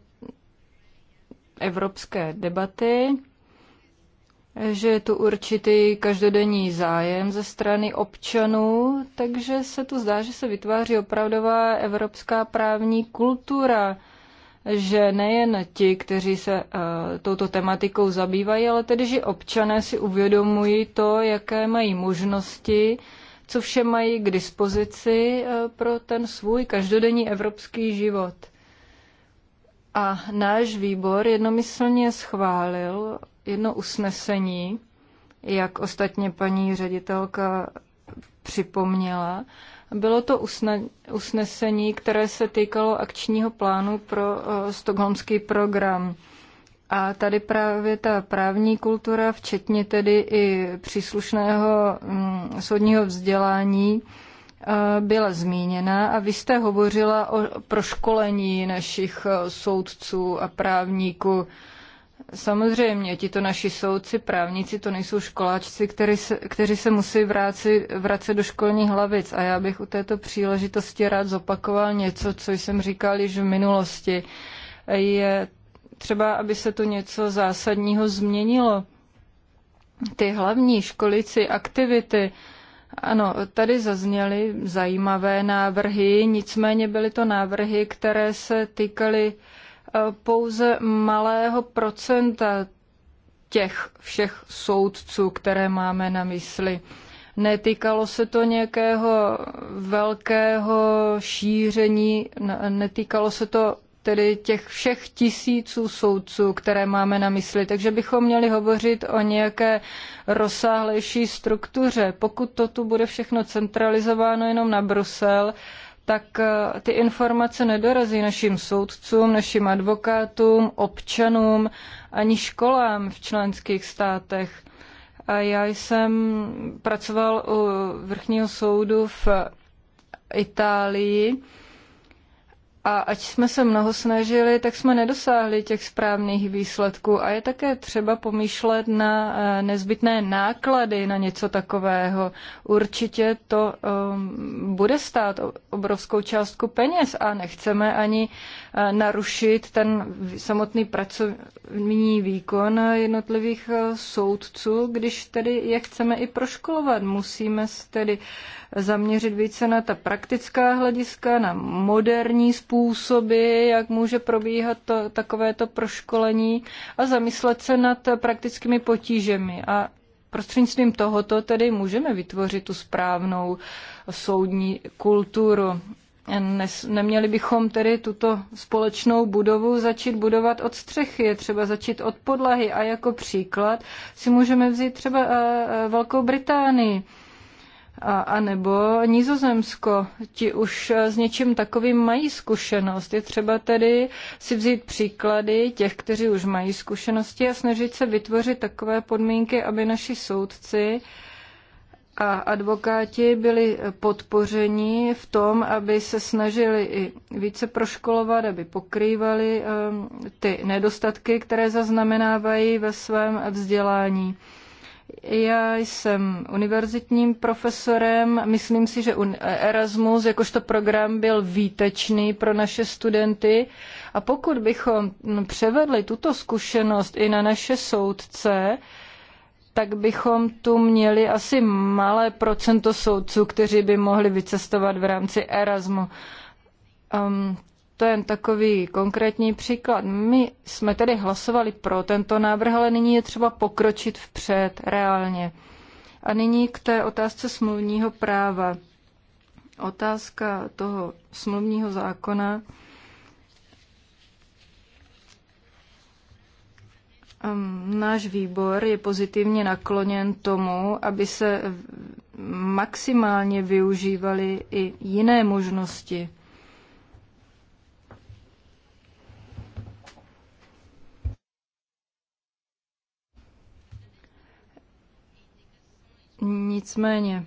evropské debaty, že je tu určitý každodenní zájem ze strany občanů, takže se tu zdá, že se vytváří opravdová evropská právní kultura – že nejen ti, kteří se eh, touto tematikou zabývají, ale tedy, že občané si uvědomují to, jaké mají možnosti, co vše mají k dispozici eh, pro ten svůj každodenní evropský život. A náš výbor jednomyslně schválil jedno usnesení, jak ostatně paní ředitelka připomněla, bylo to usnesení, které se týkalo akčního plánu pro eh, stokholmský program. A tady právě ta právní kultura, včetně tedy i příslušného mm, soudního vzdělání, eh, byla zmíněna a vy jste hovořila o proškolení našich eh, soudců a právníků. Samozřejmě, to naši soudci, právníci, to nejsou školáčci, který se, kteří se musí vrátit vracet do školních hlavic. A já bych u této příležitosti rád zopakoval něco, co jsem říkal již v minulosti. Je třeba, aby se tu něco zásadního změnilo. Ty hlavní školici, aktivity, ano, tady zazněly zajímavé návrhy, nicméně byly to návrhy, které se týkaly pouze malého procenta těch všech soudců, které máme na mysli. Netýkalo se to nějakého velkého šíření, netýkalo se to tedy těch všech tisíců soudců, které máme na mysli. Takže bychom měli hovořit o nějaké rozsáhlejší struktuře. Pokud to tu bude všechno centralizováno jenom na Brusel, tak eh, ty informace nedorazí našim soudcům, našim advokátům, občanům ani školám v členských státech. A já jsem pracoval u vrchního soudu v Itálii a ať jsme se mnoho snažili, tak jsme nedosáhli těch správných výsledků. A je také třeba pomýšlet na eh, nezbytné náklady na něco takového. Určitě to um, bude stát obrovskou částku peněz a nechceme ani eh, narušit ten samotný pracovní výkon jednotlivých eh, soudců, když tedy je chceme i proškolovat. Musíme se tedy zaměřit více na ta praktická hlediska, na moderní způsob způsoby, jak může probíhat to, takovéto proškolení a zamyslet se nad praktickými potížemi. A prostřednictvím tohoto tedy můžeme vytvořit tu správnou soudní kulturu. Nes, neměli bychom tedy tuto společnou budovu začít budovat od střechy, je třeba začít od podlahy a jako příklad si můžeme vzít třeba eh, eh, Velkou Británii a, a nebo Nizozemsko. Ti už s něčím takovým mají zkušenost. Je třeba tedy si vzít příklady těch, kteří už mají zkušenosti a snažit se vytvořit takové podmínky, aby naši soudci a advokáti byli podpořeni v tom, aby se snažili i více proškolovat, aby pokrývali eh, ty nedostatky, které zaznamenávají ve svém vzdělání. Já jsem univerzitním profesorem. Myslím si, že Erasmus jakožto program byl výtečný pro naše studenty. A pokud bychom no, převedli tuto zkušenost i na naše soudce, tak bychom tu měli asi malé procento soudců, kteří by mohli vycestovat v rámci Erasmu. Um, to jen takový konkrétní příklad. My jsme tedy hlasovali pro tento návrh, ale nyní je třeba pokročit vpřed reálně. A nyní k té otázce smluvního práva. Otázka toho smluvního zákona Náš výbor je pozitivně nakloněn tomu, aby se maximálně využívaly i jiné možnosti. Nicméně,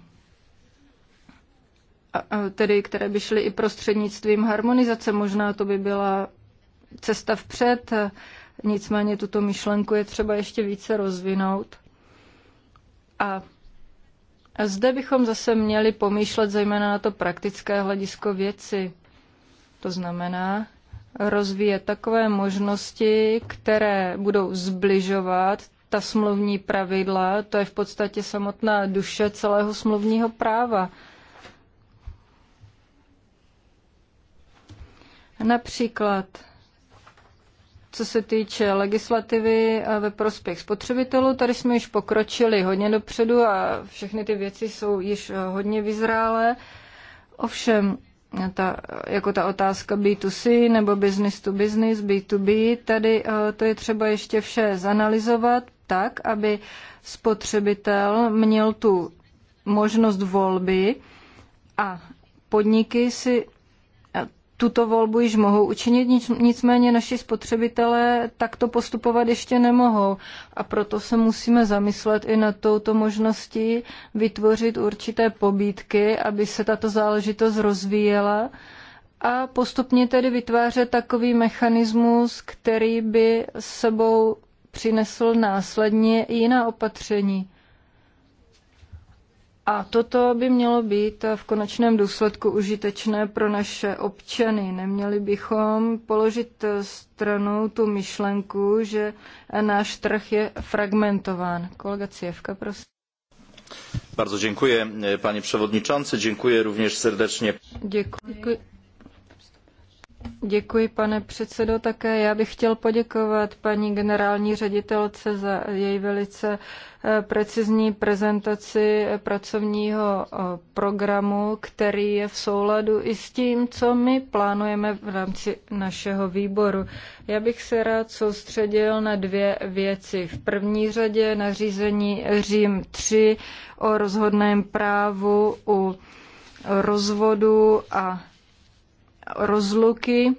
tedy které by šly i prostřednictvím harmonizace, možná to by byla cesta vpřed, nicméně tuto myšlenku je třeba ještě více rozvinout. A zde bychom zase měli pomýšlet zejména na to praktické hledisko věci. To znamená rozvíjet takové možnosti, které budou zbližovat ta smluvní pravidla, to je v podstatě samotná duše celého smluvního práva. Například, co se týče legislativy ve prospěch spotřebitelů, tady jsme již pokročili hodně dopředu a všechny ty věci jsou již eh, hodně vyzrálé. Ovšem, ta, jako ta otázka B2C nebo business to business, B2B, tady eh, to je třeba ještě vše zanalizovat, tak, aby spotřebitel měl tu možnost volby a podniky si tuto volbu již mohou učinit, nicméně naši spotřebitelé takto postupovat ještě nemohou. A proto se musíme zamyslet i nad touto možností vytvořit určité pobídky, aby se tato záležitost rozvíjela a postupně tedy vytvářet takový mechanismus, který by sebou přinesl následně jiná opatření. A toto by mělo být v konečném důsledku užitečné pro naše občany. Neměli bychom položit eh, stranou tu myšlenku, že eh, náš trh je fragmentován. Kolega Cievka, prosím. Bardzo dziękuję, eh, panie przewodniczący. Dziękuję również serdecznie. Dziękuję. Děkuji, pane předsedo. Také já bych chtěl poděkovat paní generální ředitelce za její velice eh, precizní prezentaci pracovního eh, programu, který je v souladu i s tím, co my plánujeme v rámci našeho výboru. Já bych se rád soustředil na dvě věci. V první řadě na řízení Řím 3 o rozhodném právu u rozvodu a rozluky.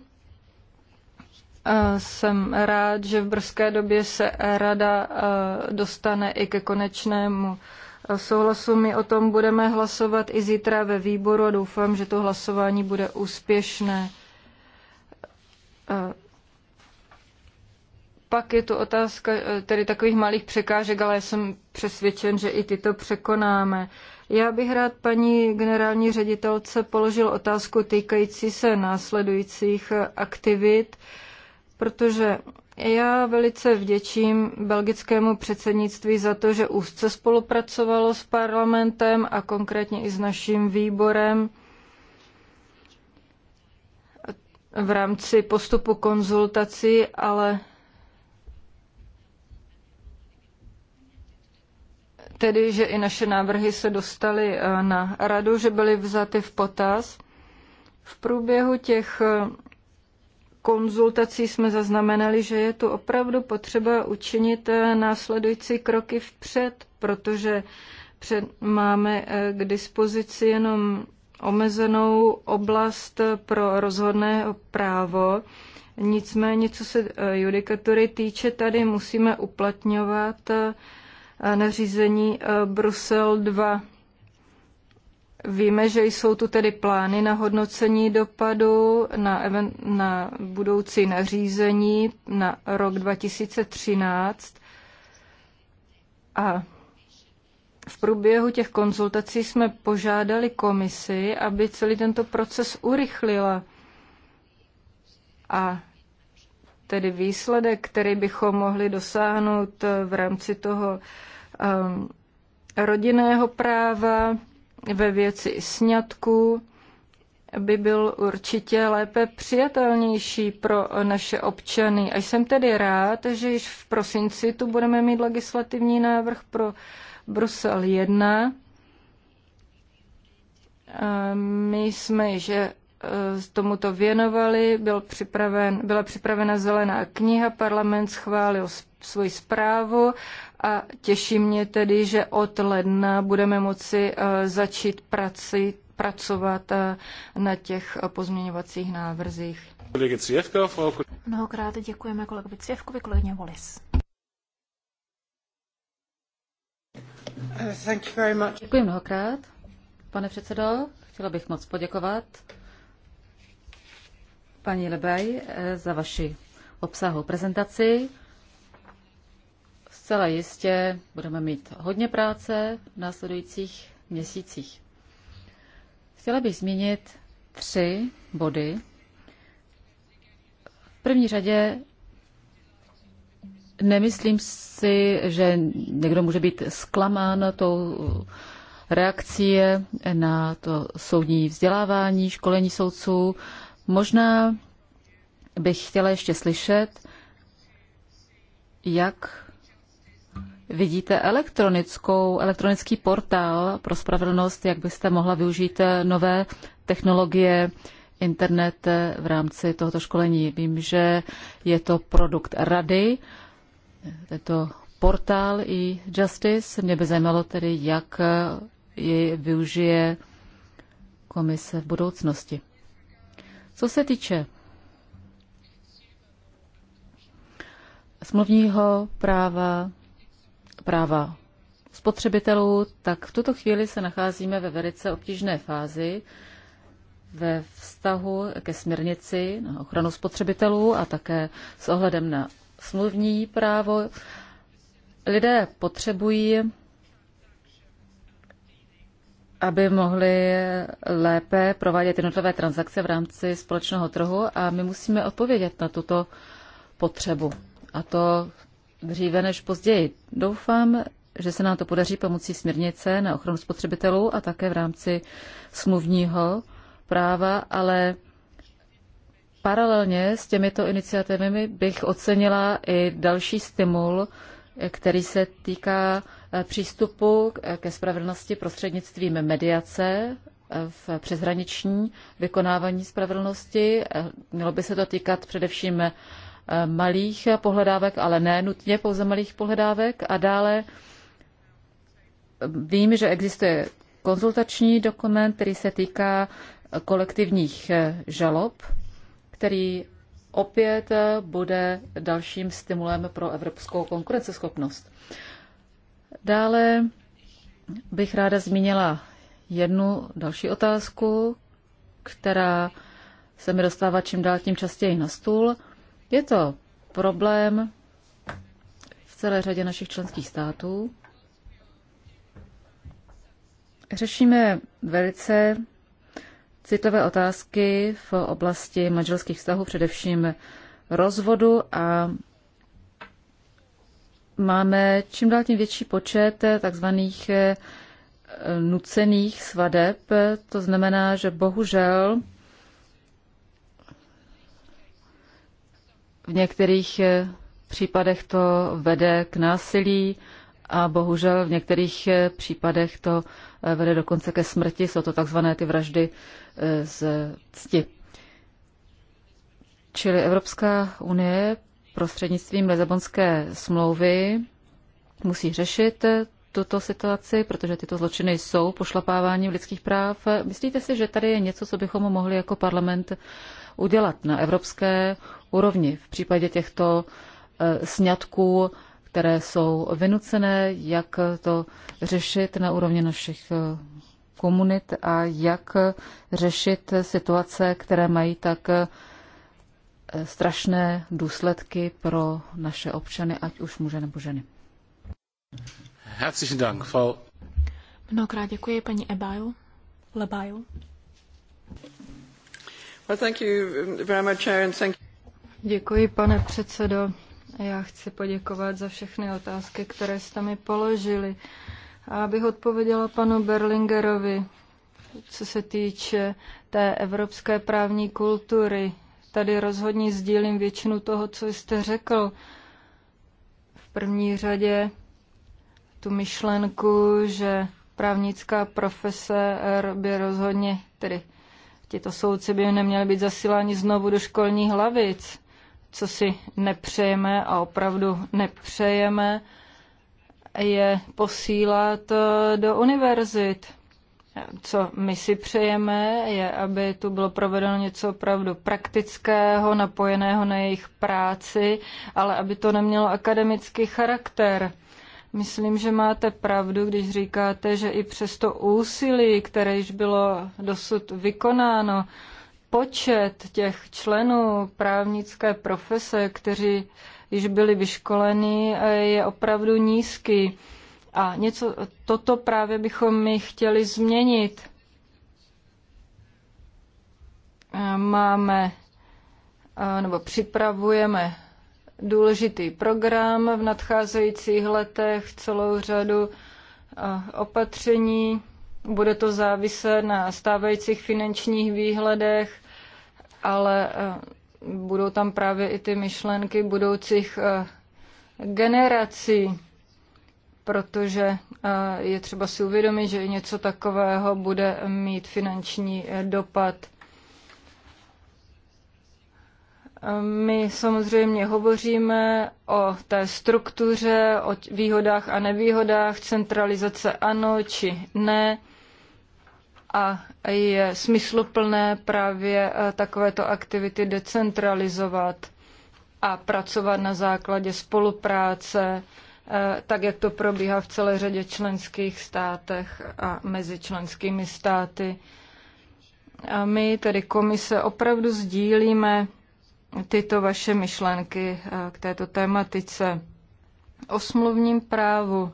Jsem rád, že v brzké době se rada dostane i ke konečnému souhlasu. My o tom budeme hlasovat i zítra ve výboru a doufám, že to hlasování bude úspěšné. Pak je tu otázka e, tedy takových malých překážek, ale já jsem přesvědčen, že i tyto překonáme. Já bych rád paní generální ředitelce položil otázku týkající se následujících aktivit, protože já velice vděčím belgickému předsednictví za to, že úzce spolupracovalo s parlamentem a konkrétně i s naším výborem v rámci postupu konzultací, ale tedy, že i naše návrhy se dostaly eh, na radu, že byly vzaty v potaz. V průběhu těch eh, konzultací jsme zaznamenali, že je tu opravdu potřeba učinit eh, následující kroky vpřed, protože před, máme k dispozici jenom omezenou oblast pro rozhodné právo. Nicméně, co se judikatury týče, tady musíme uplatňovat nařízení e, Brusel 2. Víme, že jsou tu tedy plány na hodnocení dopadu na, na budoucí nařízení na rok 2013 a v průběhu těch konzultací jsme požádali komisi, aby celý tento proces urychlila. A tedy výsledek, který bychom mohli dosáhnout eh, v rámci toho um, rodinného práva ve věci sňatku, by byl určitě lépe přijatelnější pro naše občany. A jsem tedy rád, že již v prosinci tu budeme mít legislativní návrh pro Brusel 1. my jsme že Eh, tomuto věnovali, byl připraven, byla připravena zelená kniha, parlament schválil svoji zprávu a těší mě tedy, že od ledna budeme moci eh, začít praci, pracovat eh, na těch pozměňovacích návrzích. Mnohokrát děkujeme kolegovi Cvěvkovi, kolegyně Volis. Děkuji mnohokrát. Pane předsedo, chtěla bych moc poděkovat paní Lebaj, eh, za vaši obsahu prezentaci. Zcela jistě budeme mít hodně práce v následujících měsících. Chtěla bych zmínit tři body. V první řadě nemyslím si, že někdo může být zklamán tou reakcí na to soudní vzdělávání, školení soudců. Možná bych chtěla ještě slyšet, jak vidíte elektronickou, elektronický portál pro spravedlnost, jak byste mohla využít nové technologie, internet v rámci tohoto školení. Vím, že je to produkt rady, je to portál i Justice. Mě by zajímalo tedy, jak jej využije komise v budoucnosti. Co se týče smluvního práva, práva spotřebitelů, tak v tuto chvíli se nacházíme ve velice obtížné fázi ve vztahu ke směrnici na ochranu spotřebitelů a také s ohledem na smluvní právo. Lidé potřebují aby mohli lépe provádět jednotlivé transakce v rámci společného trhu a my musíme odpovědět na tuto potřebu. A to dříve než později. Doufám, že se nám to podaří pomocí směrnice na ochranu spotřebitelů a také v rámci smluvního práva, ale paralelně s těmito iniciativami bych ocenila i další stimul, který se týká Eh, přístupu eh, ke spravedlnosti prostřednictvím mediace eh, v přeshraniční vykonávání spravedlnosti. Mělo by se to týkat především malých pohledávek, ale ne nutně pouze malých pohledávek. A dále vím, že existuje konzultační dokument, který se týká kolektivních žalob, který opět bude dalším stimulem pro evropskou konkurenceschopnost. Dále bych ráda zmínila jednu další otázku, která se mi dostává čím dál tím častěji na stůl. Je to problém v celé řadě našich členských států. Řešíme velice citlivé otázky v oblasti manželských vztahů, především rozvodu a máme čím dál tím větší počet eh, takzvaných eh, nucených svadeb. To znamená, že bohužel v některých eh, případech to vede k násilí a bohužel v některých případech to vede dokonce ke smrti. Jsou to takzvané ty vraždy z cti. Čili Evropská unie prostřednictvím Lizabonské smlouvy musí řešit tuto situaci, protože tyto zločiny jsou pošlapáváním lidských práv. Myslíte si, že tady je něco, co bychom mohli jako parlament udělat na evropské úrovni v případě těchto eh, sňatků, které jsou vynucené, jak to řešit na úrovni našich eh, komunit a jak řešit situace, které mají tak eh, Eh, strašné důsledky pro naše občany, ať už muže nebo ženy. Herzlichen Dank, Frau. Mnohokrát děkuji paní Ebaju. Lebaju. Well, thank you very much, Sharon. Thank you. Děkuji, pane předsedo. Já chci poděkovat za všechny otázky, které jste mi položili. A abych odpověděla panu Berlingerovi, co se týče té evropské právní kultury. Tady rozhodně sdílím většinu toho, co jste řekl. V první řadě tu myšlenku, že právnická profese by rozhodně, tedy tito soudci by neměli být zasíláni znovu do školních hlavic, co si nepřejeme a opravdu nepřejeme, je posílat do univerzit co my si přejeme, je, aby tu bylo provedeno něco opravdu praktického, napojeného na jejich práci, ale aby to nemělo akademický charakter. Myslím, že máte pravdu, když říkáte, že i přes to úsilí, které již bylo dosud vykonáno, počet těch členů právnické profese, kteří již byli vyškolení, je opravdu nízký. A něco, toto právě bychom my chtěli změnit. Eh, máme eh, nebo připravujeme důležitý program v nadcházejících letech, celou řadu eh, opatření. Bude to záviset na stávajících finančních výhledech, ale budou tam právě i ty myšlenky budoucích generací protože eh, je třeba si uvědomit, že něco takového bude mít finanční eh, dopad. My samozřejmě hovoříme o té struktuře, o výhodách a nevýhodách, centralizace ano či ne. A je smysluplné právě eh, takovéto aktivity decentralizovat a pracovat na základě spolupráce, Eh, tak jak to probíhá v celé řadě členských státech a mezi členskými státy. A my, tedy komise, opravdu sdílíme tyto vaše myšlenky eh, k této tématice. O smluvním právu.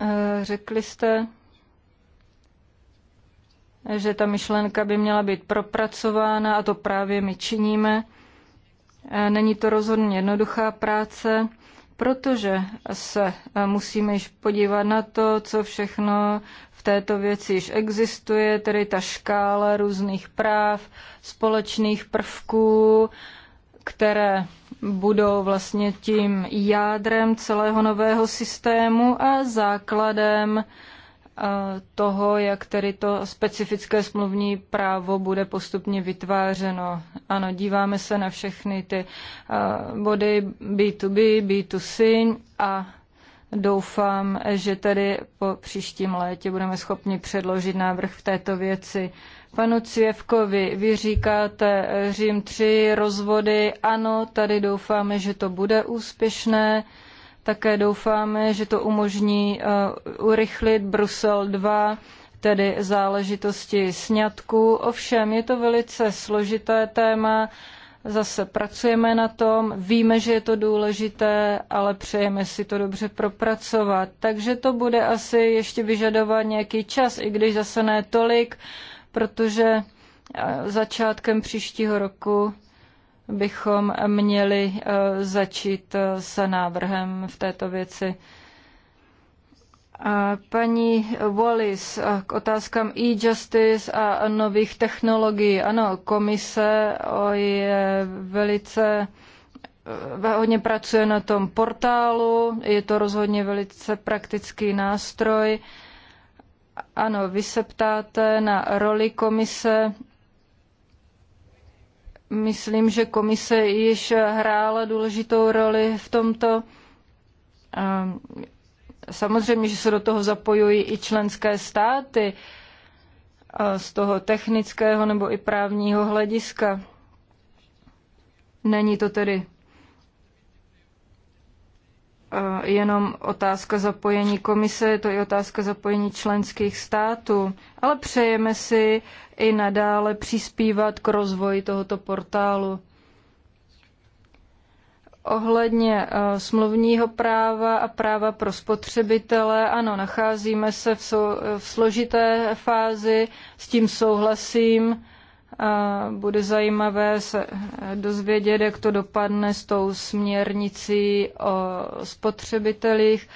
Eh, řekli jste, že ta myšlenka by měla být propracována a to právě my činíme. Není to rozhodně jednoduchá práce, protože se eh, musíme již podívat na to, co všechno v této věci již existuje, tedy ta škála různých práv, společných prvků, které budou vlastně tím jádrem celého nového systému a základem toho, jak tedy to specifické smluvní právo bude postupně vytvářeno. Ano, díváme se na všechny ty body B2B, B2C a doufám, že tedy po příštím létě budeme schopni předložit návrh v této věci. Panu Cvěvkovi, vy říkáte eh, Řím 3, rozvody, ano, tady doufáme, že to bude úspěšné. Také doufáme, že to umožní eh, urychlit Brusel 2 tedy záležitosti sňatku. Ovšem je to velice složité téma, zase pracujeme na tom, víme, že je to důležité, ale přejeme si to dobře propracovat. Takže to bude asi ještě vyžadovat nějaký čas, i když zase ne tolik, protože eh, začátkem příštího roku bychom měli eh, začít eh, s návrhem v této věci. Paní Wallis, eh, k otázkám e-justice a nových technologií. Ano, komise je velice hodně pracuje na tom portálu, je to rozhodně velice praktický nástroj. Ano, vy se ptáte na roli komise Myslím, že komise již hrála důležitou roli v tomto. Ehm, samozřejmě, že se do toho zapojují i členské státy e, z toho technického nebo i právního hlediska. Není to tedy jenom otázka zapojení komise, je to i otázka zapojení členských států, ale přejeme si i nadále přispívat k rozvoji tohoto portálu. Ohledně eh, smluvního práva a práva pro spotřebitele, ano, nacházíme se v, so, v složité fázi, s tím souhlasím bude zajímavé se dozvědět, jak to dopadne s tou směrnicí o spotřebitelích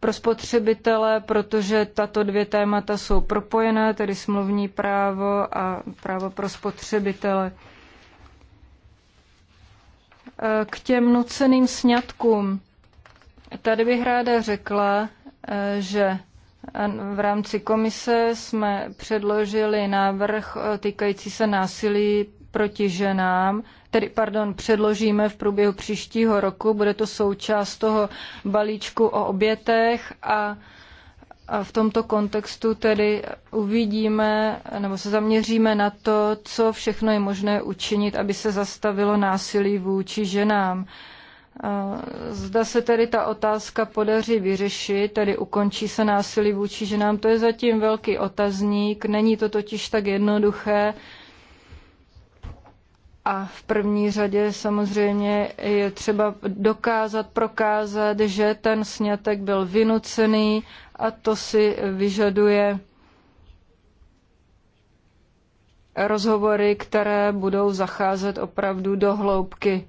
pro spotřebitele, protože tato dvě témata jsou propojená, tedy smluvní právo a právo pro spotřebitele. E, k těm nuceným sňatkům. Tady bych ráda řekla, e, že v rámci komise jsme předložili návrh eh, týkající se násilí proti ženám, tedy, pardon, předložíme v průběhu příštího roku, bude to součást toho balíčku o obětech a a v tomto kontextu tedy uvidíme nebo se zaměříme na to, co všechno je možné učinit, aby se zastavilo násilí vůči ženám. Zda se tedy ta otázka podaří vyřešit, tedy ukončí se násilí vůči ženám, to je zatím velký otazník, není to totiž tak jednoduché. A v první řadě samozřejmě je třeba dokázat, prokázat, že ten snětek byl vynucený a to si vyžaduje rozhovory, které budou zacházet opravdu do hloubky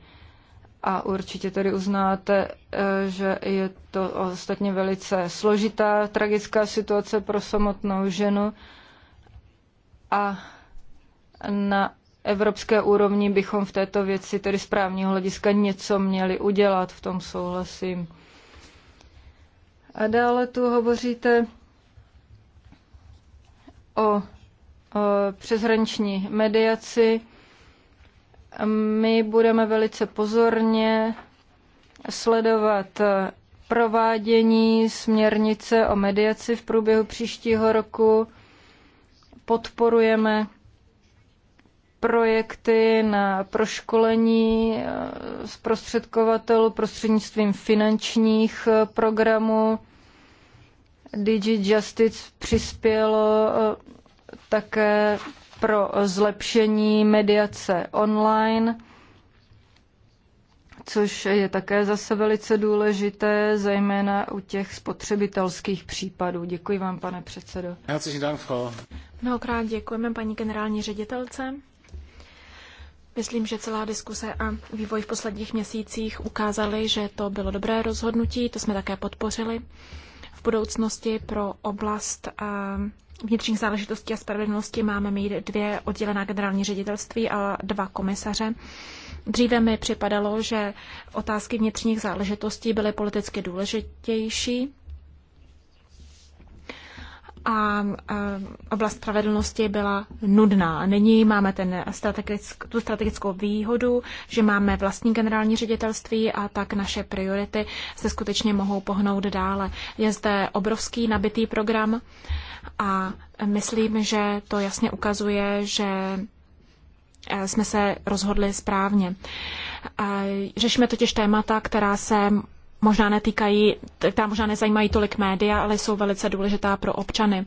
a určitě tedy uznáte, e, že je to ostatně velice složitá, tragická situace pro samotnou ženu. A na evropské úrovni bychom v této věci, tedy z právního hlediska, něco měli udělat, v tom souhlasím. A dále tu hovoříte o, o přeshraniční mediaci my budeme velice pozorně sledovat provádění směrnice o mediaci v průběhu příštího roku. Podporujeme projekty na proškolení eh, zprostředkovatelů prostřednictvím finančních eh, programů. DG Justice přispělo eh, také pro zlepšení mediace online, což je také zase velice důležité, zejména u těch spotřebitelských případů. Děkuji vám, pane předsedo. Mnohokrát děkujeme paní generální ředitelce. Myslím, že celá diskuse a vývoj v posledních měsících ukázaly, že to bylo dobré rozhodnutí, to jsme také podpořili. V budoucnosti pro oblast eh, vnitřních záležitostí a spravedlnosti máme mít dvě oddělená generální ředitelství a dva komisaře. Dříve mi připadalo, že otázky vnitřních záležitostí byly politicky důležitější a oblast spravedlnosti byla nudná. Nyní máme ten strategick, tu strategickou výhodu, že máme vlastní generální ředitelství a tak naše priority se skutečně mohou pohnout dále. Je zde obrovský nabitý program a myslím, že to jasně ukazuje, že e, jsme se rozhodli správně. E, řešíme totiž témata, která se možná netýkají, která možná nezajímají tolik média, ale jsou velice důležitá pro občany.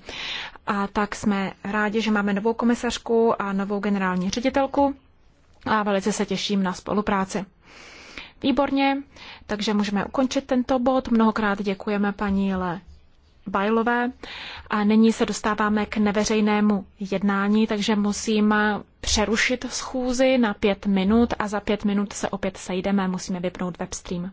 A tak jsme rádi, že máme novou komisařku a novou generální ředitelku a velice se těším na spolupráci. Výborně, takže můžeme ukončit tento bod. Mnohokrát děkujeme paní Le Bajlové. A nyní se dostáváme k neveřejnému jednání, takže musím přerušit schůzi na pět minut a za pět minut se opět sejdeme, musíme vypnout webstream.